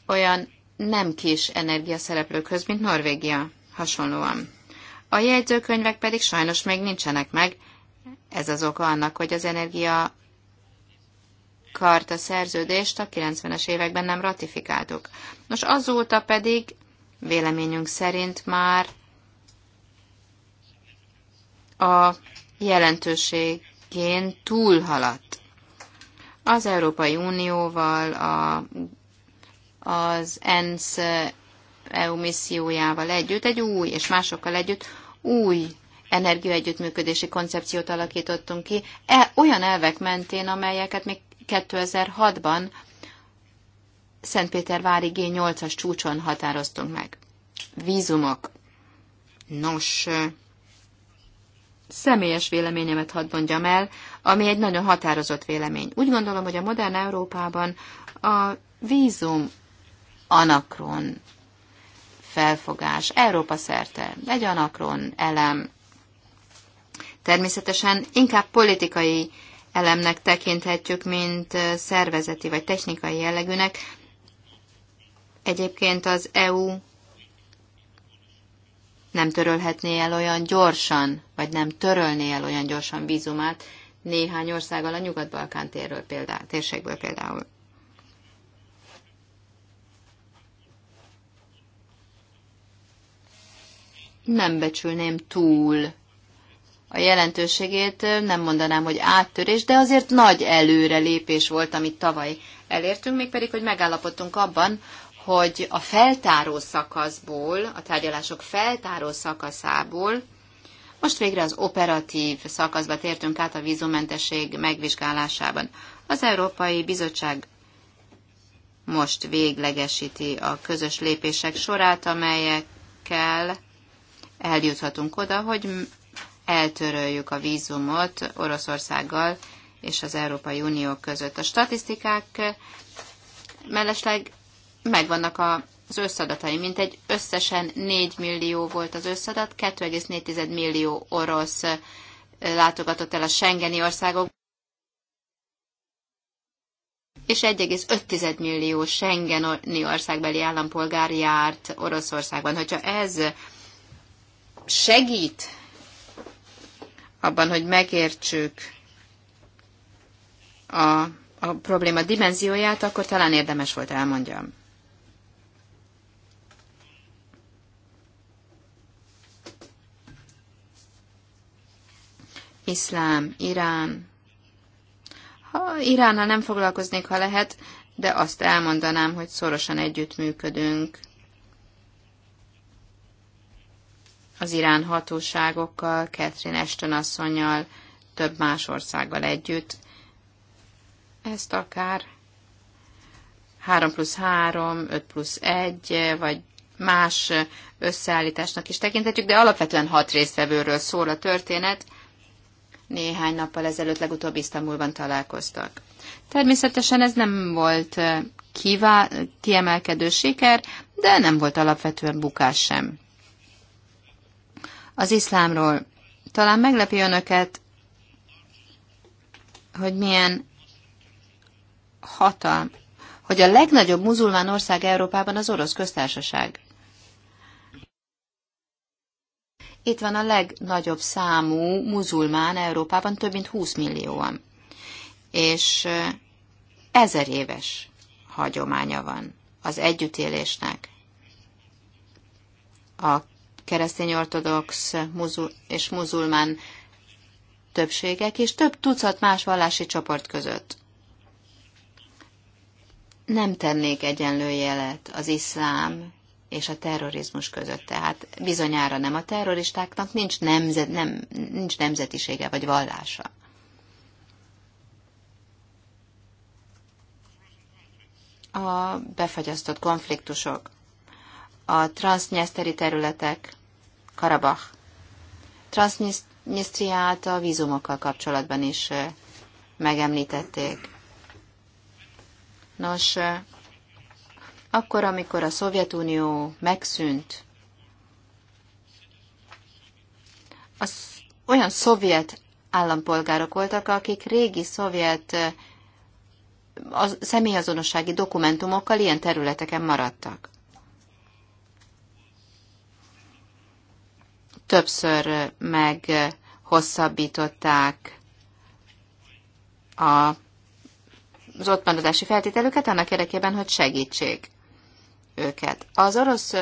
olyan nem kis energiaszereplőkhöz, mint Norvégia hasonlóan. A jegyzőkönyvek pedig sajnos még nincsenek meg, ez az oka annak, hogy az energia karta szerződést a 90-es években nem ratifikáltuk. Nos, azóta pedig véleményünk szerint már a jelentőségén túlhaladt. Az Európai Unióval, a, az ENSZ EU missziójával együtt, egy új és másokkal együtt új energiaegyüttműködési koncepciót alakítottunk ki, e, olyan elvek mentén, amelyeket még 2006-ban Szentpétervári G8-as csúcson határoztunk meg. Vízumok. Nos, személyes véleményemet hadd mondjam el, ami egy nagyon határozott vélemény. Úgy gondolom, hogy a modern Európában a vízum anakron felfogás, Európa szerte, egy anakron elem. Természetesen inkább politikai elemnek tekinthetjük, mint szervezeti vagy technikai jellegűnek. Egyébként az EU nem törölhetné el olyan gyorsan, vagy nem törölné el olyan gyorsan vízumát néhány országgal a Nyugat-Balkán térről például, térségből például. Nem becsülném túl a jelentőségét nem mondanám, hogy áttörés, de azért nagy előrelépés volt, amit tavaly elértünk, mégpedig, hogy megállapodtunk abban, hogy a feltáró szakaszból, a tárgyalások feltáró szakaszából, most végre az operatív szakaszba tértünk át a vízumentesség megvizsgálásában. Az Európai Bizottság most véglegesíti a közös lépések sorát, amelyekkel eljuthatunk oda, hogy eltöröljük a vízumot Oroszországgal és az Európai Unió között. A statisztikák mellesleg megvannak a az összadatai, mint egy összesen 4 millió volt az összadat, 2,4 millió orosz látogatott el a Schengeni országok, és 1,5 millió Schengeni országbeli állampolgár járt Oroszországban. Hogyha ez segít abban, hogy megértsük a, a probléma dimenzióját, akkor talán érdemes volt elmondjam. Iszlám, Irán. Ha Iránnal nem foglalkoznék, ha lehet, de azt elmondanám, hogy szorosan együttműködünk az irán hatóságokkal, Catherine Ashton asszonyjal, több más országgal együtt. Ezt akár 3 plusz 3, 5 plusz 1, vagy más összeállításnak is tekinthetjük, de alapvetően hat résztvevőről szól a történet. Néhány nappal ezelőtt legutóbb Isztambulban találkoztak. Természetesen ez nem volt eh, kivá- kiemelkedő siker, de nem volt alapvetően bukás sem az iszlámról. Talán meglepi önöket, hogy milyen hatal, hogy a legnagyobb muzulmán ország Európában az orosz köztársaság. Itt van a legnagyobb számú muzulmán Európában, több mint 20 millióan. És ezer éves hagyománya van az együttélésnek, a keresztény ortodox muzul és muzulmán többségek és több tucat más vallási csoport között. Nem tennék egyenlő jelet az iszlám és a terrorizmus között. Tehát bizonyára nem a terroristáknak nincs, nemzet, nem, nincs nemzetisége vagy vallása. A befagyasztott konfliktusok, a transznyeszteri területek, Karabach, Transnistriát a vízumokkal kapcsolatban is megemlítették. Nos, akkor, amikor a Szovjetunió megszűnt, az olyan szovjet állampolgárok voltak, akik régi szovjet az személyazonossági dokumentumokkal ilyen területeken maradtak. többször meg hosszabbították a, az ott maradási feltételüket annak érdekében, hogy segítsék őket. Az orosz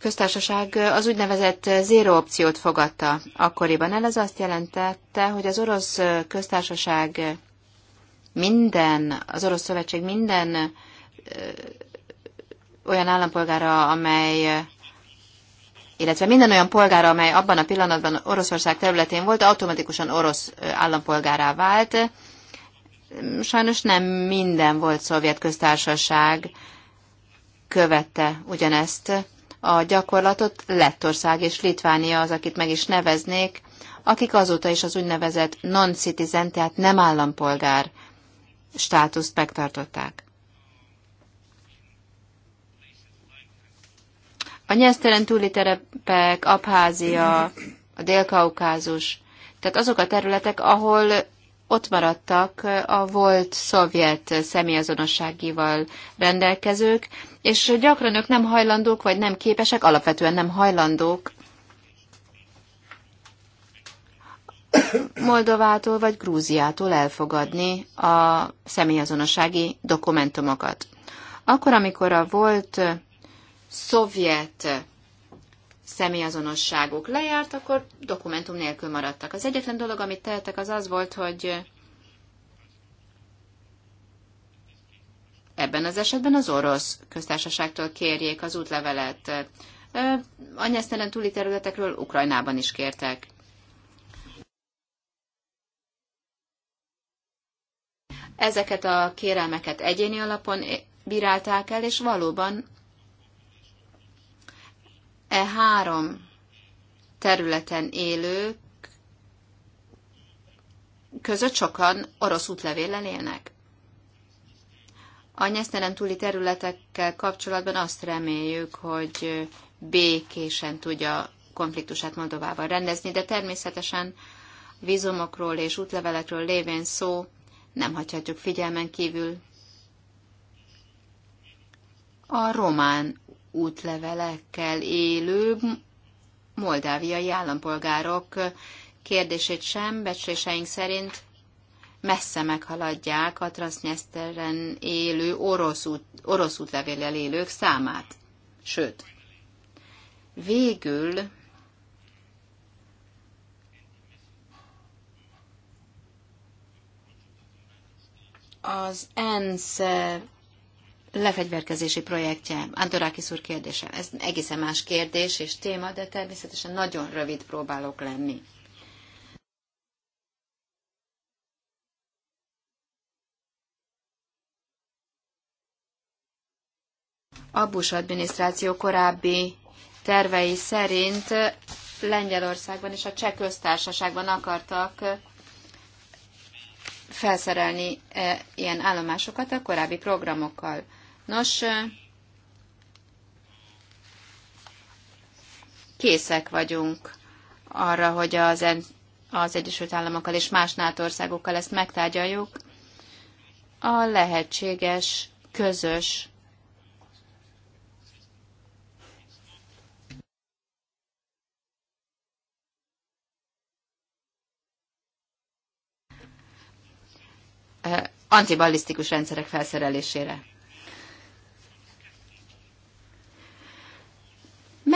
köztársaság az úgynevezett zéro opciót fogadta akkoriban el. Ez azt jelentette, hogy az orosz köztársaság minden, az orosz szövetség minden olyan állampolgára, amely illetve minden olyan polgár, amely abban a pillanatban Oroszország területén volt, automatikusan orosz állampolgárá vált. Sajnos nem minden volt szovjet köztársaság követte ugyanezt a gyakorlatot. Lettország és Litvánia az, akit meg is neveznék, akik azóta is az úgynevezett non-citizen, tehát nem állampolgár státuszt megtartották. A nyesztelen túli terepek, Abházia, a Dél-Kaukázus, tehát azok a területek, ahol ott maradtak a volt szovjet személyazonosságival rendelkezők, és gyakran ők nem hajlandók, vagy nem képesek, alapvetően nem hajlandók Moldovától vagy Grúziától elfogadni a személyazonossági dokumentumokat. Akkor, amikor a volt szovjet személyazonosságuk lejárt, akkor dokumentum nélkül maradtak. Az egyetlen dolog, amit tehetek, az az volt, hogy ebben az esetben az orosz köztársaságtól kérjék az útlevelet. Anyasztelen túli területekről Ukrajnában is kértek. Ezeket a kérelmeket egyéni alapon bírálták el, és valóban E három területen élők között sokan orosz útlevéllel élnek. A nyesztelen túli területekkel kapcsolatban azt reméljük, hogy békésen tudja konfliktusát Moldovával rendezni, de természetesen vízumokról és útlevelekről lévén szó nem hagyhatjuk figyelmen kívül a román útlevelekkel élő moldáviai állampolgárok kérdését sem becsléseink szerint messze meghaladják a Transzneszteren élő orosz, út, orosz útlevéllel élők számát. Sőt, végül az ENSZ lefegyverkezési projektje. Andorákis úr kérdése. Ez egészen más kérdés és téma, de természetesen nagyon rövid próbálok lenni. A Bush adminisztráció korábbi tervei szerint Lengyelországban és a cseh köztársaságban akartak eh, felszerelni eh, ilyen állomásokat a korábbi programokkal. Nos, készek vagyunk arra, hogy az, az Egyesült Államokkal és más NATO országokkal ezt megtárgyaljuk, a lehetséges, közös antiballisztikus rendszerek felszerelésére.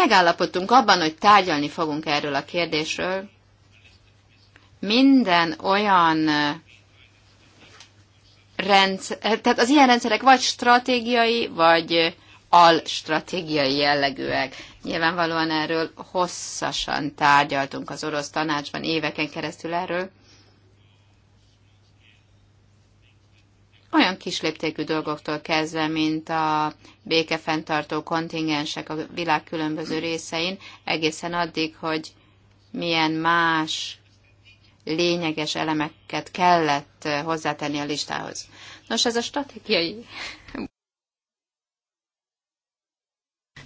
megállapodtunk abban, hogy tárgyalni fogunk erről a kérdésről. Minden olyan rendszer, tehát az ilyen rendszerek vagy stratégiai, vagy alstratégiai jellegűek. Nyilvánvalóan erről hosszasan tárgyaltunk az orosz tanácsban éveken keresztül erről. olyan kisléptékű dolgoktól kezdve, mint a békefenntartó kontingensek a világ különböző részein, egészen addig, hogy milyen más lényeges elemeket kellett hozzátenni a listához. Nos, ez a stratégiai.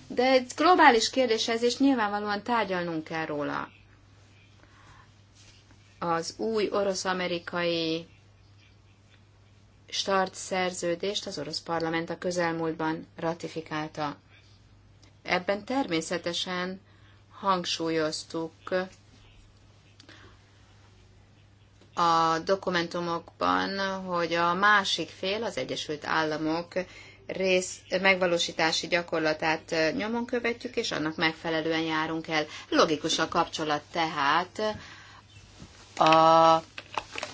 De egy globális kérdés ez, és nyilvánvalóan tárgyalnunk kell róla. Az új orosz-amerikai start szerződést az orosz parlament a közelmúltban ratifikálta. Ebben természetesen hangsúlyoztuk a dokumentumokban, hogy a másik fél, az Egyesült Államok rész megvalósítási gyakorlatát nyomon követjük, és annak megfelelően járunk el. Logikus a kapcsolat tehát a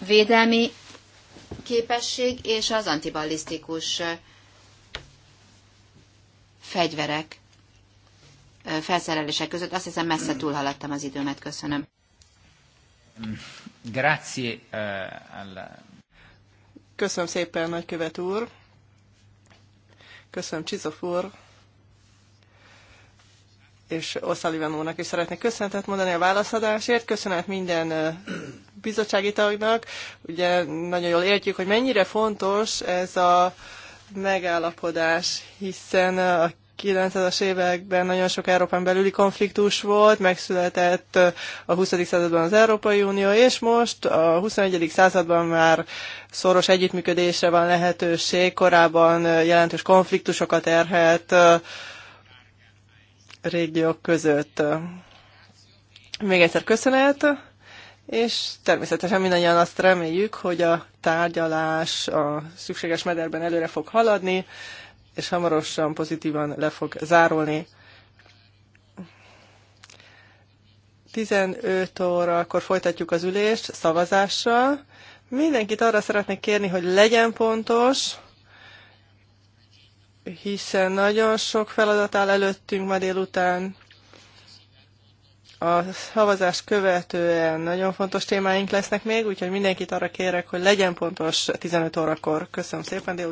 védelmi képesség és az antiballisztikus fegyverek felszerelések között. Azt hiszem messze túlhaladtam az időmet, köszönöm. Grazie. Köszönöm szépen, nagykövet úr. Köszönöm Csizof úr és Oszalivan úrnak is szeretnék köszönetet mondani a válaszadásért. Köszönet minden bizottsági tagnak. Ugye nagyon jól értjük, hogy mennyire fontos ez a megállapodás, hiszen a 90-es években nagyon sok Európán belüli konfliktus volt, megszületett a 20. században az Európai Unió, és most a 21. században már szoros együttműködésre van lehetőség, korábban jelentős konfliktusokat erhet régiók között. Még egyszer köszönet és természetesen mindannyian azt reméljük, hogy a tárgyalás a szükséges mederben előre fog haladni, és hamarosan pozitívan le fog zárulni. 15 órakor folytatjuk az ülést szavazással. Mindenkit arra szeretnék kérni, hogy legyen pontos, hiszen nagyon sok feladat áll előttünk ma délután. A szavazást követően nagyon fontos témáink lesznek még, úgyhogy mindenkit arra kérek, hogy legyen pontos 15 órakor. Köszönöm szépen,